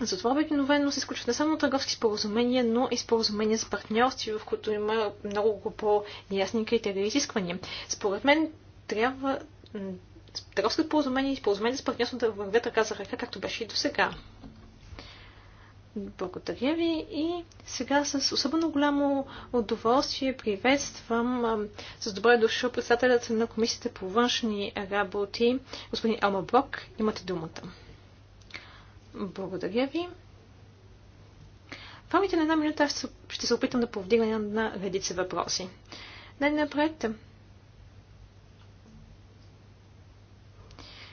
Затова обикновено се изключват не само търговски споразумения, но и споразумения с партньорство, в които има много по-ясни критерии и изисквания. Според мен трябва търговското споразумение и споразумение с партньорството вървят ръка за ръка, както беше и до сега. Благодаря ви и сега с особено голямо удоволствие приветствам а, с добре душа председателят на Комисията по външни работи, господин Алма Блок. Имате думата. Благодаря ви. В рамките на една минута ще се опитам да повдигна на редица въпроси. Най-напред,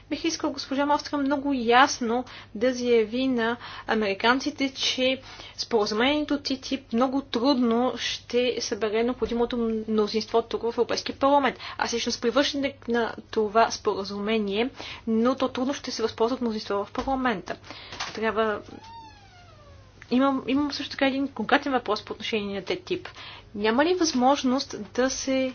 бих искал госпожа Мостра много ясно да заяви на американците, че споразумението ТТИП много трудно ще събере необходимото мнозинство тук в Европейския парламент. Аз лично с привършеник на това споразумение, но то трудно ще се възползва от мнозинство в парламента. Трябва имам, имам също така един конкретен въпрос по отношение на ТТИП. Няма ли възможност да се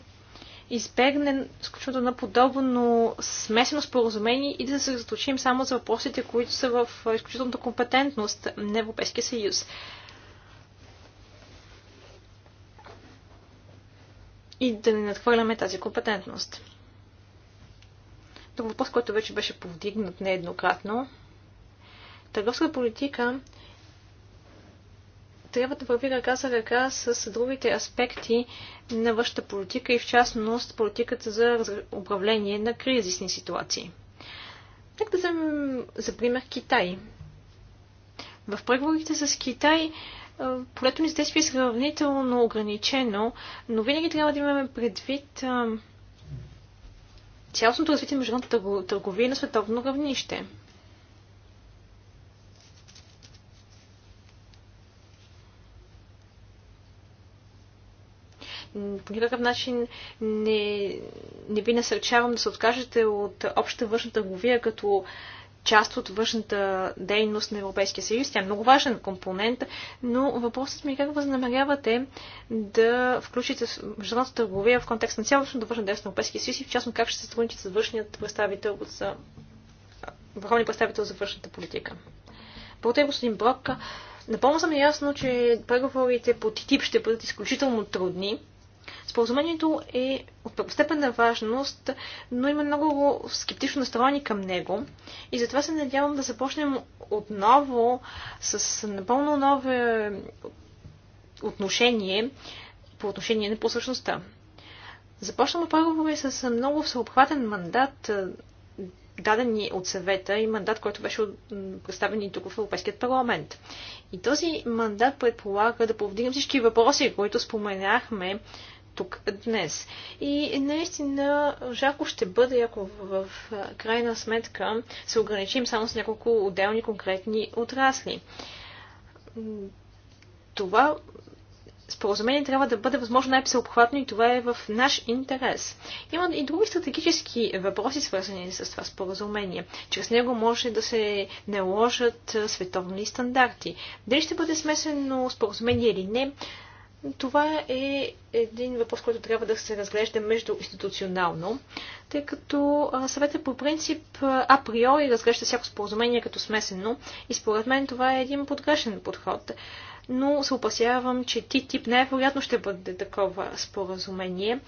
избегнем сключването на подобно смесено споразумение и да се заточим само за въпросите, които са в изключителната компетентност на Европейския съюз. И да не надхвърляме тази компетентност. Друг въпрос, който вече беше повдигнат нееднократно. Търговска политика трябва да върви ръка за ръка с другите аспекти на вашата политика и в частност политиката за управление на кризисни ситуации. Нека да вземем за пример Китай. В преговорите с Китай е, полето ни с действие е сравнително ограничено, но винаги трябва да имаме предвид е, цялостното развитие на международната търговия на световно равнище. по никакъв начин не, не ви насърчавам да се откажете от обща външна търговия като част от външната дейност на Европейския съюз. Тя е много важен компонент, но въпросът ми е как възнамерявате да включите международната търговия в контекст на цялостната външна дейност на Европейския съюз и в частност как ще се сътрудничите с външният представител за върховния представител за външната политика. Благодаря, господин Брок. Напълно съм ясно, че преговорите по ТИТИП ще бъдат изключително трудни. Споразумението е от първостепенна важност, но има много скептично настроени към него и затова се надявам да започнем отново с напълно нове отношение по отношение на посъщността. Започнахме преговори с много всеобхватен мандат, даден ни от съвета и мандат, който беше представен и тук в Европейският парламент. И този мандат предполага да повдигнем всички въпроси, които споменахме тук днес. И наистина жалко ще бъде, ако в крайна сметка се ограничим само с няколко отделни конкретни отрасли. Това споразумение трябва да бъде възможно най псеобхватно и това е в наш интерес. Има и други стратегически въпроси, свързани с това споразумение. Чрез него може да се наложат световни стандарти. Дали ще бъде смесено споразумение или не, това е един въпрос, който трябва да се разглежда междуинституционално, тъй като съветът по принцип априори разглежда всяко споразумение като смесено и според мен това е един подгрешен подход но се опасявам, че ТТИП най-вероятно ще бъде такова споразумение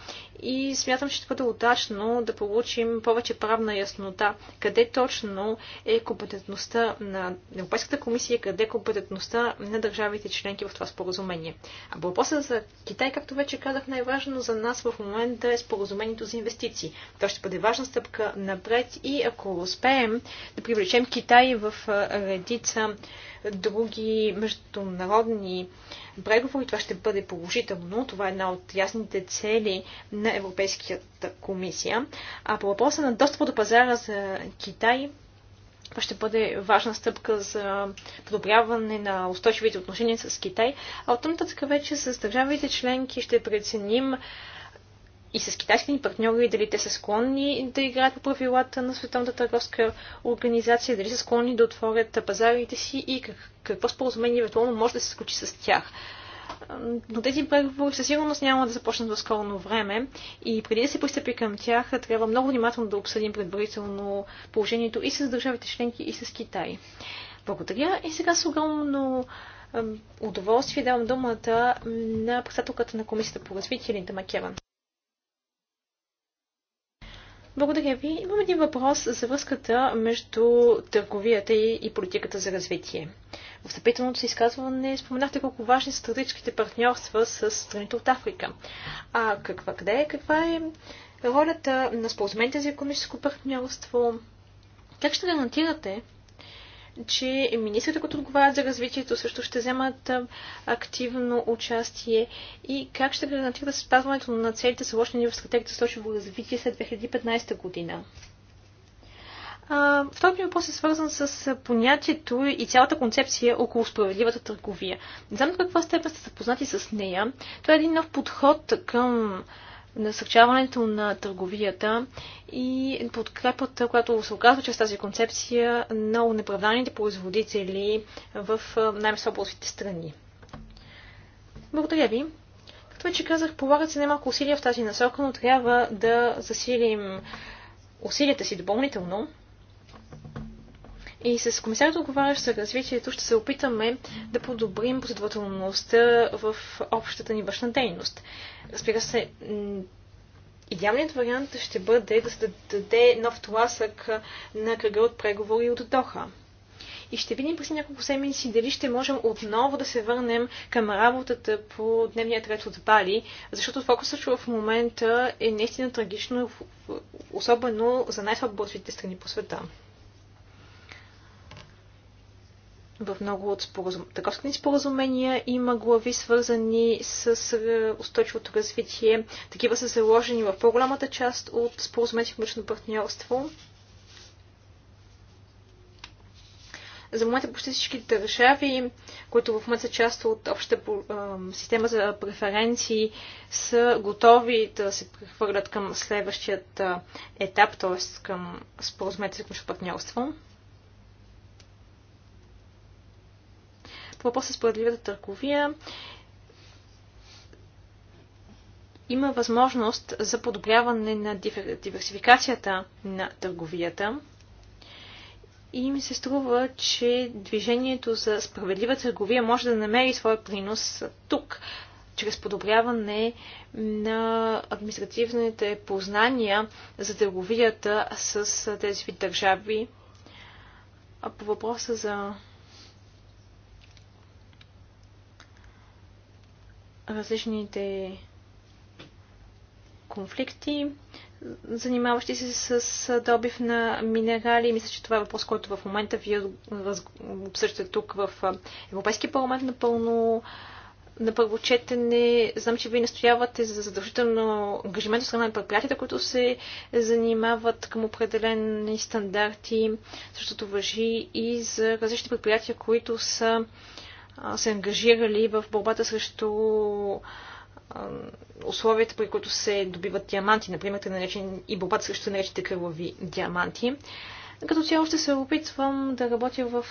и смятам, че ще бъде удачно да получим повече правна яснота къде точно е компетентността на Европейската комисия, къде е компетентността на държавите членки в това споразумение. А въпросът за Китай, както вече казах, най-важно за нас в момента е споразумението за инвестиции. То ще бъде важна стъпка напред и ако успеем да привлечем Китай в редица други международни преговори. Това ще бъде положително. Това е една от ясните цели на Европейската комисия. А по въпроса на достъп до пазара за Китай, това ще бъде важна стъпка за подобряване на устойчивите отношения с Китай. А оттам нататък вече с държавите членки ще преценим и с китайските ни партньори, дали те са склонни да играят по правилата на Световната търговска организация, дали са склонни да отворят пазарите си и как, какво споразумение евентуално може да се случи с тях. Но тези преговори със сигурност няма да започнат в скоро време и преди да се пристъпи към тях, трябва много внимателно да обсъдим предварително положението и с държавите членки, и с Китай. Благодаря и сега с огромно удоволствие давам думата на председателката на Комисията по развитие Линда Макеван. Благодаря ви. Имам един въпрос за връзката между търговията и, и политиката за развитие. В встъпителното си изказване споменахте колко важни са стратегическите партньорства с страните от Африка. А каква, къде е, каква е ролята на споразумението за економическо партньорство? Как ще гарантирате, че министрите, които отговарят за развитието, също ще вземат активно участие и как ще гарантира спазването на целите, заложени в стратегията за устойчиво развитие след 2015 година. Вторият ми въпрос е свързан с понятието и цялата концепция около справедливата търговия. Не знам до каква степен сте запознати с нея. Това е един нов подход към насърчаването на търговията и подкрепата, която се оказва чрез тази концепция на унеправданите производители в най-високовите страни. Благодаря ви. Както вече казах, полагат се немалко усилия в тази насока, но трябва да засилим усилията си допълнително. И с комисарът, отговарящ за развитието, ще се опитаме да подобрим последователността в общата ни външна дейност. Разбира се, идеалният вариант ще бъде да се даде нов тласък на кръга от преговори от Доха и ще видим през няколко седмици дали ще можем отново да се върнем към работата по дневния ред от Бали, защото това, което случва в момента е наистина трагично, особено за най-слабо страни по света. В много от споразум... търговските споразумения има глави свързани с е, устойчивото развитие. Такива са заложени в по-голямата част от споразумението в партньорство. за момента почти всички държави, които в момента са част от общата е, система за преференции, са готови да се прехвърлят към следващият е, етап, т.е. към споразумението за партньорство. въпроса с справедливата търговия има възможност за подобряване на диверсификацията на търговията. И ми се струва, че движението за справедлива търговия може да намери своя принос тук, чрез подобряване на административните познания за търговията с тези вид държави. А по въпроса за различните конфликти, занимаващи се с добив на минерали. Мисля, че това е въпрос, който в момента вие обсъждате тук в Европейския парламент напълно на първо четене. Знам, че вие настоявате за задължително ангажимент от страна на предприятията, които се занимават към определени стандарти. Същото въжи и за различни предприятия, които са се ангажирали в борбата срещу условията, при които се добиват диаманти, например, наречен, и борбата срещу наречените кръвови диаманти. Като цяло ще се опитвам да работя в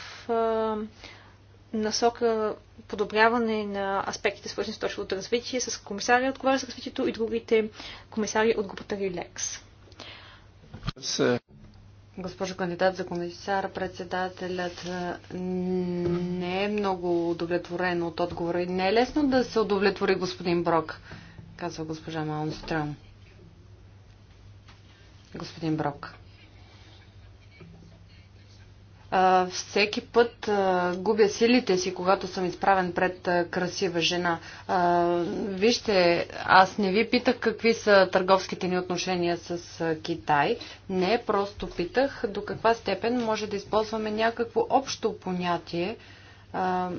насока подобряване на аспектите, свързани с точното развитие, с комисария отговаря за развитието и другите комисари от групата Релекс. Госпожо кандидат за комисар, председателят не е много удовлетворен от отговора и не е лесно да се удовлетвори господин Брок, казва госпожа Маунстрам. Господин Брок всеки път а, губя силите си, когато съм изправен пред а, красива жена. А, вижте, аз не ви питах какви са търговските ни отношения с а, Китай. Не, просто питах до каква степен може да използваме някакво общо понятие. А,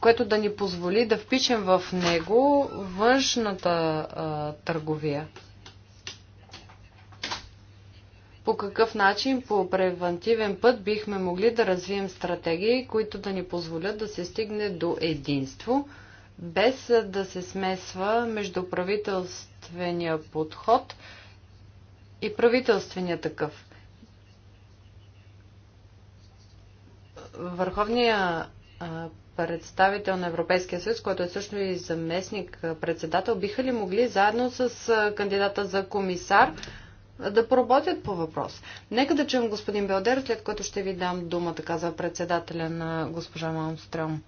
което да ни позволи да впишем в него външната а, търговия по какъв начин по превентивен път бихме могли да развием стратегии, които да ни позволят да се стигне до единство, без да се смесва между правителствения подход и правителствения такъв. Върховният представител на Европейския съюз, който е също и заместник председател, биха ли могли заедно с кандидата за комисар да поработят по въпрос. Нека да чуем господин Белдер, след което ще ви дам думата, казва председателя на госпожа Малмстрем.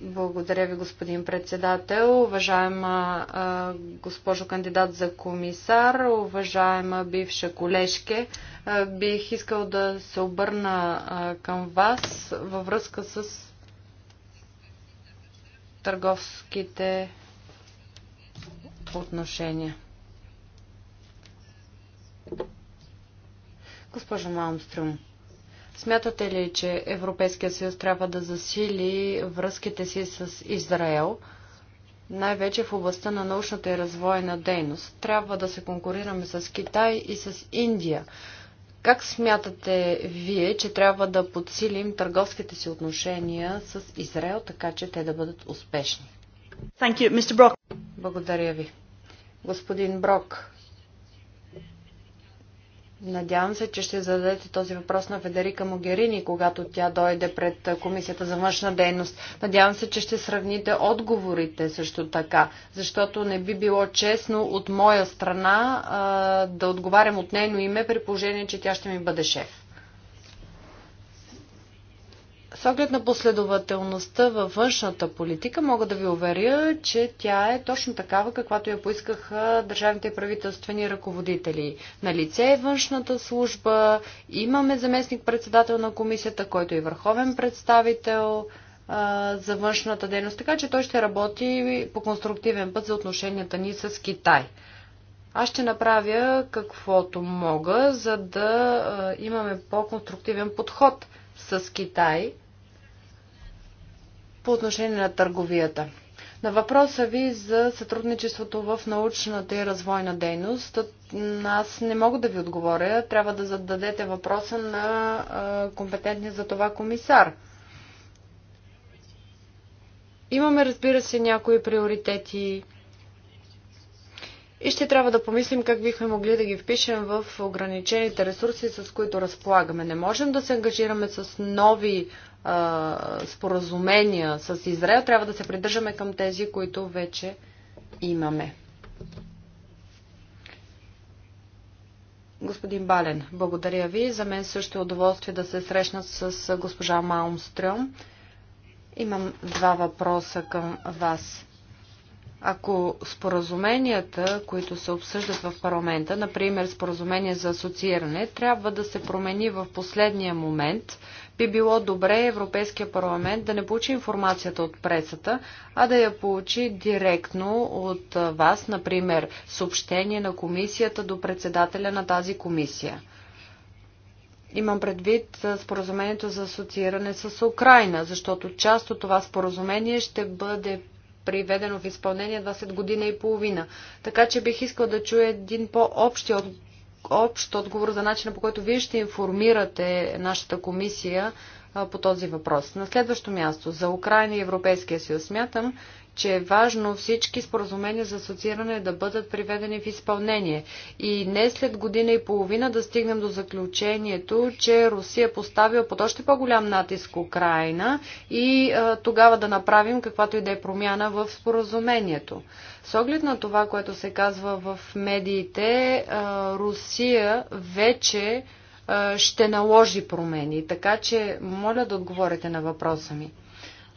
Благодаря ви, господин председател, уважаема а, госпожо кандидат за комисар, уважаема бивша колежке. А, бих искал да се обърна а, към вас във връзка с търговските отношения. Госпожо Малмстрюм, смятате ли, че Европейския съюз трябва да засили връзките си с Израел, най-вече в областта на научната и развойна дейност? Трябва да се конкурираме с Китай и с Индия. Как смятате вие, че трябва да подсилим търговските си отношения с Израел, така че те да бъдат успешни? Thank you, Mr. Brock. Благодаря ви. Господин Брок, Надявам се, че ще зададете този въпрос на Федерика Могерини, когато тя дойде пред Комисията за външна дейност. Надявам се, че ще сравните отговорите също така, защото не би било честно от моя страна а, да отговарям от нейно име при положение, че тя ще ми бъде шеф. С оглед на последователността във външната политика, мога да ви уверя, че тя е точно такава, каквато я поискаха държавните правителствени ръководители. На лице е външната служба, имаме заместник-председател на комисията, който е върховен представител а, за външната дейност, така че той ще работи по конструктивен път за отношенията ни с Китай. Аз ще направя каквото мога, за да а, имаме по-конструктивен подход с Китай по отношение на търговията. На въпроса ви за сътрудничеството в научната и развойна дейност, аз не мога да ви отговоря. Трябва да зададете въпроса на компетентния за това комисар. Имаме, разбира се, някои приоритети и ще трябва да помислим как бихме могли да ги впишем в ограничените ресурси, с които разполагаме. Не можем да се ангажираме с нови споразумения с Израел, трябва да се придържаме към тези, които вече имаме. Господин Бален, благодаря ви. За мен също е удоволствие да се срещна с госпожа Маумстрем. Имам два въпроса към вас ако споразуменията, които се обсъждат в парламента, например споразумение за асоцииране, трябва да се промени в последния момент, би било добре Европейския парламент да не получи информацията от пресата, а да я получи директно от вас, например съобщение на комисията до председателя на тази комисия. Имам предвид споразумението за асоцииране с Украина, защото част от това споразумение ще бъде приведено в изпълнение 20 година и половина. Така че бих искал да чуя един по-общ общ отговор за начина по който вие ще информирате нашата комисия по този въпрос. На следващо място, за Украина и Европейския съюз смятам, че е важно всички споразумения за асоцииране да бъдат приведени в изпълнение. И не след година и половина да стигнем до заключението, че Русия поставя поставила под още по-голям натиск Украина и а, тогава да направим каквато и да е промяна в споразумението. С оглед на това, което се казва в медиите, а, Русия вече а, ще наложи промени. Така че, моля да отговорите на въпроса ми.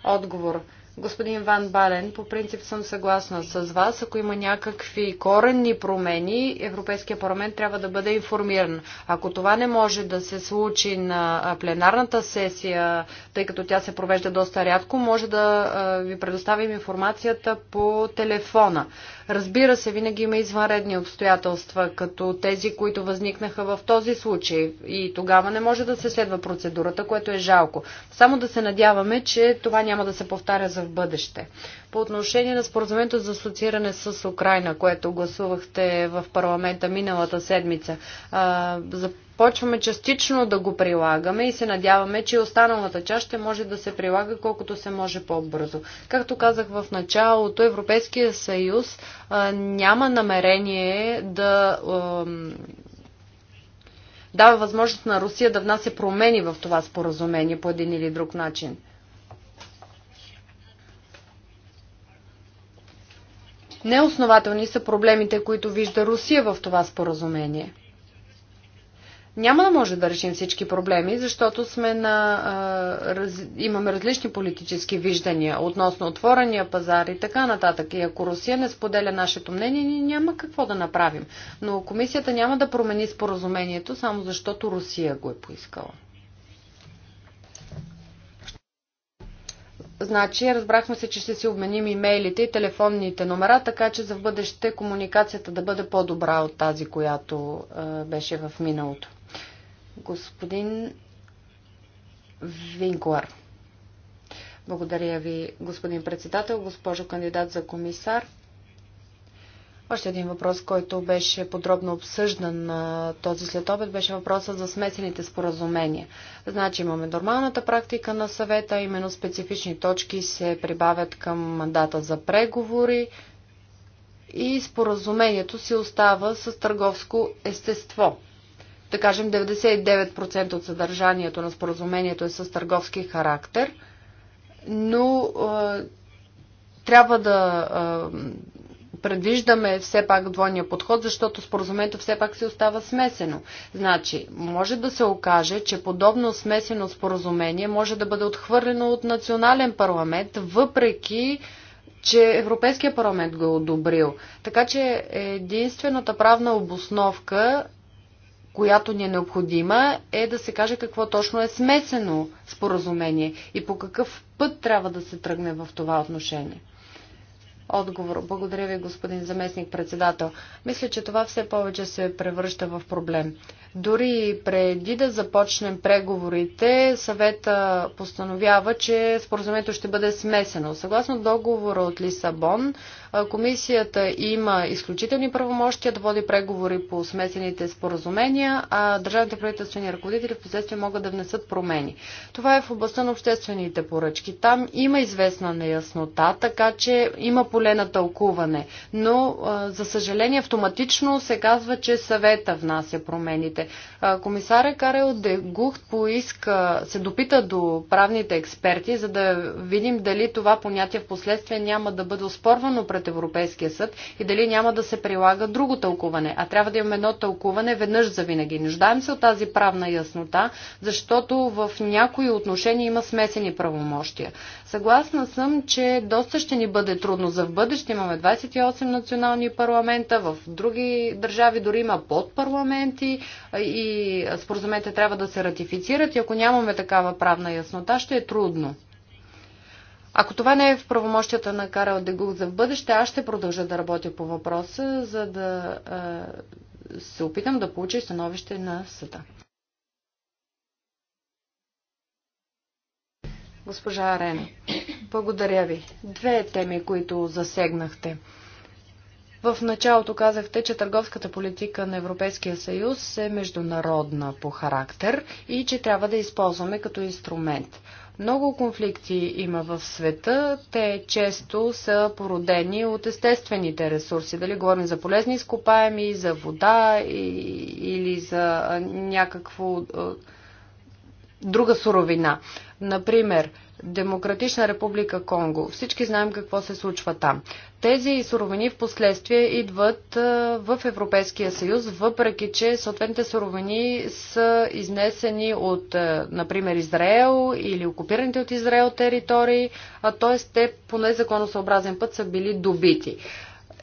Отговор. Господин Ван Бален, по принцип съм съгласна с вас. Ако има някакви коренни промени, Европейския парламент трябва да бъде информиран. Ако това не може да се случи на пленарната сесия, тъй като тя се провежда доста рядко, може да ви предоставим информацията по телефона. Разбира се, винаги има извънредни обстоятелства, като тези, които възникнаха в този случай. И тогава не може да се следва процедурата, което е жалко. Само да се надяваме, че това няма да се повтаря за в бъдеще. По отношение на споразумението за асоцииране с Украина, което гласувахте в парламента миналата седмица, започваме частично да го прилагаме и се надяваме, че останалата част ще може да се прилага колкото се може по-бързо. Както казах в началото, Европейския съюз няма намерение да дава възможност на Русия да внася промени в това споразумение по един или друг начин. Неоснователни са проблемите, които вижда Русия в това споразумение. Няма да може да решим всички проблеми, защото сме на, а, раз, имаме различни политически виждания относно отворения пазар и така нататък. И ако Русия не споделя нашето мнение, ние няма какво да направим. Но комисията няма да промени споразумението, само защото Русия го е поискала. Значи, разбрахме се, че ще си обменим имейлите и телефонните номера, така че за в бъдеще комуникацията да бъде по-добра от тази, която е, беше в миналото. Господин Винкуар. Благодаря ви, господин председател, госпожо кандидат за комисар. Още един въпрос, който беше подробно обсъждан на този следобед, беше въпросът за смесените споразумения. Значи имаме нормалната практика на съвета, именно специфични точки се прибавят към мандата за преговори и споразумението си остава с търговско естество. Да кажем, 99% от съдържанието на споразумението е с търговски характер, но е, трябва да. Е, предвиждаме все пак двойния подход, защото споразумението все пак се остава смесено. Значи, може да се окаже, че подобно смесено споразумение може да бъде отхвърлено от национален парламент, въпреки че Европейския парламент го е одобрил. Така че единствената правна обосновка която ни е необходима, е да се каже какво точно е смесено споразумение и по какъв път трябва да се тръгне в това отношение. Отговор. Благодаря ви, господин заместник председател. Мисля, че това все повече се превръща в проблем. Дори преди да започнем преговорите, съвета постановява, че споразумението ще бъде смесено. Съгласно договора от Лисабон, комисията има изключителни правомощия да води преговори по смесените споразумения, а държавните правителствени ръководители в последствие могат да внесат промени. Това е в областта на обществените поръчки. Там има известна неяснота, така че има поле на тълкуване. Но, за съжаление, автоматично се казва, че съвета внася промените. Комисаря Карел Дегухт поиска, се допита до правните експерти, за да видим дали това понятие в последствие няма да бъде оспорвано пред Европейския съд и дали няма да се прилага друго тълкуване. А трябва да имаме едно тълкуване веднъж за винаги. Нуждаем се от тази правна яснота, защото в някои отношения има смесени правомощия. Съгласна съм, че доста ще ни бъде трудно за в бъдеще. Имаме 28 национални парламента, в други държави дори има подпарламенти и споразумете трябва да се ратифицират и ако нямаме такава правна яснота, ще е трудно. Ако това не е в правомощията на Карел Дегул за в бъдеще, аз ще продължа да работя по въпроса, за да се опитам да получа становище на съда. Госпожа Арена, благодаря ви. Две теми, които засегнахте. В началото казахте, че търговската политика на Европейския съюз е международна по характер и че трябва да използваме като инструмент. Много конфликти има в света. Те често са породени от естествените ресурси. Дали говорим за полезни изкопаеми, за вода или за някакво друга суровина. Например, Демократична република Конго. Всички знаем какво се случва там. Тези суровини в последствие идват в Европейския съюз, въпреки че съответните суровини са изнесени от, например, Израел или окупираните от Израел територии, а т.е. те по незаконосъобразен път са били добити.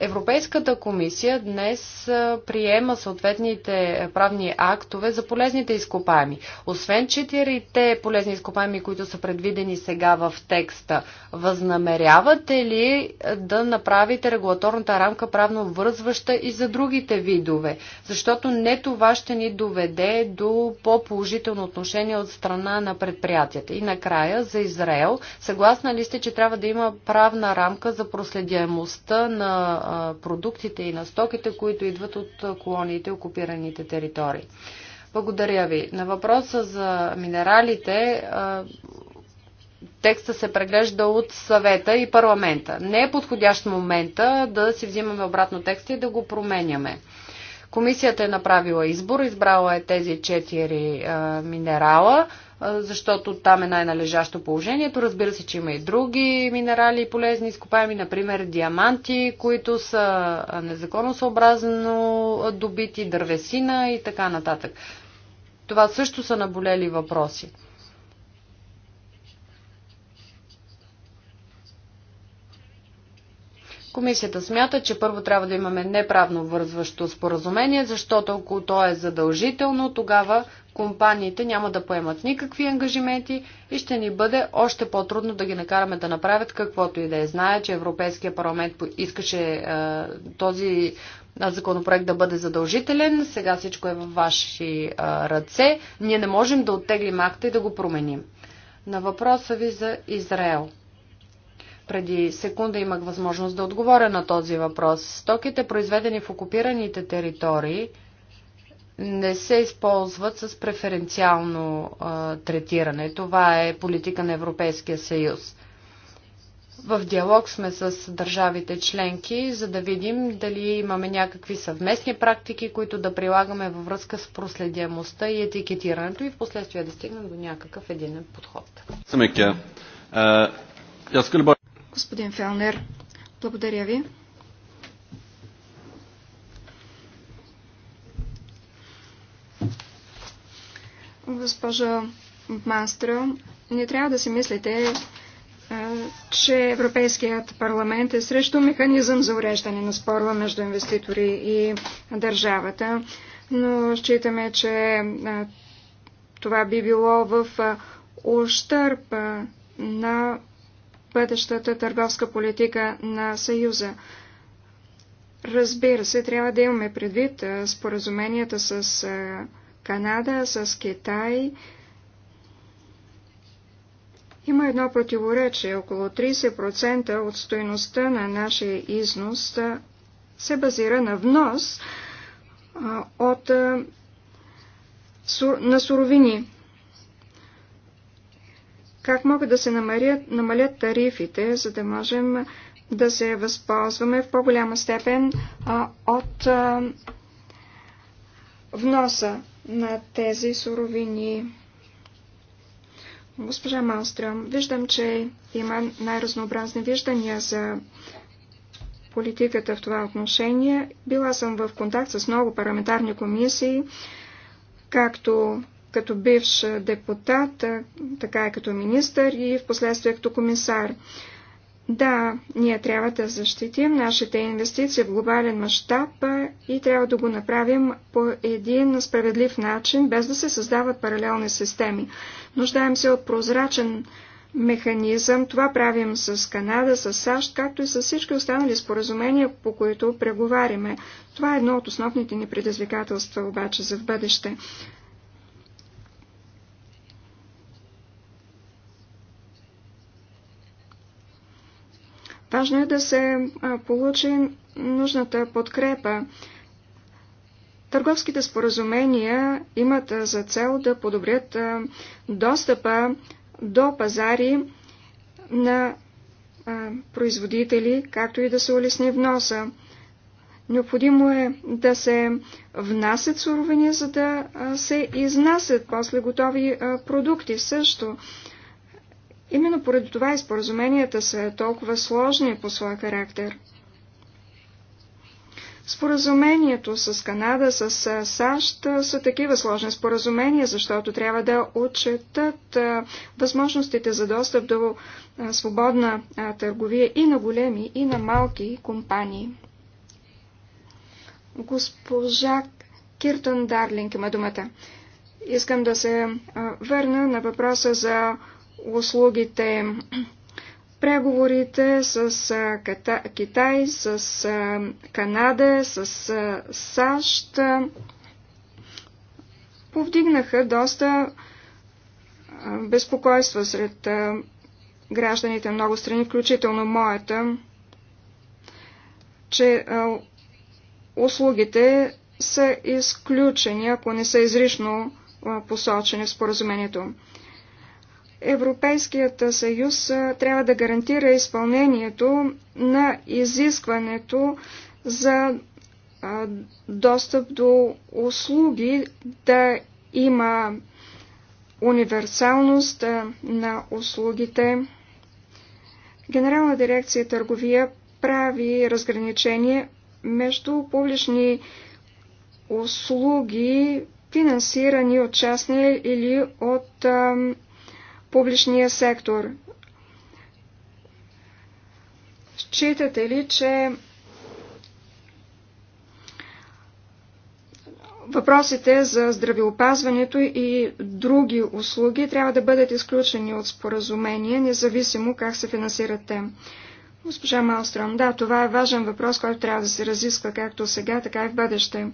Европейската комисия днес приема съответните правни актове за полезните изкопаеми. Освен четирите полезни изкопаеми, които са предвидени сега в текста, възнамерявате ли да направите регулаторната рамка правно вързваща и за другите видове? Защото не това ще ни доведе до по-положително отношение от страна на предприятията. И накрая за Израел, съгласна ли сте, че трябва да има правна рамка за проследяемостта на продуктите и на стоките, които идват от колониите окупираните територии. Благодаря ви. На въпроса за минералите текста се преглежда от съвета и парламента. Не е подходящ момента да си взимаме обратно текста и да го променяме. Комисията е направила избор, избрала е тези четири минерала защото там е най-належащо положението. Разбира се, че има и други минерали полезни изкопаеми, например диаманти, които са незаконосъобразно добити, дървесина и така нататък. Това също са наболели въпроси. Комисията смята, че първо трябва да имаме неправно вързващо споразумение, защото ако то е задължително, тогава компаниите няма да поемат никакви ангажименти и ще ни бъде още по-трудно да ги накараме да направят каквото и да е. Зная, че Европейския парламент искаше е, този законопроект да бъде задължителен. Сега всичко е във ваши е, ръце. Ние не можем да оттеглим акта и да го променим. На въпроса ви за Израел. Преди секунда имах възможност да отговоря на този въпрос. Стоките, произведени в окупираните територии, не се използват с преференциално а, третиране. Това е политика на Европейския съюз. В диалог сме с държавите членки, за да видим дали имаме някакви съвместни практики, които да прилагаме във връзка с проследяемостта и етикетирането и в последствие да стигнем до някакъв един подход. Господин Фелнер, благодаря ви. Госпожо Мастра, не трябва да си мислите, че Европейският парламент е срещу механизъм за уреждане на спорва между инвеститори и държавата, но считаме, че това би било в ущърп на бъдещата търговска политика на Съюза. Разбира се, трябва да имаме предвид споразуменията с Канада, с Китай. Има едно противоречие. Около 30% от стоеността на нашия износ се базира на внос от, на суровини. Как могат да се намалят, намалят тарифите, за да можем да се възползваме в по-голяма степен а, от а, вноса на тези суровини. Госпожа Малстрем, виждам, че има най-разнообразни виждания за политиката в това отношение. Била съм в контакт с много парламентарни комисии, както като бивш депутат, така и като министър и в последствие като комисар. Да, ние трябва да защитим нашите инвестиции в глобален мащаб и трябва да го направим по един справедлив начин, без да се създават паралелни системи. Нуждаем се от прозрачен механизъм. Това правим с Канада, с САЩ, както и с всички останали споразумения, по които преговаряме. Това е едно от основните ни предизвикателства обаче за в бъдеще. Важно е да се получи нужната подкрепа. Търговските споразумения имат за цел да подобрят достъпа до пазари на производители, както и да се улесни вноса. Необходимо е да се внасят суровини, за да се изнасят после готови продукти също. Именно поради това и споразуменията са толкова сложни по своя характер. Споразумението с Канада, с САЩ са такива сложни споразумения, защото трябва да отчетат възможностите за достъп до свободна търговия и на големи, и на малки компании. Госпожа Киртън Дарлинг има думата. Искам да се върна на въпроса за услугите, преговорите с Китай, с Канада, с САЩ повдигнаха доста безпокойства сред гражданите на много страни, включително моята, че услугите са изключени, ако не са изрично посочени в споразумението. Европейският съюз трябва да гарантира изпълнението на изискването за достъп до услуги, да има универсалност на услугите. Генерална дирекция търговия прави разграничение между публични услуги, финансирани от частния или от публичния сектор. Считате ли, че въпросите за здравеопазването и други услуги трябва да бъдат изключени от споразумение, независимо как се финансират те? Госпожа Малстрон, да, това е важен въпрос, който трябва да се разисква както сега, така и в бъдеще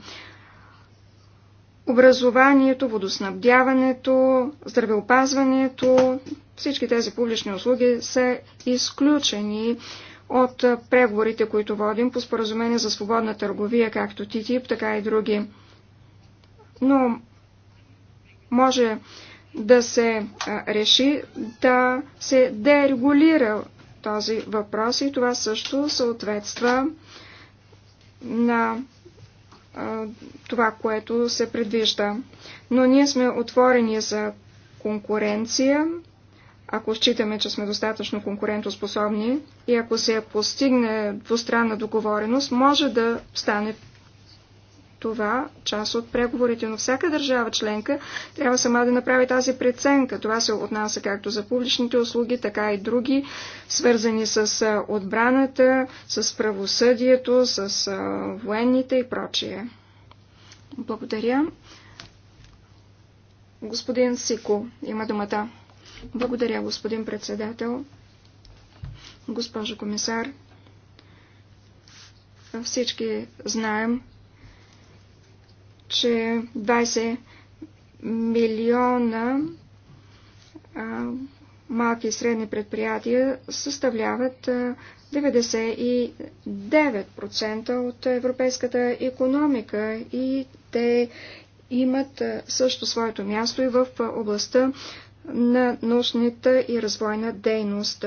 образованието, водоснабдяването, здравеопазването, всички тези публични услуги са изключени от преговорите, които водим по споразумение за свободна търговия, както ТТИП, така и други. Но може да се реши да се дерегулира този въпрос и това също съответства на това, което се предвижда. Но ние сме отворени за конкуренция, ако считаме, че сме достатъчно конкурентоспособни и ако се постигне двустранна договореност, може да стане това част от преговорите, но всяка държава членка трябва сама да направи тази преценка. Това се отнася както за публичните услуги, така и други, свързани с отбраната, с правосъдието, с военните и прочие. Благодаря. Господин Сико има думата. Благодаря, господин председател. Госпожо комисар, всички знаем, че 20 милиона а, малки и средни предприятия съставляват 99% от европейската економика и те имат също своето място и в областта на научната и развойна дейност.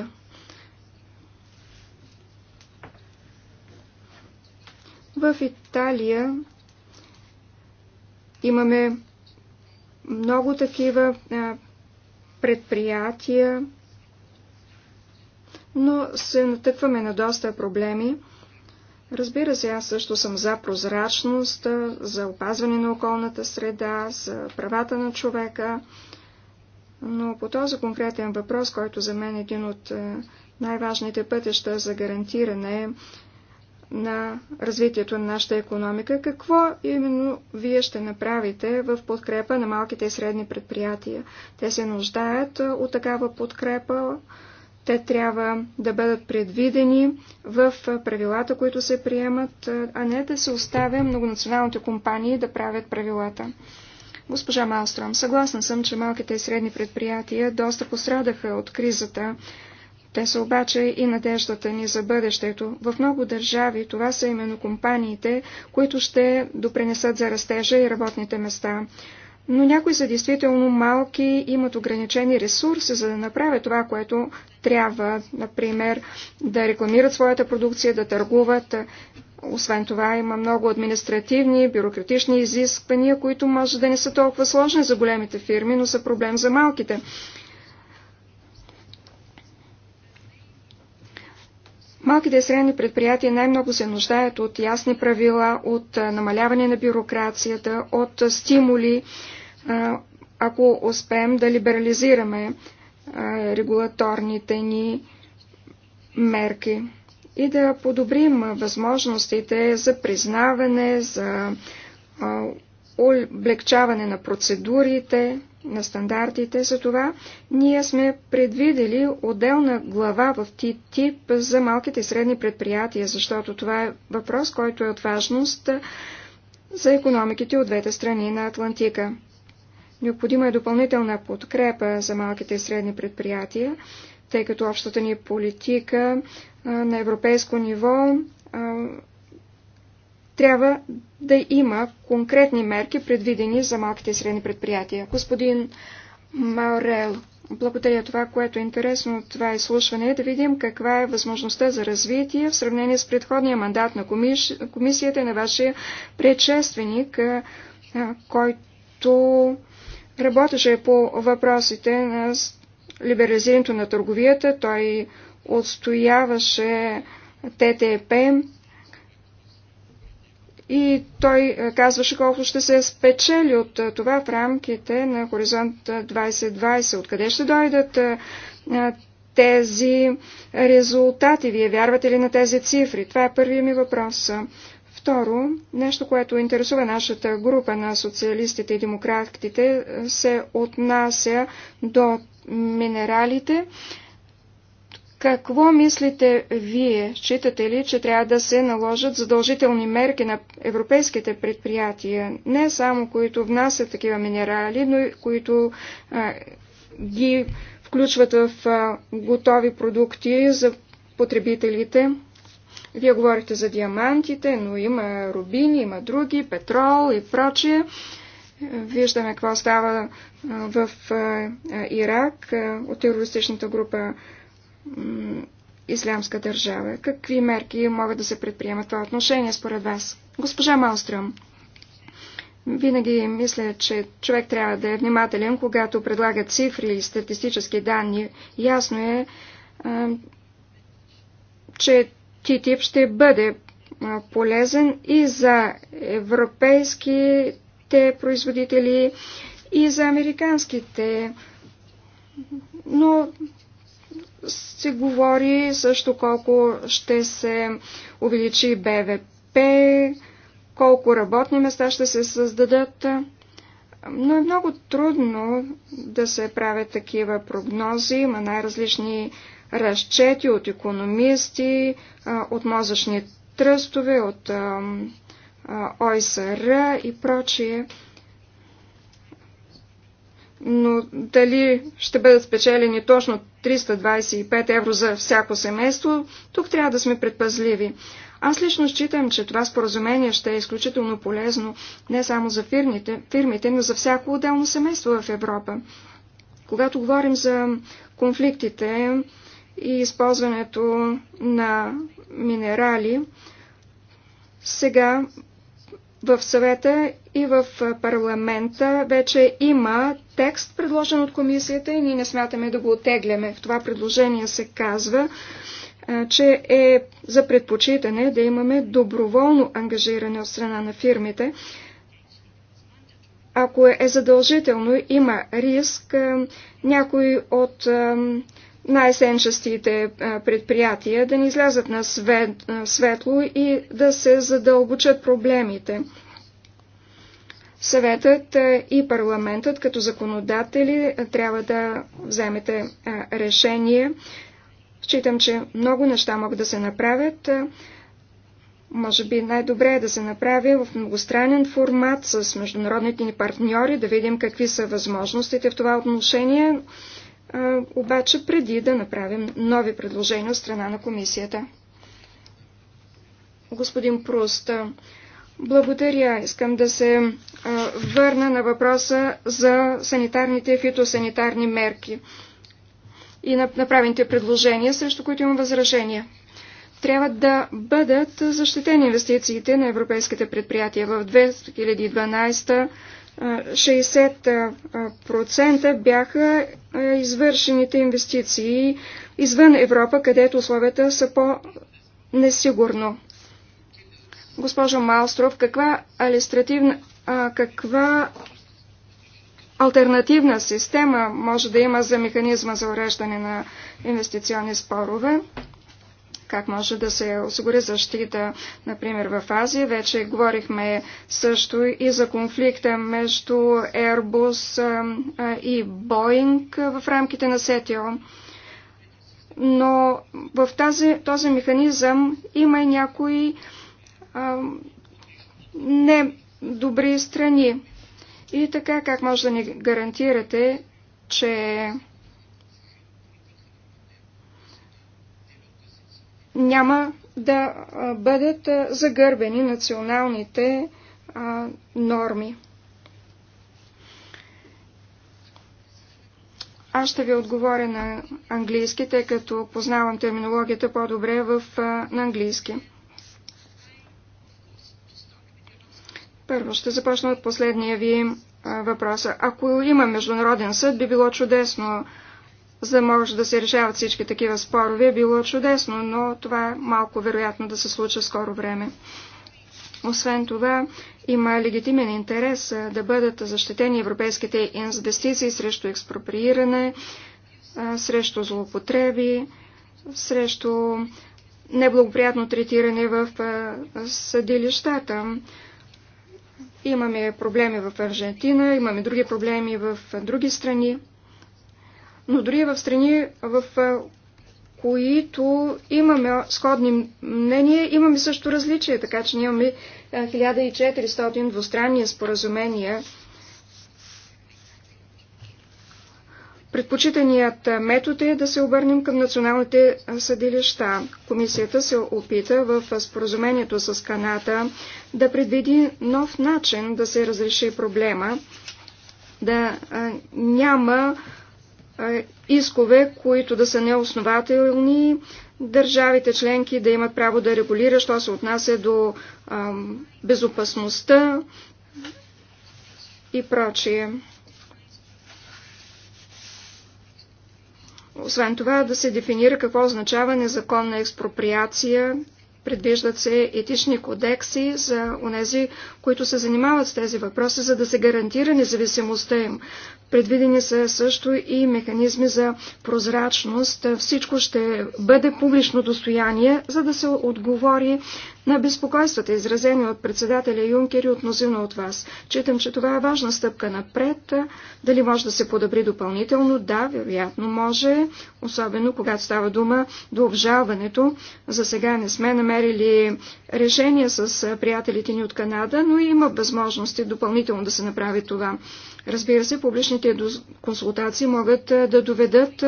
В Италия Имаме много такива предприятия, но се натъкваме на доста проблеми. Разбира се, аз също съм за прозрачност, за опазване на околната среда, за правата на човека, но по този конкретен въпрос, който за мен е един от най-важните пътища за гарантиране на развитието на нашата економика. Какво именно вие ще направите в подкрепа на малките и средни предприятия? Те се нуждаят от такава подкрепа. Те трябва да бъдат предвидени в правилата, които се приемат, а не да се оставя многонационалните компании да правят правилата. Госпожа Малстром, съгласна съм, че малките и средни предприятия доста пострадаха от кризата, те са обаче и надеждата ни за бъдещето. В много държави това са именно компаниите, които ще допринесат за растежа и работните места. Но някои са действително малки, имат ограничени ресурси, за да направят това, което трябва, например, да рекламират своята продукция, да търгуват. Освен това има много административни, бюрократични изисквания, които може да не са толкова сложни за големите фирми, но са проблем за малките. Малките и средни предприятия най-много се нуждаят от ясни правила, от намаляване на бюрокрацията, от стимули, ако успеем да либерализираме регулаторните ни мерки и да подобрим възможностите за признаване, за облегчаване на процедурите, на стандартите. Затова ние сме предвидели отделна глава в ТИП за малките и средни предприятия, защото това е въпрос, който е от важност за економиките от двете страни на Атлантика. Необходима е допълнителна подкрепа за малките и средни предприятия, тъй като общата ни политика на европейско ниво трябва да има конкретни мерки, предвидени за малките и средни предприятия. Господин Маурел, благодаря това, което е интересно от това изслушване, е да видим каква е възможността за развитие в сравнение с предходния мандат на комиш... комисията на вашия предшественик, който работеше по въпросите на либерализирането на търговията. Той отстояваше ТТП, и той е, казваше колко ще се спечели от е, това в рамките на Хоризонт 2020. Е, Откъде ще дойдат тези резултати? Вие вярвате ли на тези цифри? Това е първият ми въпрос. Второ, нещо, което интересува нашата група на социалистите и демократите, се отнася до минералите. Какво мислите вие? Считате ли, че трябва да се наложат задължителни мерки на европейските предприятия, не само които внасят такива минерали, но и които а, ги включват в а, готови продукти за потребителите? Вие говорите за диамантите, но има рубини, има други, петрол и прочие. Виждаме какво става в Ирак от терористичната група Ислямска държава. Какви мерки могат да се предприемат това отношение според вас? Госпожа Малстрюм, винаги мисля, че човек трябва да е внимателен, когато предлага цифри и статистически данни. Ясно е, че ТТИП ще бъде полезен и за европейските производители, и за американските. Но се говори също колко ще се увеличи БВП, колко работни места ще се създадат. Но е много трудно да се правят такива прогнози. Има най-различни разчети от економисти, от мозъчни тръстове, от ОСР и прочие. Но дали ще бъдат спечелени точно 325 евро за всяко семейство, тук трябва да сме предпазливи. Аз лично считам, че това споразумение ще е изключително полезно не само за фирмите, фирмите но за всяко отделно семейство в Европа. Когато говорим за конфликтите и използването на минерали, сега в съвета и в парламента вече има текст, предложен от комисията и ние не смятаме да го отегляме. В това предложение се казва, че е за предпочитане да имаме доброволно ангажиране от страна на фирмите. Ако е задължително, има риск някои от най-сенчестите предприятия да не излязат на светло и да се задълбочат проблемите. Съветът е, и парламентът като законодатели е, трябва да вземете е, решение. Считам, че много неща могат да се направят. Може би най-добре е да се направи в многостранен формат с международните ни партньори, да видим какви са възможностите в това отношение, обаче преди да направим нови предложения от страна на комисията. Господин Пруст, благодаря. Искам да се върна на въпроса за санитарните и фитосанитарни мерки и на направените предложения, срещу които имам възражения. Трябва да бъдат защитени инвестициите на европейските предприятия. В 2012 60% бяха извършените инвестиции извън Европа, където условията са по-несигурно. Госпожо Малстров, каква а, каква альтернативна система може да има за механизма за уреждане на инвестиционни спорове, как може да се осигури защита, например, в Азия. Вече говорихме също и за конфликта между Airbus и Boeing в рамките на СЕТИО. Но в тази, този механизъм има и някои а, не добри страни. И така, как може да ни гарантирате, че няма да бъдат загърбени националните норми. Аз ще ви отговоря на английски, тъй като познавам терминологията по-добре в, на английски. Първо ще започна от последния ви въпрос. Ако има международен съд, би било чудесно, за да може да се решават всички такива спорове, е било чудесно, но това е малко вероятно да се случи скоро време. Освен това, има легитимен интерес да бъдат защитени европейските инвестиции срещу експроприиране, срещу злоупотреби, срещу неблагоприятно третиране в съдилищата. Имаме проблеми в Аржентина, имаме други проблеми в други страни, но дори в страни, в които имаме сходни мнения, имаме също различия, така че ние имаме 1400 двустранни споразумения Предпочитаният метод е да се обърнем към националните съдилища. Комисията се опита в споразумението с Каната да предвиди нов начин да се разреши проблема, да няма искове, които да са неоснователни, държавите членки да имат право да регулира, що се отнася до безопасността и прочие. Освен това да се дефинира какво означава незаконна експроприация. Предвиждат се етични кодекси за онези, които се занимават с тези въпроси, за да се гарантира независимостта им. Предвидени са също и механизми за прозрачност. Всичко ще бъде публично достояние, за да се отговори на безпокойствата, изразени от председателя Юнкер и от от вас. Читам, че това е важна стъпка напред. Дали може да се подобри допълнително? Да, вероятно може, особено когато става дума до обжалването. За сега не сме намерили решение с приятелите ни от Канада, но има възможности допълнително да се направи това. Разбира се, публичните консултации могат да доведат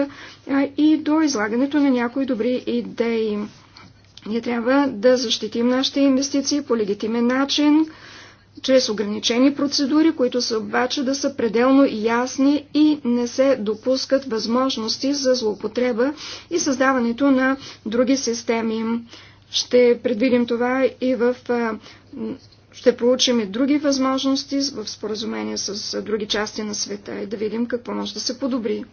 и до излагането на някои добри идеи. Ние трябва да защитим нашите инвестиции по легитимен начин, чрез ограничени процедури, които са обаче да са пределно ясни и не се допускат възможности за злоупотреба и създаването на други системи. Ще предвидим това и в... Ще получим и други възможности в споразумение с други части на света и да видим какво може да се подобри.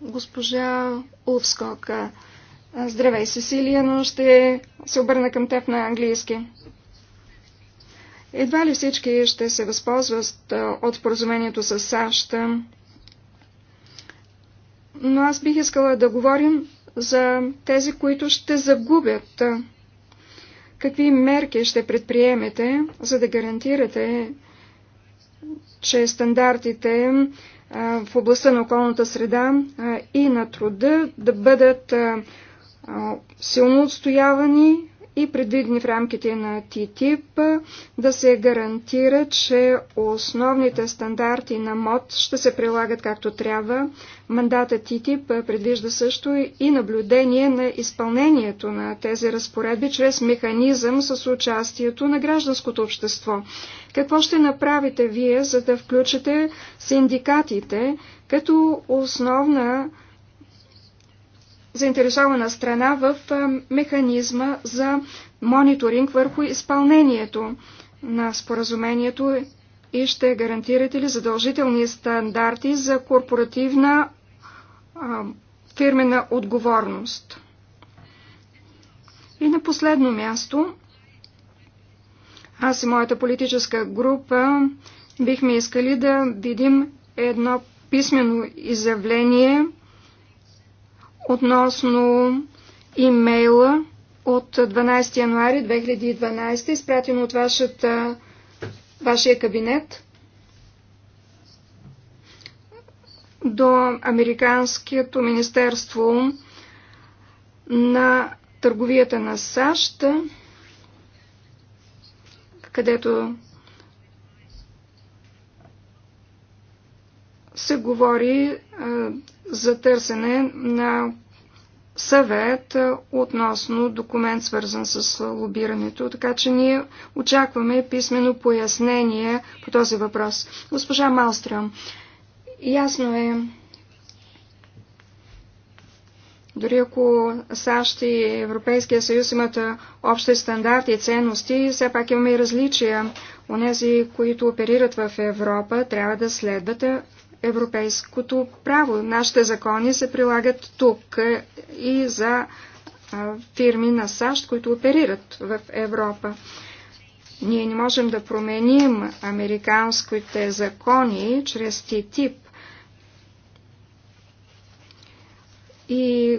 Госпожа Улвскока, Здравей, Сесилия, но ще се обърна към теб на английски. Едва ли всички ще се възползват от споразумението с САЩ, но аз бих искала да говорим за тези, които ще загубят. Какви мерки ще предприемете, за да гарантирате, че стандартите в областта на околната среда и на труда да бъдат силно отстоявани и предвидени в рамките на ТТИП да се гарантира, че основните стандарти на МОД ще се прилагат както трябва. Мандата ТТИП предвижда също и наблюдение на изпълнението на тези разпоредби чрез механизъм с участието на гражданското общество. Какво ще направите вие, за да включите синдикатите като основна заинтересована страна в механизма за мониторинг върху изпълнението на споразумението и ще гарантирате ли задължителни стандарти за корпоративна фирмена отговорност? И на последно място, аз и моята политическа група бихме искали да видим едно писмено изявление относно имейла от 12 януари 2012, изпратен от вашата, вашия кабинет до Американското министерство на търговията на САЩ, където се говори за търсене на съвет относно документ, свързан с лобирането. Така че ние очакваме писмено пояснение по този въпрос. Госпожа Малстрам, ясно е, дори ако САЩ и Европейския съюз имат общи стандарти и ценности, все пак имаме и различия. Онези, които оперират в Европа, трябва да следват европейското право. Нашите закони се прилагат тук и за фирми на САЩ, които оперират в Европа. Ние не можем да променим американските закони чрез ТИТИП. И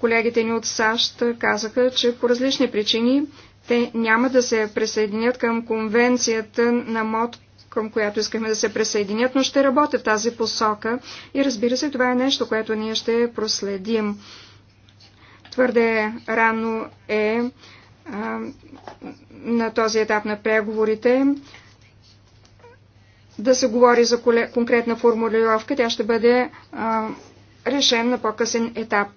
колегите ни от САЩ казаха, че по различни причини те няма да се присъединят към конвенцията на МОД към която искахме да се присъединят, но ще работя в тази посока. И разбира се, това е нещо, което ние ще проследим. Твърде рано е а, на този етап на преговорите да се говори за конкретна формулировка. Тя ще бъде а, решен на по-късен етап.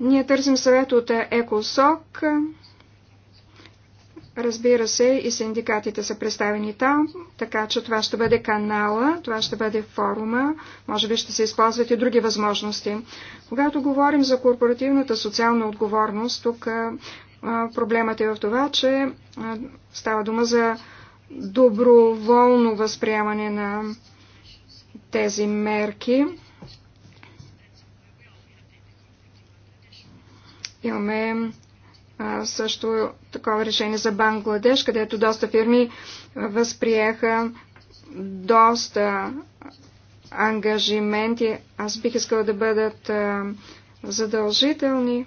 Ние търсим съвет от ЕКОСОК. Разбира се, и синдикатите са представени там, така че това ще бъде канала, това ще бъде форума, може би ще се използват и други възможности. Когато говорим за корпоративната социална отговорност, тук проблемът е в това, че става дума за доброволно възприемане на тези мерки. Имаме също такова решение за Бангладеш, където доста фирми възприеха доста ангажименти. Аз бих искала да бъдат задължителни.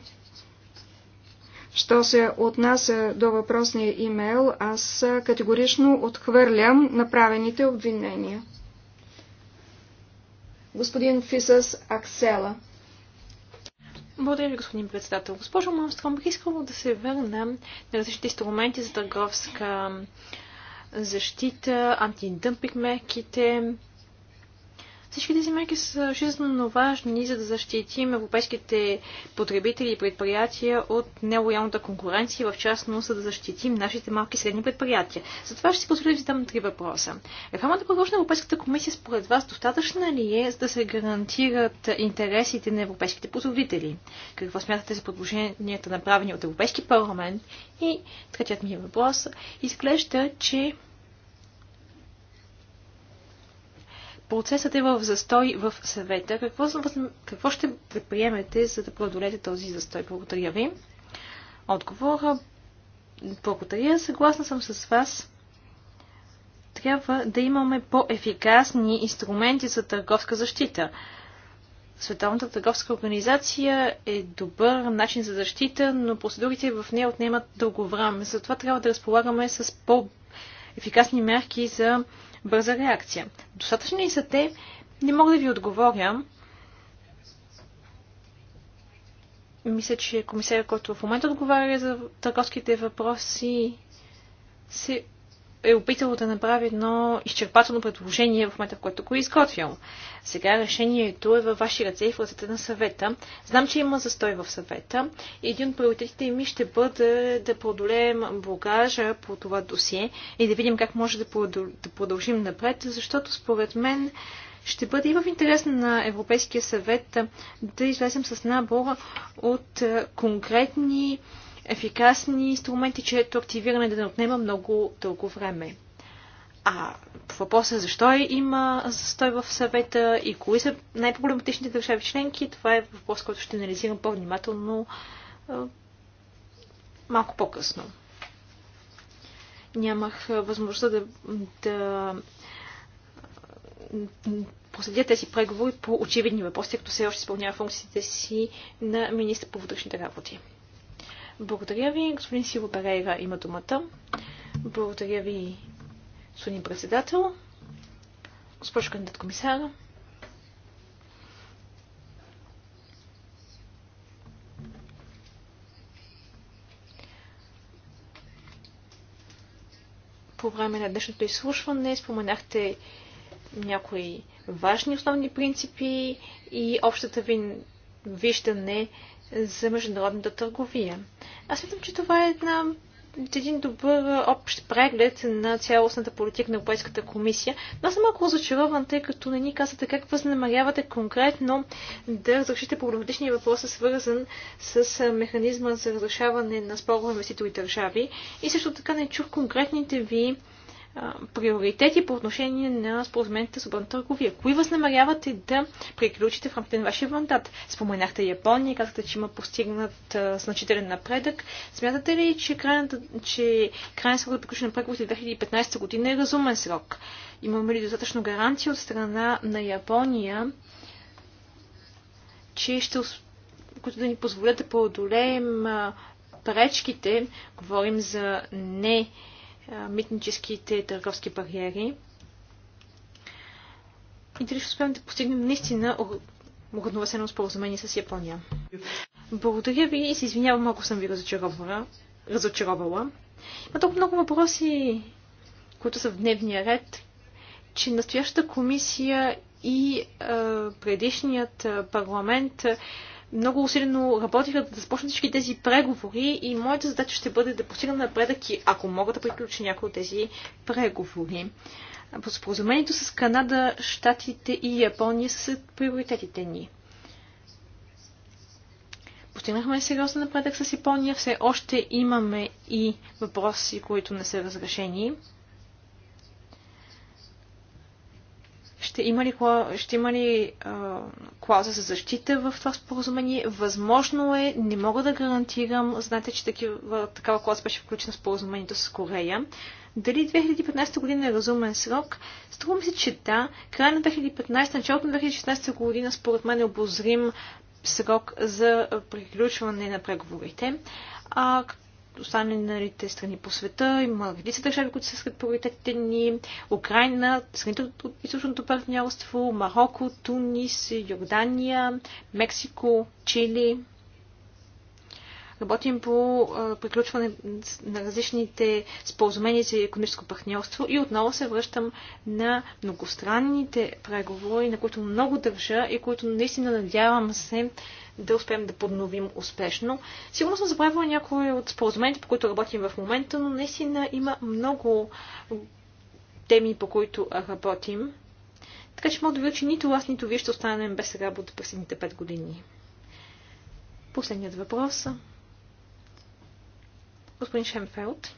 Що се отнася до въпросния имейл, аз категорично отхвърлям направените обвинения. Господин Фисас Аксела. Благодаря ви, господин председател. Госпожо Малмстром, бих искала да се върна на различните инструменти за търговска защита, антидъмпинг мерките, всички тези мерки са жизненно важни, за да защитим европейските потребители и предприятия от нелоялната конкуренция, в частност, за да защитим нашите малки и средни предприятия. Затова ще си позволя да задам три въпроса. Реформата, предложена Европейската комисия, според вас, достатъчна ли е, за да се гарантират интересите на европейските потребители? Какво смятате за предложенията, направени от Европейски парламент? И третият ми въпрос. Изглежда, че процесът е в застой в съвета. Какво, какво ще предприемете, за да преодолеете този застой? Благодаря ви. Отговора. Благодаря. Съгласна съм с вас. Трябва да имаме по-ефикасни инструменти за търговска защита. Световната търговска организация е добър начин за защита, но процедурите в нея отнемат дълго време. Затова трябва да разполагаме с по-ефикасни мерки за бърза реакция. Достатъчно ли са те? Не мога да ви отговоря. Мисля, че комисарът, който в момента отговаря за търговските въпроси, се е опитало да направи едно изчерпателно предложение в момента, в който го е изготвил. Сега решението е във ваши ръце и в ръцете на съвета. Знам, че има застой в съвета. Един от приоритетите ми ще бъде да продолеем блогажа по това досие и да видим как може да продължим напред, защото според мен ще бъде и в интерес на Европейския съвет да излезем с набора от конкретни ефикасни инструменти, чието активиране да не отнема много дълго време. А въпросът е защо има застой в съвета и кои са най-проблематичните държави членки, това е въпрос, който ще анализирам по-внимателно малко по-късно. Нямах възможността да, да проследя тези преговори по очевидни въпроси, като все още изпълнява функциите си на министър по вътрешните работи. Благодаря ви. Господин Сиво Перейра има думата. Благодаря ви, господин председател. Госпожо кандидат комисара. По време на днешното изслушване споменахте някои важни основни принципи и общата ви виждане за международната търговия. Аз смятам, че това е една един добър общ преглед на цялостната политика на Европейската комисия. Но аз съм малко разочарован, тъй като не ни казвате как възнамерявате конкретно да разрешите проблематичния въпрос, свързан с механизма за разрешаване на спорове между и държави. И също така не чух конкретните ви приоритети по отношение на споразумените с обратна търговия. Кои възнамерявате да приключите в рамките на вашия мандат? Споменахте Япония, казахте, че има постигнат а, значителен напредък. Смятате ли, че крайната, че крайна срок да приключи на преговорите 2015 година е разумен срок? Имаме ли достатъчно гаранция от страна на Япония, че ще които да ни позволят да преодолеем пречките, говорим за не митническите търговски бариери. И дали ще успеем да постигнем наистина уравновесено споразумение с Япония. Благодаря ви и се извинявам, ако съм ви разочаровала. разочаровала. Има толкова много въпроси, които са в дневния ред, че настоящата комисия и а, предишният парламент а, много усилено работиха да започнат всички тези преговори и моята задача ще бъде да постигна напредък и ако мога да приключа някои от тези преговори. По споразумението с Канада, Штатите и Япония са приоритетите ни. Постигнахме сериозен напредък с Япония, все още имаме и въпроси, които не са разрешени. Ще има ли, ще има ли а, клауза за защита в това споразумение? Възможно е, не мога да гарантирам. Знаете, че такива, такава клауза беше включена в споразумението с Корея. Дали 2015 година е разумен срок? Струва ми се, че да. Край на 2015, началото на 2016 година, според мен е обозрим срок за приключване на преговорите. А, останалите страни по света. Има редица държави, които са сред приоритетите ни. Украина, страните от източното партньорство, Марокко, Тунис, Йордания, Мексико, Чили. Работим по приключване на различните споразумения за економическо партньорство и отново се връщам на многостранните преговори, на които много държа и които наистина надявам се да успеем да подновим успешно. Сигурно съм забравила някои от споразумените, по които работим в момента, но наистина има много теми, по които работим. Така че мога да ви че нито аз, нито вие ще останем без работа през следните 5 години. Последният въпрос. Господин Шенфелд.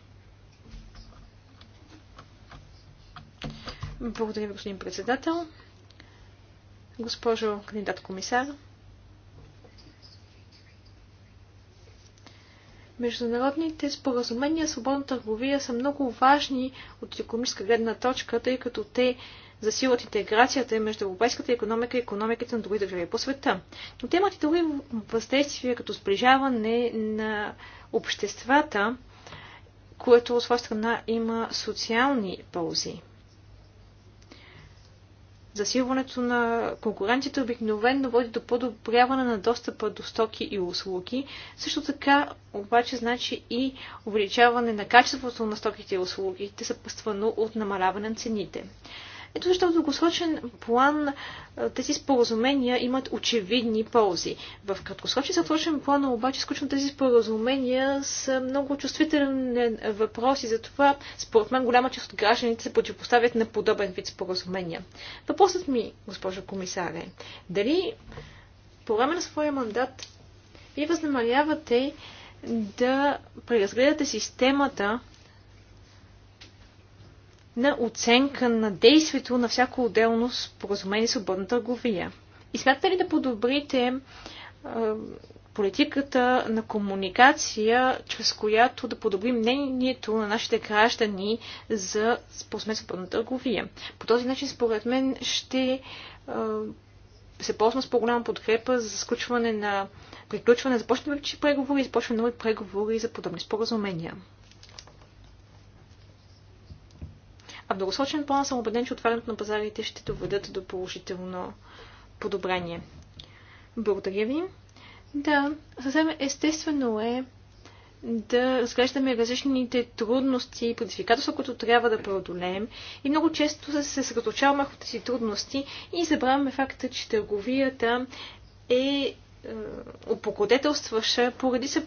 Благодаря ви, господин председател. Госпожо кандидат-комисар, Международните споразумения свободна търговия са много важни от економическа гледна точка, тъй като те засилват интеграцията между европейската економика и економиката на други държави по света. Но те имат и други въздействия, като сближаване на обществата, което от своя страна има социални ползи. Засилването на конкуренцията обикновено води до подобряване на достъпа до стоки и услуги. Също така обаче значи и увеличаване на качеството на стоките и услугите, съпъствано от намаляване на цените. Ето защо в дългосрочен план тези споразумения имат очевидни ползи. В краткосрочен сътрочен план обаче скучно тези споразумения са много чувствителен въпрос и затова според мен голяма част от гражданите се противопоставят на подобен вид споразумения. Въпросът ми, госпожо комисаре, дали по време на своя мандат вие възнамерявате да преразгледате системата на оценка на действието на всяко отделно споразумение свободна търговия. И смятате ли да подобрите политиката на комуникация, чрез която да подобрим мнението на нашите граждани за споразумение свободна търговия. По този начин, според мен, ще се ползвам с по-голяма подкрепа за сключване на приключване, започваме преговори и започваме нови преговори за подобни споразумения. А в дългосрочен план съм убеден, че отварянето на пазарите ще доведат до положително подобрение. Благодаря ви. Да, съвсем естествено е да разглеждаме различните трудности и предизвикателства, които трябва да преодолеем. И много често се съсредоточаваме върху тези трудности и забравяме факта, че търговията е, е опокодетелстваща поради се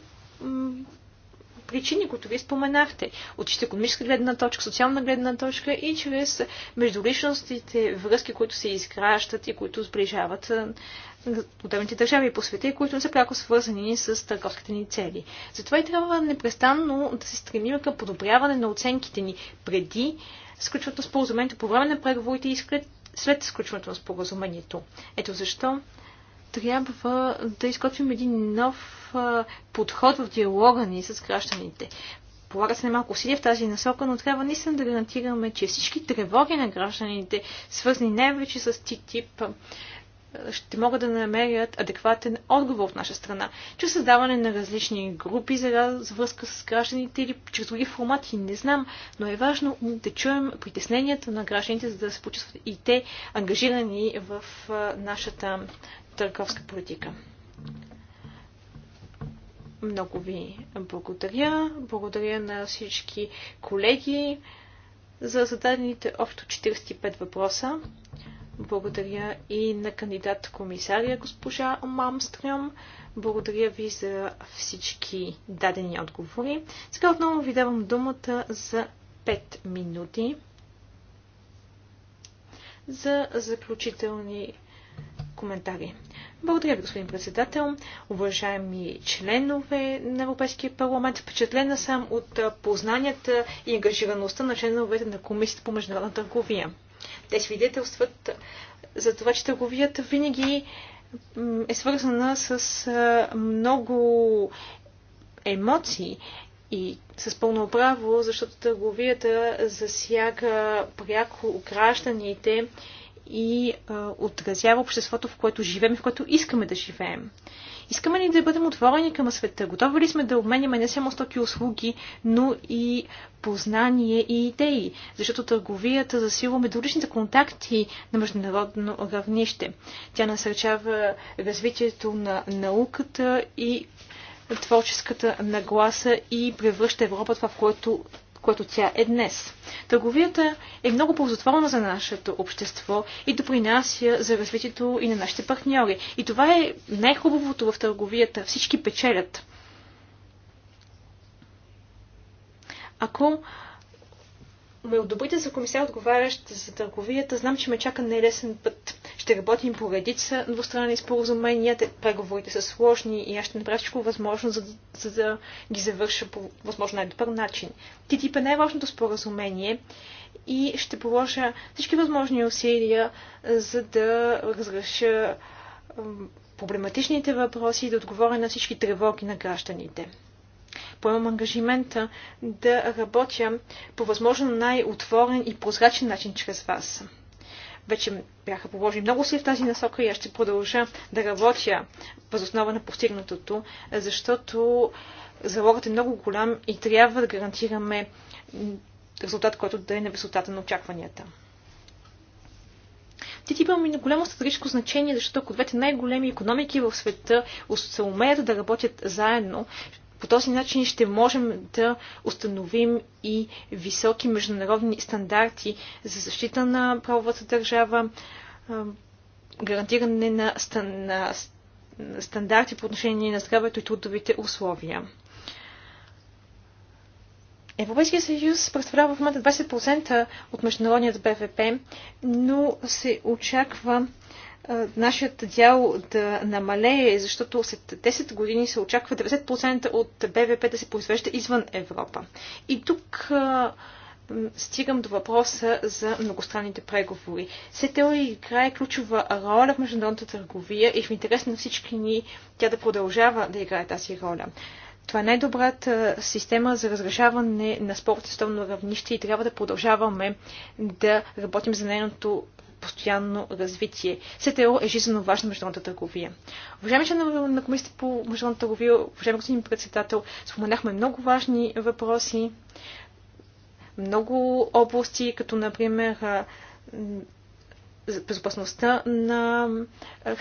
причини, които вие споменахте. От чисто економическа гледна точка, социална гледна точка и чрез междуличностите връзки, които се изграждат и които сближават отделните държави по света и които не са пряко свързани с търговските ни цели. Затова и трябва непрестанно да се стремим към подобряване на оценките ни преди сключването на споразумението, по време на преговорите и след сключването на споразумението. Ето защо трябва да изготвим един нов подход в диалога ни с гражданите. Полага се малко усилия в тази насока, но трябва наистина да гарантираме, че всички тревоги на гражданите, свързани най-вече с ТИТИП, ще могат да намерят адекватен отговор от наша страна, чрез създаване на различни групи за връзка с гражданите или чрез други формати, не знам, но е важно да чуем притесненията на гражданите, за да се почувстват и те ангажирани в нашата търговска политика. Много ви благодаря. Благодаря на всички колеги за зададените общо 45 въпроса. Благодаря и на кандидат комисария госпожа Мамстрам. Благодаря ви за всички дадени отговори. Сега отново ви давам думата за 5 минути за заключителни коментари. Благодаря ви, господин председател. Уважаеми членове на Европейския парламент, впечатлена съм от познанията и ангажираността на членовете на Комисията по международна търговия. Те свидетелстват за това, че търговията винаги е свързана с много емоции и с пълно право, защото търговията засяга пряко гражданите и а, отразява обществото, в което живеем и в което искаме да живеем. Искаме ли да бъдем отворени към света? Готови ли сме да обменяме не само стоки услуги, но и познание и идеи? Защото търговията засилва междуличните контакти на международно равнище. Тя насърчава развитието на науката и творческата нагласа и превръща Европа това, в което което тя е днес. Търговията е много ползотворна за нашето общество и допринася за развитието и на нашите партньори. И това е най-хубавото в търговията. Всички печелят. Ако ме одобрите за комисар, отговарящ за търговията, знам, че ме чака нелесен път. Ще работим по редица двустранни споразумения. Преговорите са сложни и аз ще направя всичко възможно, за, за да ги завърша по възможно най-добър начин. ТТИП е най-важното споразумение и ще положа всички възможни усилия, за да разреша проблематичните въпроси и да отговоря на всички тревоги на гражданите поемам ангажимента да работя по възможно най-отворен и прозрачен начин чрез вас. Вече бяха положени много си в тази насока и аз ще продължа да работя основа на постигнатото, защото залогът е много голям и трябва да гарантираме резултат, който да е на висотата на очакванията. ТТИП има и на голямо стратегическо значение, защото ако двете най-големи економики в света се умеят да работят заедно, по този начин ще можем да установим и високи международни стандарти за защита на правовата държава, гарантиране на, стандарти по отношение на здравето и трудовите условия. Европейския съюз представлява в момента 20% от международният БВП, но се очаква нашият дял да намалее, защото след 10 години се очаква 90% от БВП да се произвежда извън Европа. И тук стигам до въпроса за многостранните преговори. СТО играе ключова роля в международната търговия и в интерес на всички ни тя да продължава да играе тази роля. Това е най-добрата система за разрешаване на спорта световно равнище и трябва да продължаваме да работим за нейното постоянно развитие. СТО е жизненно важна международната търговия. Уважаеми членове на Комисията по международната търговия, уважаеми господин председател, споменахме много важни въпроси, много области, като например безопасността на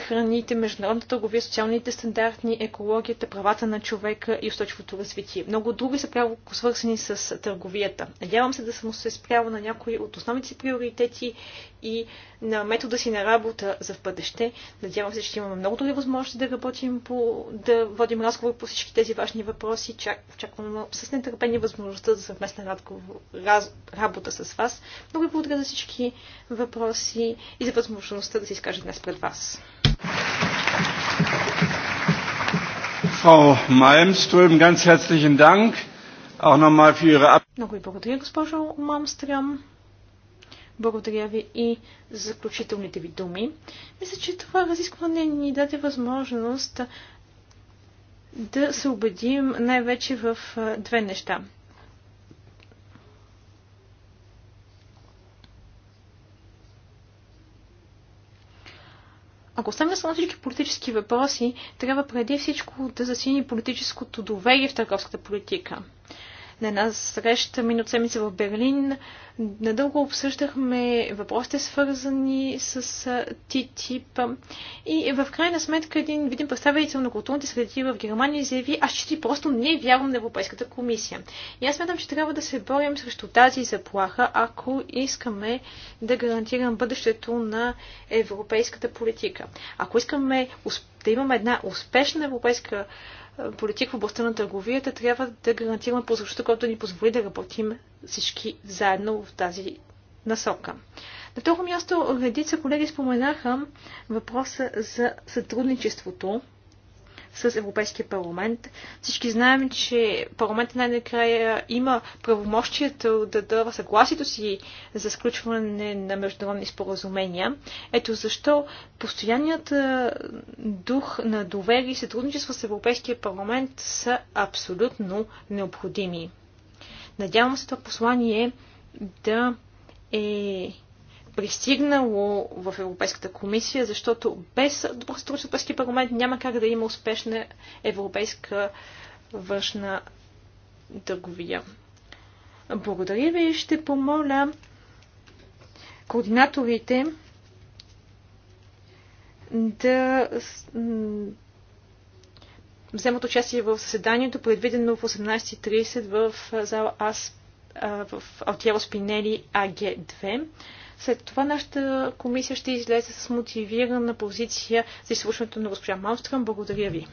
храните, международната търговия, социалните стандарти, екологията, правата на човека и устойчивото развитие. Много други са пряко свързани с търговията. Надявам се да съм се спряла на някои от основните приоритети и на метода си на работа за в бъдеще. Надявам се, че имаме много други възможности да работим по, да водим разговор по всички тези важни въпроси. Чак, очаквам с нетърпение възможността за съвместна раз, работа с вас. Много ви благодаря за всички въпроси и за възможността да се изкажа днес пред вас. Frau Malmström, ganz herzlichen Dank. Auch nochmal für Ihre Много ви благодаря, госпожо Малмстрöm. Благодаря ви и за заключителните ви думи. Мисля, че това разискване ни даде възможност да се убедим най-вече в две неща. Ако оставим на всички политически въпроси, трябва преди всичко да засини политическото доверие в търговската политика – на една среща минут седмица в Берлин надълго обсъждахме въпросите свързани с ТИТИП и в крайна сметка един видим представител на културните среди в Германия заяви, аз че ти просто не вярвам на Европейската комисия. И аз смятам, че трябва да се борим срещу тази заплаха, ако искаме да гарантирам бъдещето на европейската политика. Ако искаме да имаме една успешна европейска политик в областта на търговията, трябва да гарантираме прозрачността, която ни позволи да работим всички заедно в тази насока. На второ място редица колеги споменаха въпроса за сътрудничеството с Европейския парламент. Всички знаем, че парламент най-накрая има правомощието да дава съгласието си за сключване на международни споразумения. Ето защо постоянният дух на доверие и сътрудничество с Европейския парламент са абсолютно необходими. Надявам се това послание да е пристигнало в Европейската комисия, защото без добро сътрудничество парламент няма как да има успешна европейска външна търговия. Благодаря ви и ще помоля координаторите да вземат участие в заседанието, предвидено в 18.30 в зала АС в Алтиеро Спинели АГ2. След това нашата комисия ще излезе с мотивирана позиция за изслушването на госпожа Малстрам. Благодаря ви.